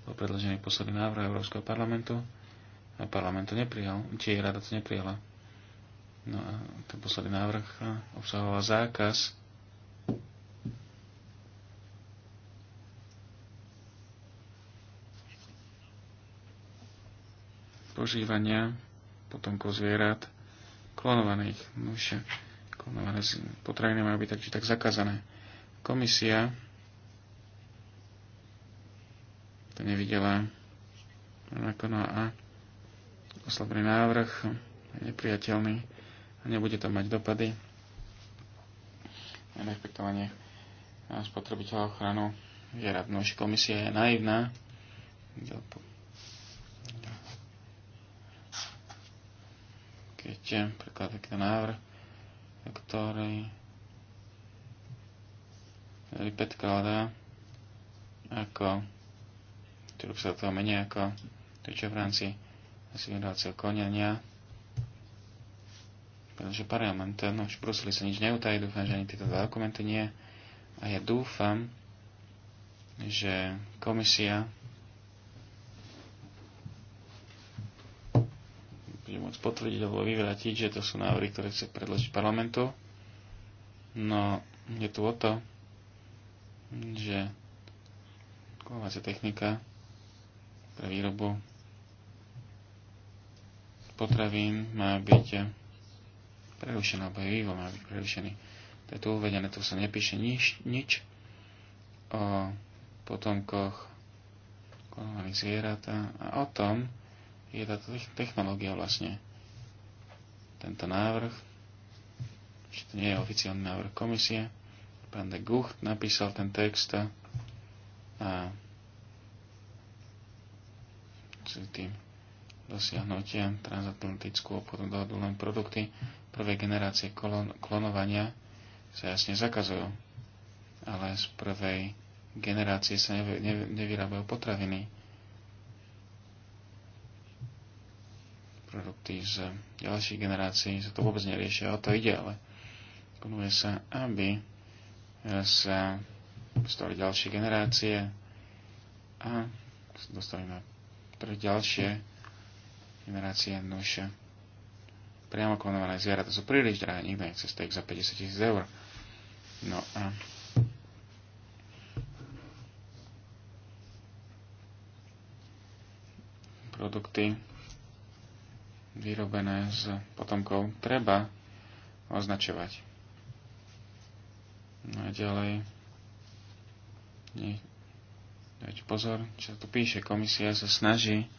o predložený posledný návrh Európskeho parlamentu a no, parlament to neprijal, či rada to neprijala. No a ten posledný návrh obsahoval zákaz požívania potomkov zvierat klonovaných. No klonované potraviny majú byť tak či tak zakázané. Komisia to nevidela. No, ako no a oslabný návrh je nepriateľný a nebude to mať dopady na rešpektovanie spotrebiteľa ochranu vierat. že komisia je naivná. Keď príklad takýto návrh, ktorý, Ripet kladá ako ktorú sa toho menej ako to, čo v rámci situáciou koniania, pretože parlament, eh, no už prosili sa nič neutají, dúfam, že ani tieto dva dokumenty nie. A ja dúfam, že komisia bude môcť potvrdiť alebo vyvratiť, že to sú návrhy, ktoré chce predložiť parlamentu. No, je tu o to, že kovácia technika pre výrobu potravín má byť prerušený, alebo jej vývoj má byť prerušený. To je tu uvedené, tu sa nepíše nič, nič o potomkoch konovaných zvierat a o tom je táto technológia vlastne. Tento návrh, že to nie je oficiálny návrh komisie, pán de Gucht napísal ten text a s tým dosiahnutia transatlantickú obchodnú dohodu len produkty prvej generácie kolon- klonovania sa jasne zakazujú. Ale z prvej generácie sa nev- nev- nevyrábajú potraviny. Produkty z ďalších generácií sa to vôbec neriešia, o to ide, ale plánuje sa, aby sa dostali ďalšie generácie a dostaneme pre ďalšie generácie nož eh, priamo klonované zvieratá sú príliš drahé, nikto nechce steak za 50 tisíc eur. No a produkty vyrobené z potomkov treba označovať. No a ďalej Nie. dajte pozor, čo tu píše. Komisia sa snaží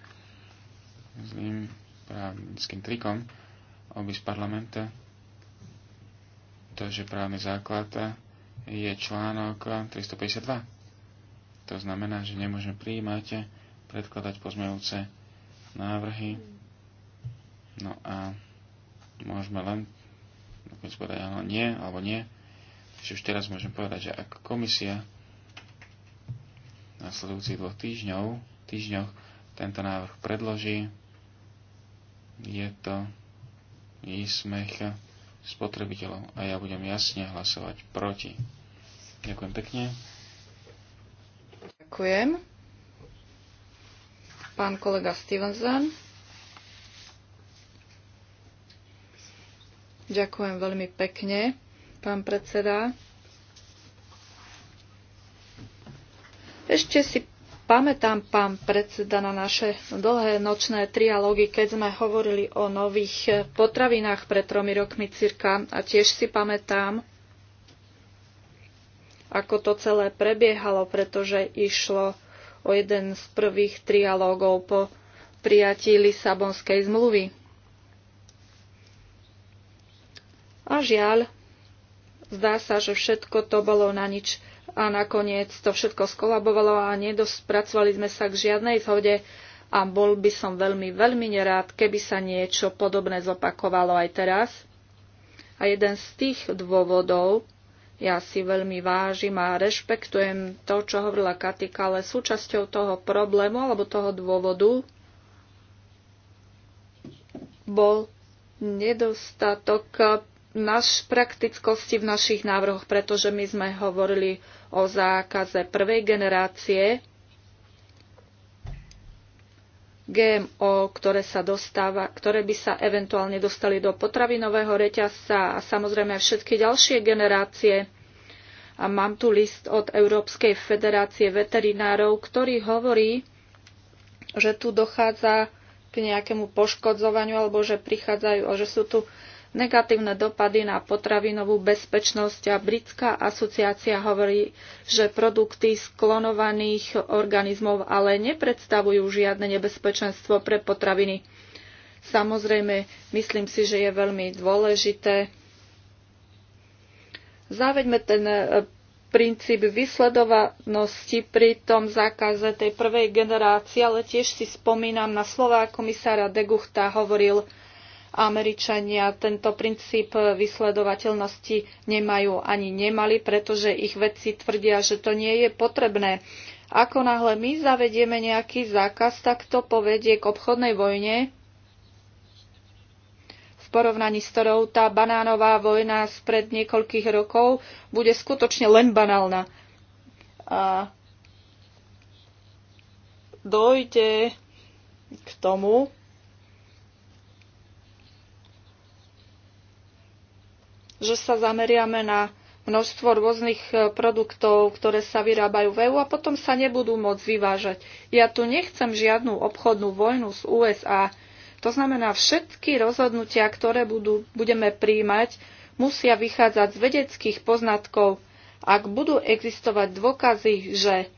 zlým právnickým trikom oby parlamenta to, že právny základ je článok 352. To znamená, že nemôžeme prijímať, predkladať pozmejúce návrhy. No a môžeme len nakoniec povedať áno, nie, alebo nie. Takže už teraz môžem povedať, že ak komisia v následujúcich dvoch týždňov, týždňoch tento návrh predloží, je to výsmech spotrebiteľov a ja budem jasne hlasovať proti. Ďakujem pekne. Ďakujem. Pán kolega Stevenson. Ďakujem veľmi pekne, pán predseda. Ešte si pamätám, pán predseda, na naše dlhé nočné trialógy, keď sme hovorili o nových potravinách pred tromi rokmi cirka. A tiež si pamätám, ako to celé prebiehalo, pretože išlo o jeden z prvých trialógov po prijatí Lisabonskej zmluvy. A žiaľ, zdá sa, že všetko to bolo na nič a nakoniec to všetko skolabovalo a nedospracovali sme sa k žiadnej zhode a bol by som veľmi, veľmi nerád, keby sa niečo podobné zopakovalo aj teraz. A jeden z tých dôvodov, ja si veľmi vážim a rešpektujem to, čo hovorila Katika, ale súčasťou toho problému alebo toho dôvodu bol nedostatok naš praktickosti v našich návrhoch, pretože my sme hovorili o zákaze prvej generácie GMO, ktoré, sa dostáva, ktoré by sa eventuálne dostali do potravinového reťazca a samozrejme aj všetky ďalšie generácie. A mám tu list od Európskej federácie veterinárov, ktorý hovorí, že tu dochádza k nejakému poškodzovaniu alebo že prichádzajú, že sú tu negatívne dopady na potravinovú bezpečnosť a Britská asociácia hovorí, že produkty z klonovaných organizmov ale nepredstavujú žiadne nebezpečenstvo pre potraviny. Samozrejme, myslím si, že je veľmi dôležité. Záveďme ten e, princíp vysledovanosti pri tom zákaze tej prvej generácie, ale tiež si spomínam na slová komisára Deguchta hovoril, Američania tento princíp vysledovateľnosti nemajú ani nemali, pretože ich vedci tvrdia, že to nie je potrebné. Ako náhle my zavedieme nejaký zákaz, tak to povedie k obchodnej vojne, v porovnaní s ktorou tá banánová vojna spred niekoľkých rokov bude skutočne len banálna. A dojde k tomu, že sa zameriame na množstvo rôznych e, produktov, ktoré sa vyrábajú v EÚ a potom sa nebudú môcť vyvážať. Ja tu nechcem žiadnu obchodnú vojnu z USA. To znamená, všetky rozhodnutia, ktoré budú, budeme príjmať, musia vychádzať z vedeckých poznatkov. Ak budú existovať dôkazy, že,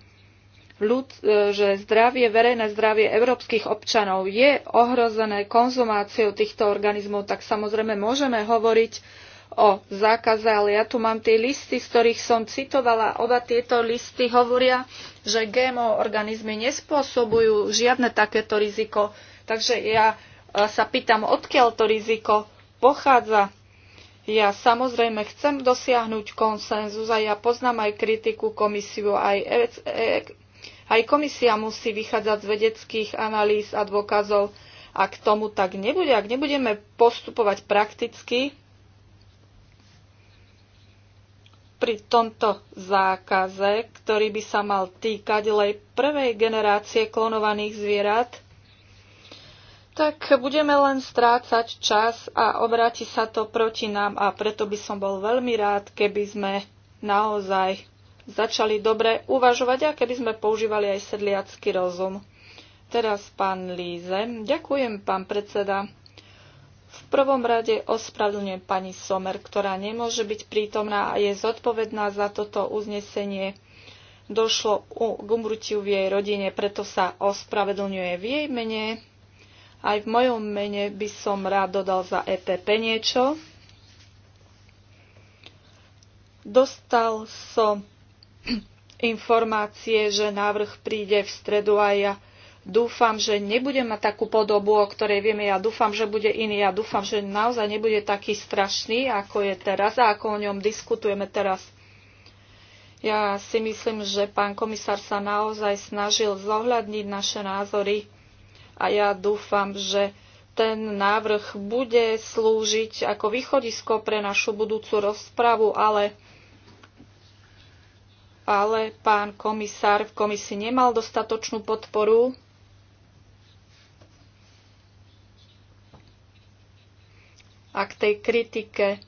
ľud, e, že zdravie, verejné zdravie európskych občanov je ohrozené konzumáciou týchto organizmov, tak samozrejme môžeme hovoriť o zákaze, ale ja tu mám tie listy, z ktorých som citovala. Oba tieto listy hovoria, že GMO organizmy nespôsobujú žiadne takéto riziko. Takže ja sa pýtam, odkiaľ to riziko pochádza. Ja samozrejme chcem dosiahnuť konsenzus a ja poznám aj kritiku komisiu, aj, e e, aj komisia musí vychádzať z vedeckých analýz a dôkazov. Ak tomu tak nebude, ak nebudeme postupovať prakticky, pri tomto zákaze, ktorý by sa mal týkať lej prvej generácie klonovaných zvierat, tak budeme len strácať čas a obráti sa to proti nám a preto by som bol veľmi rád, keby sme naozaj začali dobre uvažovať a keby sme používali aj sedliacký rozum. Teraz pán Líze. Ďakujem, pán predseda prvom rade ospravedlňujem pani Somer, ktorá nemôže byť prítomná a je zodpovedná za toto uznesenie. Došlo k umrutiu v jej rodine, preto sa ospravedlňuje v jej mene. Aj v mojom mene by som rád dodal za EPP niečo. Dostal som informácie, že návrh príde v stredu a ja Dúfam, že nebude mať takú podobu, o ktorej vieme. Ja dúfam, že bude iný. Ja dúfam, že naozaj nebude taký strašný, ako je teraz a ako o ňom diskutujeme teraz. Ja si myslím, že pán komisár sa naozaj snažil zohľadniť naše názory a ja dúfam, že ten návrh bude slúžiť ako východisko pre našu budúcu rozpravu, ale, ale pán komisár v komisii nemal dostatočnú podporu a k tej kritike.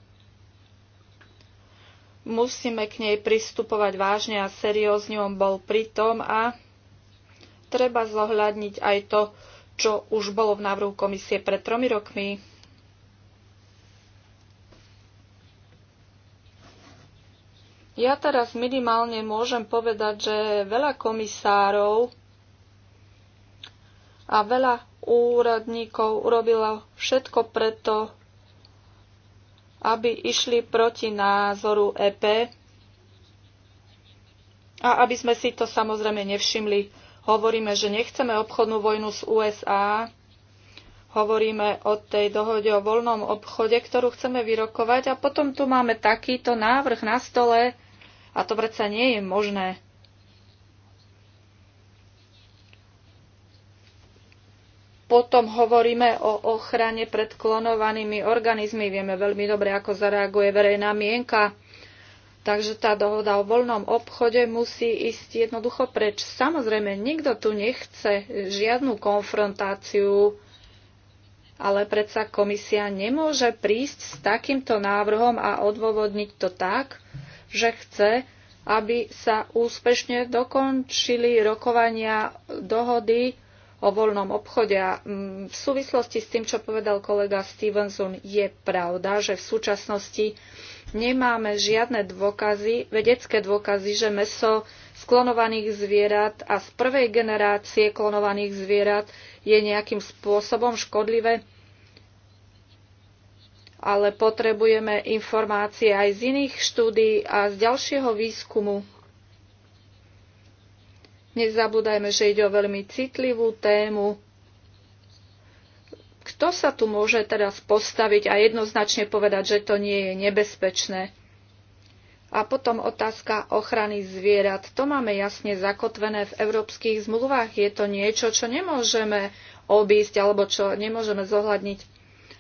Musíme k nej pristupovať vážne a seriózne, on bol pritom a treba zohľadniť aj to, čo už bolo v návrhu komisie pred tromi rokmi. Ja teraz minimálne môžem povedať, že veľa komisárov a veľa úradníkov urobilo všetko preto, aby išli proti názoru EP a aby sme si to samozrejme nevšimli. Hovoríme, že nechceme obchodnú vojnu s USA, hovoríme o tej dohode o voľnom obchode, ktorú chceme vyrokovať a potom tu máme takýto návrh na stole a to predsa nie je možné. Potom hovoríme o ochrane pred klonovanými organizmi. Vieme veľmi dobre, ako zareaguje verejná mienka. Takže tá dohoda o voľnom obchode musí ísť jednoducho preč. Samozrejme, nikto tu nechce žiadnu konfrontáciu, ale predsa komisia nemôže prísť s takýmto návrhom a odôvodniť to tak, že chce, aby sa úspešne dokončili rokovania dohody o voľnom obchode. A mm, v súvislosti s tým, čo povedal kolega Stevenson, je pravda, že v súčasnosti nemáme žiadne dôkazy, vedecké dôkazy, že meso z klonovaných zvierat a z prvej generácie klonovaných zvierat je nejakým spôsobom škodlivé ale potrebujeme informácie aj z iných štúdí a z ďalšieho výskumu Nezabúdajme, že ide o veľmi citlivú tému. Kto sa tu môže teraz postaviť a jednoznačne povedať, že to nie je nebezpečné? A potom otázka ochrany zvierat. To máme jasne zakotvené v európskych zmluvách. Je to niečo, čo nemôžeme obísť alebo čo nemôžeme zohľadniť.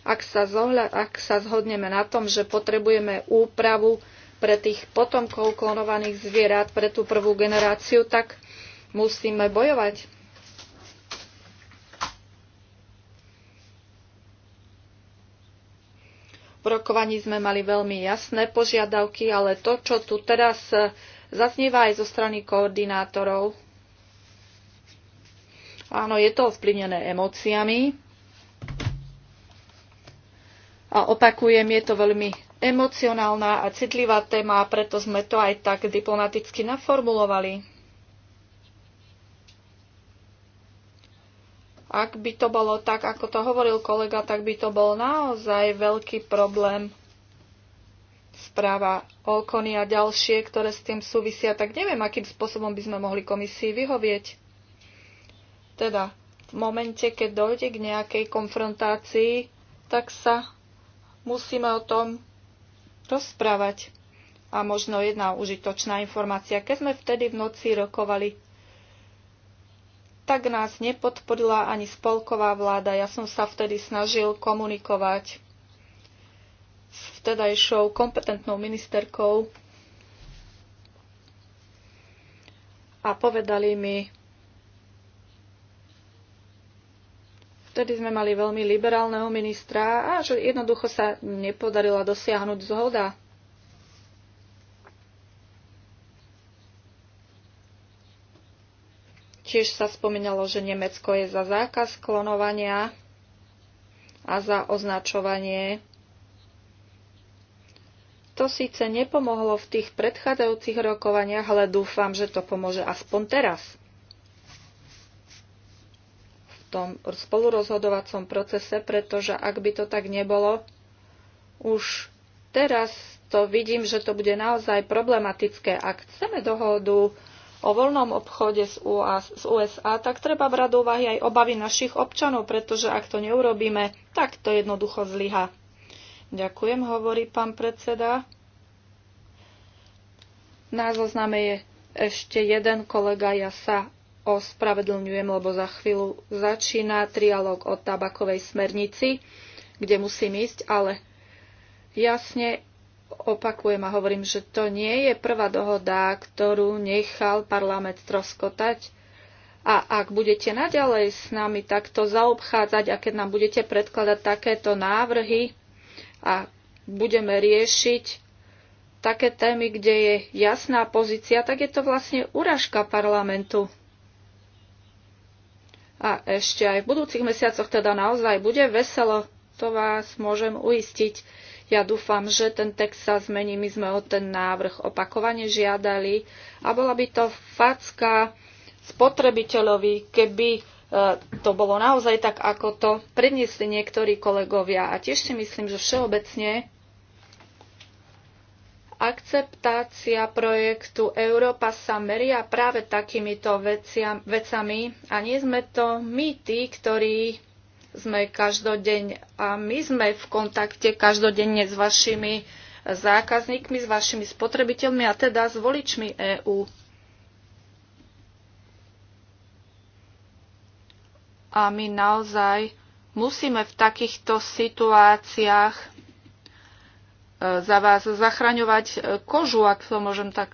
Ak sa, zohľa- ak sa zhodneme na tom, že potrebujeme úpravu pre tých potomkov klonovaných zvierat, pre tú prvú generáciu, tak musíme bojovať. V rokovaní sme mali veľmi jasné požiadavky, ale to, čo tu teraz e, zaznieva aj zo strany koordinátorov, áno, je to ovplyvnené emóciami. A opakujem, je to veľmi emocionálna a citlivá téma, a preto sme to aj tak diplomaticky naformulovali. Ak by to bolo tak, ako to hovoril kolega, tak by to bol naozaj veľký problém správa Olkony a ďalšie, ktoré s tým súvisia, tak neviem, akým spôsobom by sme mohli komisii vyhovieť. Teda, v momente, keď dojde k nejakej konfrontácii, tak sa musíme o tom rozprávať. A možno jedna užitočná informácia. Keď sme vtedy v noci rokovali tak nás nepodporila ani spolková vláda. Ja som sa vtedy snažil komunikovať s vtedajšou kompetentnou ministerkou a povedali mi, vtedy sme mali veľmi liberálneho ministra a že jednoducho sa nepodarila dosiahnuť zhoda Tiež sa spomínalo, že Nemecko je za zákaz klonovania a za označovanie. To síce nepomohlo v tých predchádzajúcich rokovaniach, ale dúfam, že to pomôže aspoň teraz. V tom spolurozhodovacom procese, pretože ak by to tak nebolo, už teraz to vidím, že to bude naozaj problematické. Ak chceme dohodu o voľnom obchode z USA, tak treba brať do úvahy aj obavy našich občanov, pretože ak to neurobíme, tak to jednoducho zlyha. Ďakujem, hovorí pán predseda. Na zozname je ešte jeden kolega, ja sa ospravedlňujem, lebo za chvíľu začína trialóg o tabakovej smernici, kde musím ísť, ale jasne opakujem a hovorím, že to nie je prvá dohoda, ktorú nechal parlament troskotať. A ak budete naďalej s nami takto zaobchádzať a keď nám budete predkladať takéto návrhy a budeme riešiť také témy, kde je jasná pozícia, tak je to vlastne uražka parlamentu. A ešte aj v budúcich mesiacoch teda naozaj bude veselo, to vás môžem uistiť. Ja dúfam, že ten text sa zmení. My sme o ten návrh opakovane žiadali a bola by to facka spotrebiteľovi, keby e, to bolo naozaj tak, ako to predniesli niektorí kolegovia. A tiež si myslím, že všeobecne akceptácia projektu Európa sa meria práve takýmito veciam, vecami a nie sme to my tí, ktorí sme každodeň a my sme v kontakte každodenne s vašimi zákazníkmi, s vašimi spotrebiteľmi a teda s voličmi EÚ. A my naozaj musíme v takýchto situáciách e, za vás zachraňovať e, kožu, ak to môžem tak.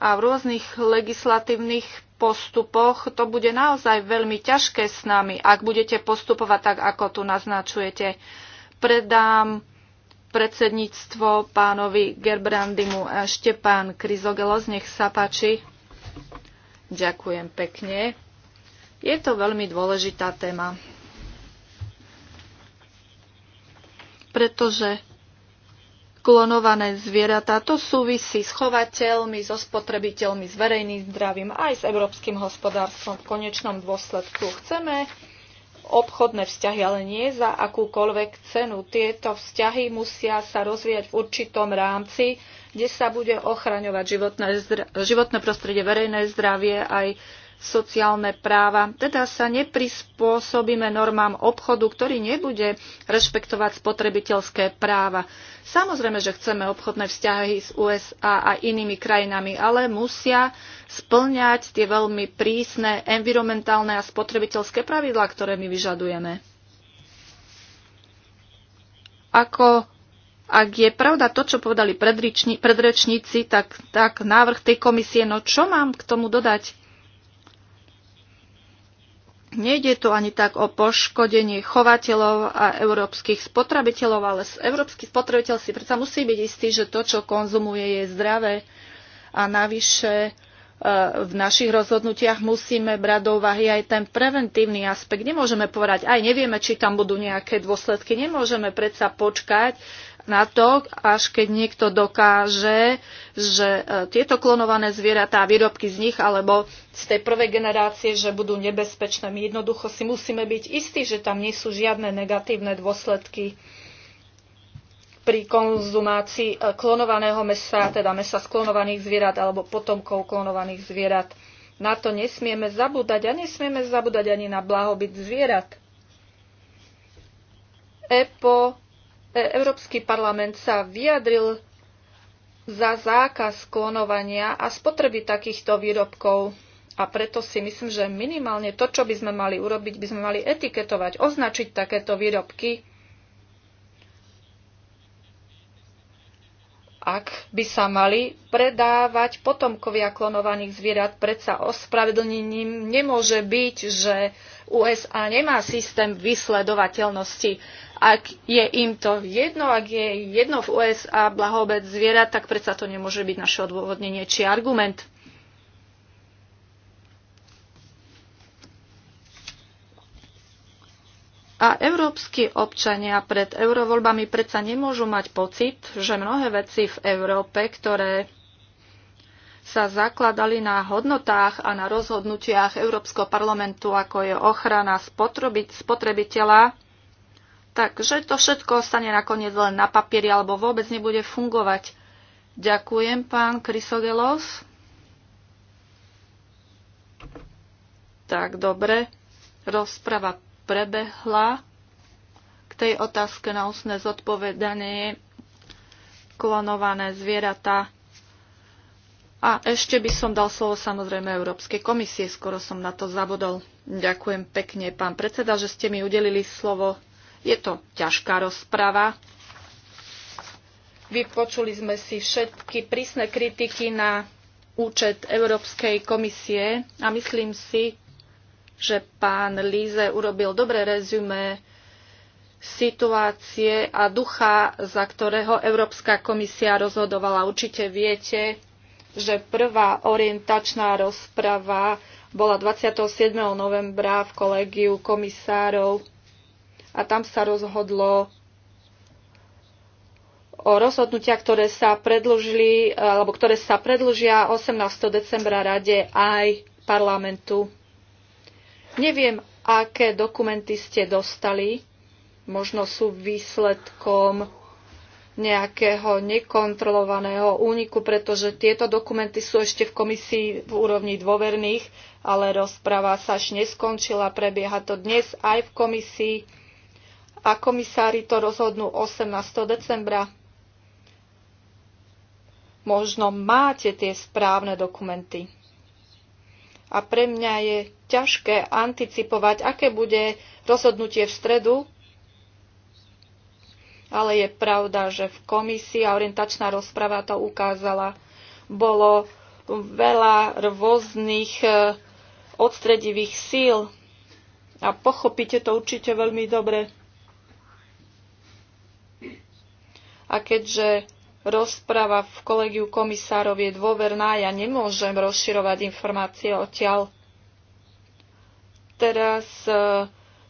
A v rôznych legislatívnych postupoch, to bude naozaj veľmi ťažké s nami, ak budete postupovať tak, ako tu naznačujete. Predám predsedníctvo pánovi Gerbrandimu a Štepán Kryzogelos, nech sa páči. Ďakujem pekne. Je to veľmi dôležitá téma, pretože klonované zvieratá. To súvisí s chovateľmi, so spotrebiteľmi, s verejným zdravím aj s európskym hospodárstvom. V konečnom dôsledku chceme obchodné vzťahy, ale nie za akúkoľvek cenu. Tieto vzťahy musia sa rozvíjať v určitom rámci, kde sa bude ochraňovať životné, životné prostredie, verejné zdravie aj sociálne práva. Teda sa neprispôsobíme normám obchodu, ktorý nebude rešpektovať spotrebiteľské práva. Samozrejme, že chceme obchodné vzťahy s USA a inými krajinami, ale musia splňať tie veľmi prísne environmentálne a spotrebiteľské pravidlá, ktoré my vyžadujeme. Ako ak je pravda to, čo povedali predrečníci, tak, tak návrh tej komisie, no čo mám k tomu dodať? Nejde tu ani tak o poškodenie chovateľov a európskych spotrebiteľov, ale európsky spotrebiteľ si predsa musí byť istý, že to, čo konzumuje, je zdravé. A navyše e, v našich rozhodnutiach musíme brať do úvahy aj ten preventívny aspekt. Nemôžeme povedať, aj nevieme, či tam budú nejaké dôsledky. Nemôžeme predsa počkať, na to, až keď niekto dokáže, že e, tieto klonované zvieratá a výrobky z nich alebo z tej prvej generácie, že budú nebezpečné. My jednoducho si musíme byť istí, že tam nie sú žiadne negatívne dôsledky pri konzumácii e, klonovaného mesa, teda mesa z klonovaných zvierat alebo potomkov klonovaných zvierat. Na to nesmieme zabúdať a nesmieme zabúdať ani na blahobyt zvierat. EPO E, Európsky parlament sa vyjadril za zákaz klonovania a spotreby takýchto výrobkov. A preto si myslím, že minimálne to, čo by sme mali urobiť, by sme mali etiketovať, označiť takéto výrobky. Ak by sa mali predávať potomkovia klonovaných zvierat, predsa ospravedlnením nemôže byť, že USA nemá systém vysledovateľnosti. Ak je im to jedno, ak je jedno v USA blahobec zvierat, tak predsa to nemôže byť naše odôvodnenie či argument. A európsky občania pred eurovoľbami predsa nemôžu mať pocit, že mnohé veci v Európe, ktoré sa zakladali na hodnotách a na rozhodnutiach Európskeho parlamentu, ako je ochrana spotrebiteľa, takže to všetko ostane nakoniec len na papieri alebo vôbec nebude fungovať. Ďakujem, pán Krysogelos. Tak, dobre. Rozprava prebehla k tej otázke na úsne zodpovedanie klonované zvieratá a ešte by som dal slovo samozrejme Európskej komisie, skoro som na to zabudol. Ďakujem pekne, pán predseda, že ste mi udelili slovo. Je to ťažká rozprava. Vypočuli sme si všetky prísne kritiky na účet Európskej komisie a myslím si, že pán Líze urobil dobré rezume situácie a ducha, za ktorého Európska komisia rozhodovala. Určite viete, že prvá orientačná rozprava bola 27. novembra v kolegiu komisárov a tam sa rozhodlo o rozhodnutiach, ktoré sa predlžili, alebo ktoré sa predlžia 18. decembra rade aj parlamentu. Neviem, aké dokumenty ste dostali, možno sú výsledkom nejakého nekontrolovaného úniku, pretože tieto dokumenty sú ešte v komisii v úrovni dôverných, ale rozprava sa až neskončila, prebieha to dnes aj v komisii a komisári to rozhodnú 18. decembra. Možno máte tie správne dokumenty. A pre mňa je ťažké anticipovať, aké bude rozhodnutie v stredu, ale je pravda, že v komisii a orientačná rozprava to ukázala, bolo veľa rôznych e, odstredivých síl a pochopíte to určite veľmi dobre. A keďže rozpráva v kolegiu komisárov je dôverná, ja nemôžem rozširovať informácie odtiaľ. Teraz e,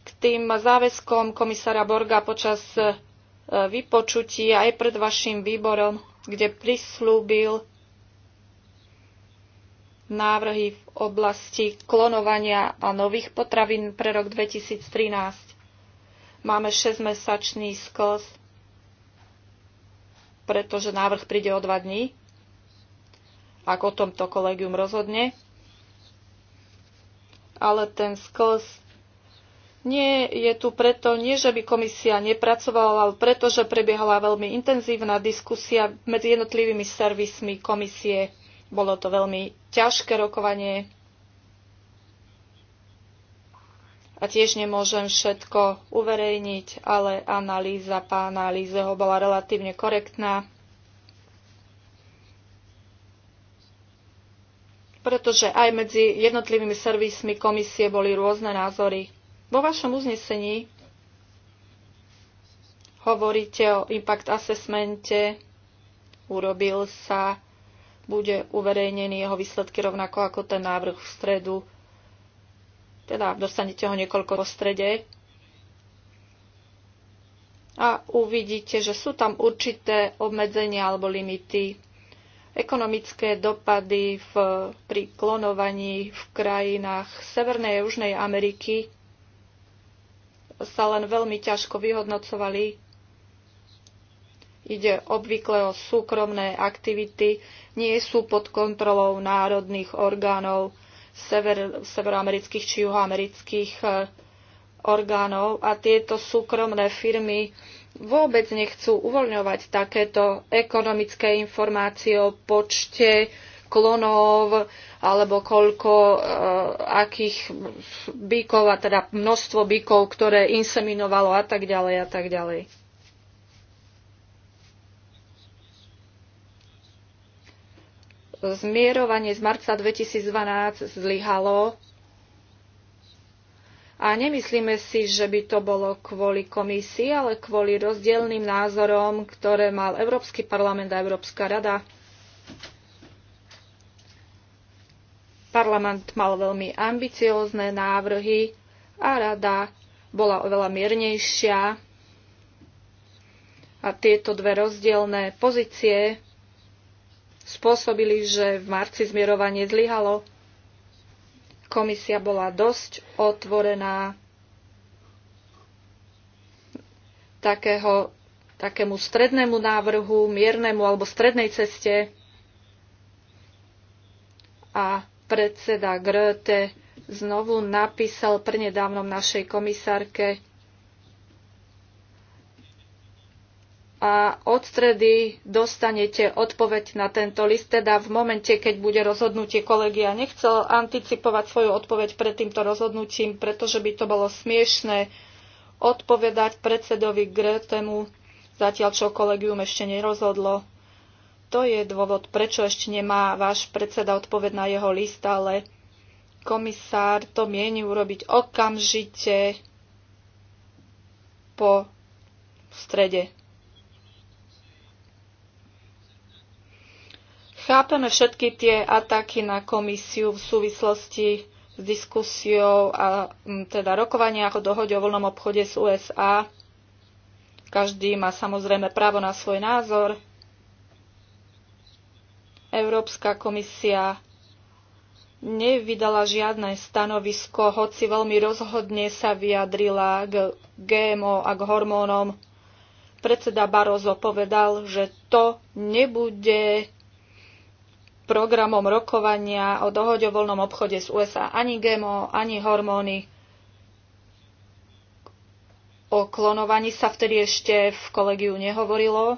k tým záväzkom komisára Borga počas e, E, vypočutí aj pred vašim výborom, kde prislúbil návrhy v oblasti klonovania a nových potravín pre rok 2013. Máme 6-mesačný sklz, pretože návrh príde o 2 dní, ak o tomto kolegium rozhodne. Ale ten sklz nie je tu preto, nie že by komisia nepracovala, ale preto, že prebiehala veľmi intenzívna diskusia medzi jednotlivými servismi komisie. Bolo to veľmi ťažké rokovanie. A tiež nemôžem všetko uverejniť, ale analýza pána Lízeho bola relatívne korektná. Pretože aj medzi jednotlivými servismi komisie boli rôzne názory. Vo vašom uznesení hovoríte o impact assessmente, urobil sa, bude uverejnený jeho výsledky rovnako ako ten návrh v stredu. Teda dostanete ho niekoľko vo strede. A uvidíte, že sú tam určité obmedzenia alebo limity. Ekonomické dopady v, pri klonovaní v krajinách Severnej a Južnej Ameriky sa len veľmi ťažko vyhodnocovali. Ide obvykle o súkromné aktivity, nie sú pod kontrolou národných orgánov sever, severoamerických či juhoamerických eh, orgánov a tieto súkromné firmy vôbec nechcú uvoľňovať takéto ekonomické informácie o počte klonov, alebo koľko eh, akých bykov, a teda množstvo bykov, ktoré inseminovalo a tak ďalej a tak ďalej. Zmierovanie z marca 2012 zlyhalo a nemyslíme si, že by to bolo kvôli komisii, ale kvôli rozdielným názorom, ktoré mal Európsky parlament a Európska rada. Parlament mal veľmi ambiciózne návrhy a rada bola oveľa miernejšia. A tieto dve rozdielne pozície spôsobili, že v marci zmierovanie zlyhalo. Komisia bola dosť otvorená takého, takému strednému návrhu, miernemu alebo strednej ceste. A predseda Gröte znovu napísal prednedávnom našej komisárke a od stredy dostanete odpoveď na tento list, teda v momente, keď bude rozhodnutie kolegia. Nechcel anticipovať svoju odpoveď pred týmto rozhodnutím, pretože by to bolo smiešné odpovedať predsedovi Gretemu, zatiaľ čo kolegium ešte nerozhodlo. To je dôvod, prečo ešte nemá váš predseda odpoved na jeho list, ale komisár to mieni urobiť okamžite po strede. Chápeme všetky tie ataky na komisiu v súvislosti s diskusiou a teda rokovania ako dohode o voľnom obchode s USA. Každý má samozrejme právo na svoj názor. Európska komisia nevydala žiadne stanovisko, hoci veľmi rozhodne sa vyjadrila k GMO a k hormónom. Predseda Barozo povedal, že to nebude programom rokovania o dohode o voľnom obchode s USA ani GMO, ani hormóny. O klonovaní sa vtedy ešte v kolegiu nehovorilo.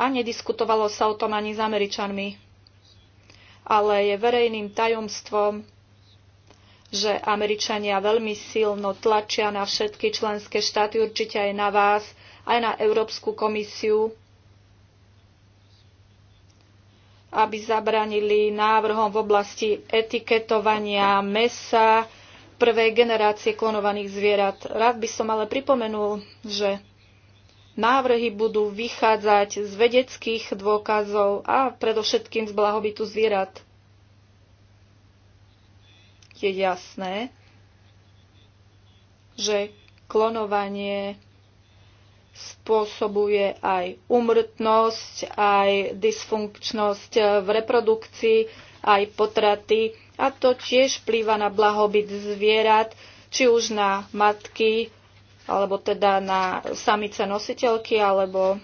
a nediskutovalo sa o tom ani s Američanmi. Ale je verejným tajomstvom, že Američania veľmi silno tlačia na všetky členské štáty, určite aj na vás, aj na Európsku komisiu, aby zabranili návrhom v oblasti etiketovania mesa prvej generácie klonovaných zvierat. Rád by som ale pripomenul, že návrhy budú vychádzať z vedeckých dôkazov a predovšetkým z blahobytu zvierat. Je jasné, že klonovanie spôsobuje aj umrtnosť, aj dysfunkčnosť v reprodukcii, aj potraty a to tiež vplýva na blahobyt zvierat, či už na matky, alebo teda na samice nositeľky, alebo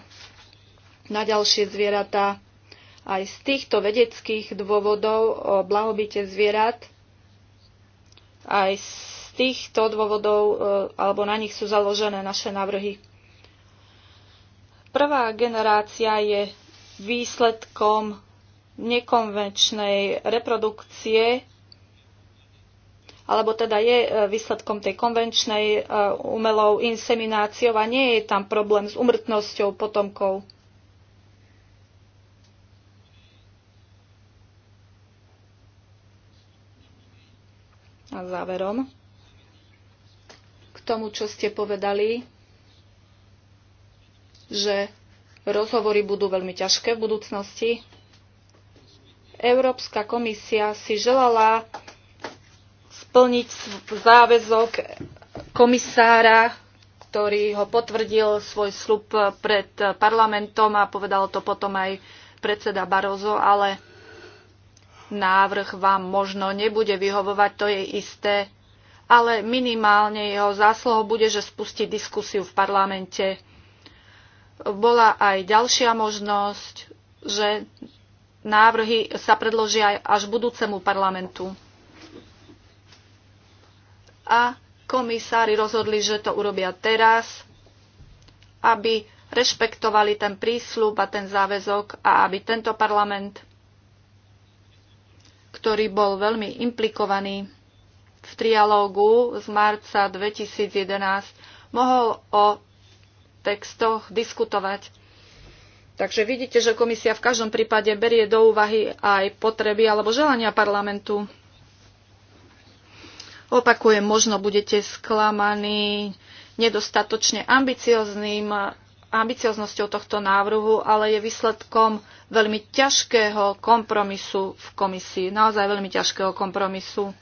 na ďalšie zvieratá. Aj z týchto vedeckých dôvodov o blahobite zvierat, aj z týchto dôvodov, e, alebo na nich sú založené naše návrhy. Prvá generácia je výsledkom nekonvenčnej reprodukcie alebo teda je e, výsledkom tej konvenčnej e, umelou insemináciou a nie je tam problém s umrtnosťou potomkov. A záverom k tomu, čo ste povedali, že rozhovory budú veľmi ťažké v budúcnosti. Európska komisia si želala splniť záväzok komisára, ktorý ho potvrdil svoj slub pred parlamentom a povedal to potom aj predseda Barozo, ale návrh vám možno nebude vyhovovať, to je isté, ale minimálne jeho zásluhou bude, že spustí diskusiu v parlamente. Bola aj ďalšia možnosť, že návrhy sa predložia aj až budúcemu parlamentu a komisári rozhodli, že to urobia teraz, aby rešpektovali ten prísľub a ten záväzok a aby tento parlament, ktorý bol veľmi implikovaný v trialógu z marca 2011, mohol o textoch diskutovať. Takže vidíte, že komisia v každom prípade berie do úvahy aj potreby alebo želania parlamentu Opakujem, možno budete sklamaní nedostatočne ambiciozným ambicioznosťou tohto návrhu, ale je výsledkom veľmi ťažkého kompromisu v komisii. Naozaj veľmi ťažkého kompromisu.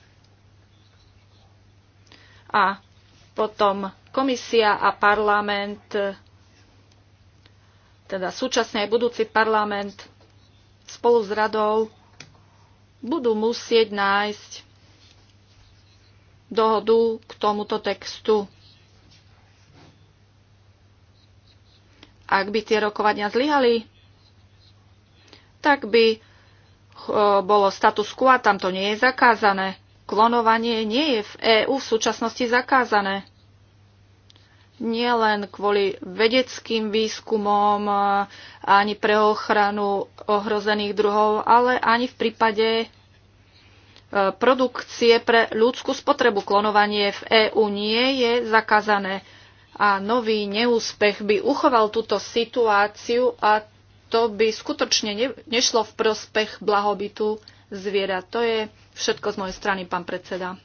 A potom komisia a parlament, teda súčasne aj budúci parlament spolu s radou, budú musieť nájsť dohodu k tomuto textu. Ak by tie rokovania zlyhali, tak by eh, bolo status quo a tam to nie je zakázané. Klonovanie nie je v EÚ v súčasnosti zakázané. Nie len kvôli vedeckým výskumom, eh, ani pre ochranu ohrozených druhov, ale ani v prípade E, produkcie pre ľudskú spotrebu. Klonovanie v EÚ nie je zakázané a nový neúspech by uchoval túto situáciu a to by skutočne ne, nešlo v prospech blahobytu zviera. To je všetko z mojej strany, pán predseda.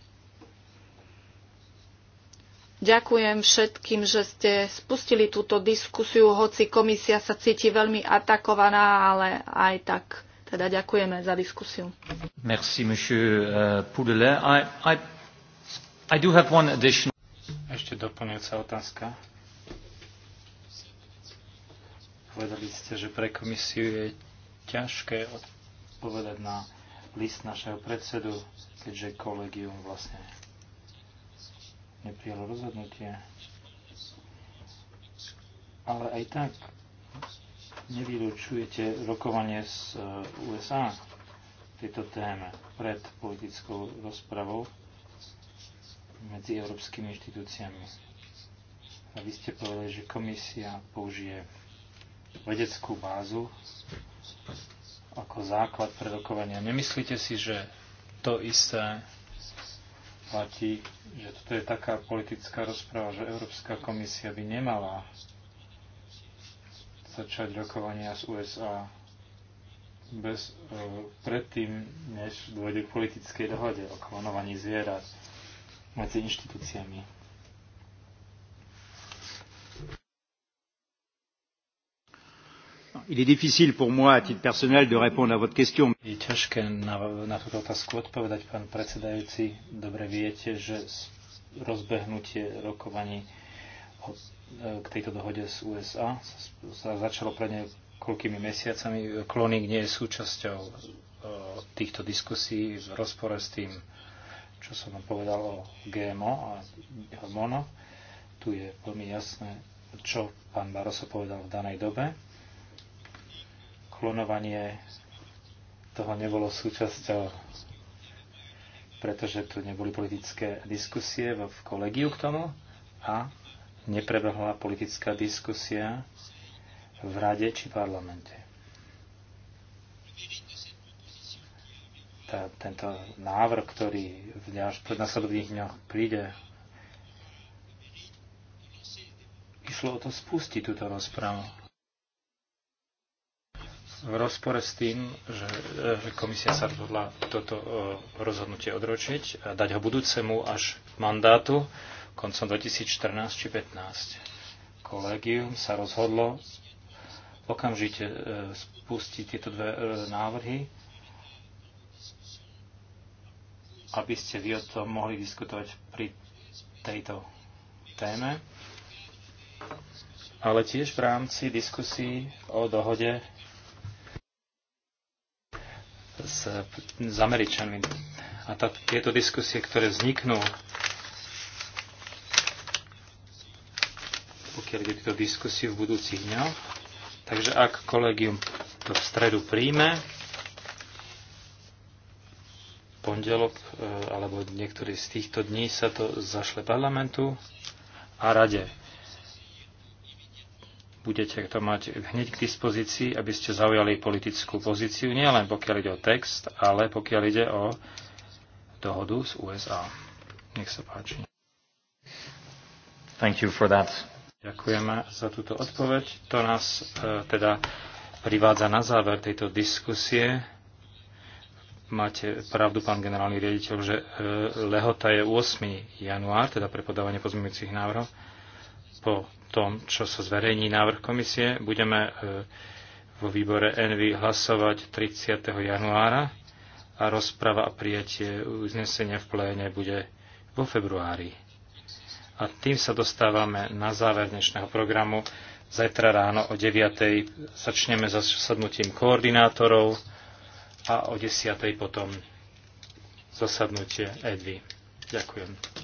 Ďakujem všetkým, že ste spustili túto diskusiu, hoci komisia sa cíti veľmi atakovaná, ale aj tak teda ďakujeme za diskusiu. Merci, monsieur euh, Poudelet. I, I, I do have one additional... Ešte doplňujúca otázka. Povedali ste, že pre komisiu je ťažké odpovedať na list našeho predsedu, keďže kolegium vlastne neprijalo rozhodnutie. Ale aj tak nevylučujete rokovanie z eh, USA v tejto téme pred politickou rozpravou medzi európskymi inštitúciami. A vy ste povedali, že komisia použije vedeckú bázu ako základ pre rokovania. Nemyslíte si, že to isté platí, že toto je taká politická rozpráva, že Európska komisia by nemala začať rokovania s USA bez, e, predtým, než dôjde k politickej dohode o klonovaní zvierat medzi inštitúciami. Il est difficile pour moi, à titre personnel, de répondre à votre question. Je ťažké na, na túto otázku odpovedať, pán predsedajúci. Dobre viete, že rozbehnutie rokovaní o k tejto dohode z USA. Sa začalo pre niekoľkými mesiacami. Kloning nie je súčasťou eh, týchto diskusí v rozpore s tým, čo som vám povedal o GMO a mono. Tu je veľmi jasné, čo pán Baroso povedal v danej dobe. Klonovanie toho nebolo súčasťou, pretože tu neboli politické diskusie v kolegiu k tomu a neprebehla politická diskusia v rade či parlamente. Tá, tento návrh, ktorý v ďalš, pred nasledovných dňoch príde, išlo o to spustiť túto rozpravu. V rozpore s tým, že, že komisia sa rozhodla toto eh, rozhodnutie odročiť a dať ho budúcemu až mandátu, koncom 2014 či 2015. Kolegium sa rozhodlo okamžite e, spustiť tieto dve e, návrhy, aby ste vy o tom mohli diskutovať pri tejto téme. Ale tiež v rámci diskusí o dohode s, s Američanmi. A tá, tieto diskusie, ktoré vzniknú pokiaľ ide túto diskusiu v budúcich dňoch. Takže ak kolegium to v stredu príjme, pondelok e, alebo niektorý z týchto dní sa to zašle parlamentu a rade. Budete to mať hneď k dispozícii, aby ste zaujali politickú pozíciu, nielen pokiaľ ide o text, ale pokiaľ ide o dohodu z USA. Nech sa páči. Thank you for that. Ďakujeme za túto odpoveď. To nás e, teda privádza na záver tejto diskusie. Máte pravdu, pán generálny riaditeľ, že e, lehota je 8. január, teda pre podávanie pozmeňujúcich návrhov. Po tom, čo sa zverejní návrh komisie, budeme e, vo výbore ENVY hlasovať 30. januára a rozprava a prijatie uznesenia v pléne bude vo februári. A tým sa dostávame na záver dnešného programu. Zajtra ráno o 9.00 začneme zasadnutím koordinátorov a o 10.00 potom zasadnutie EDVY. Ďakujem.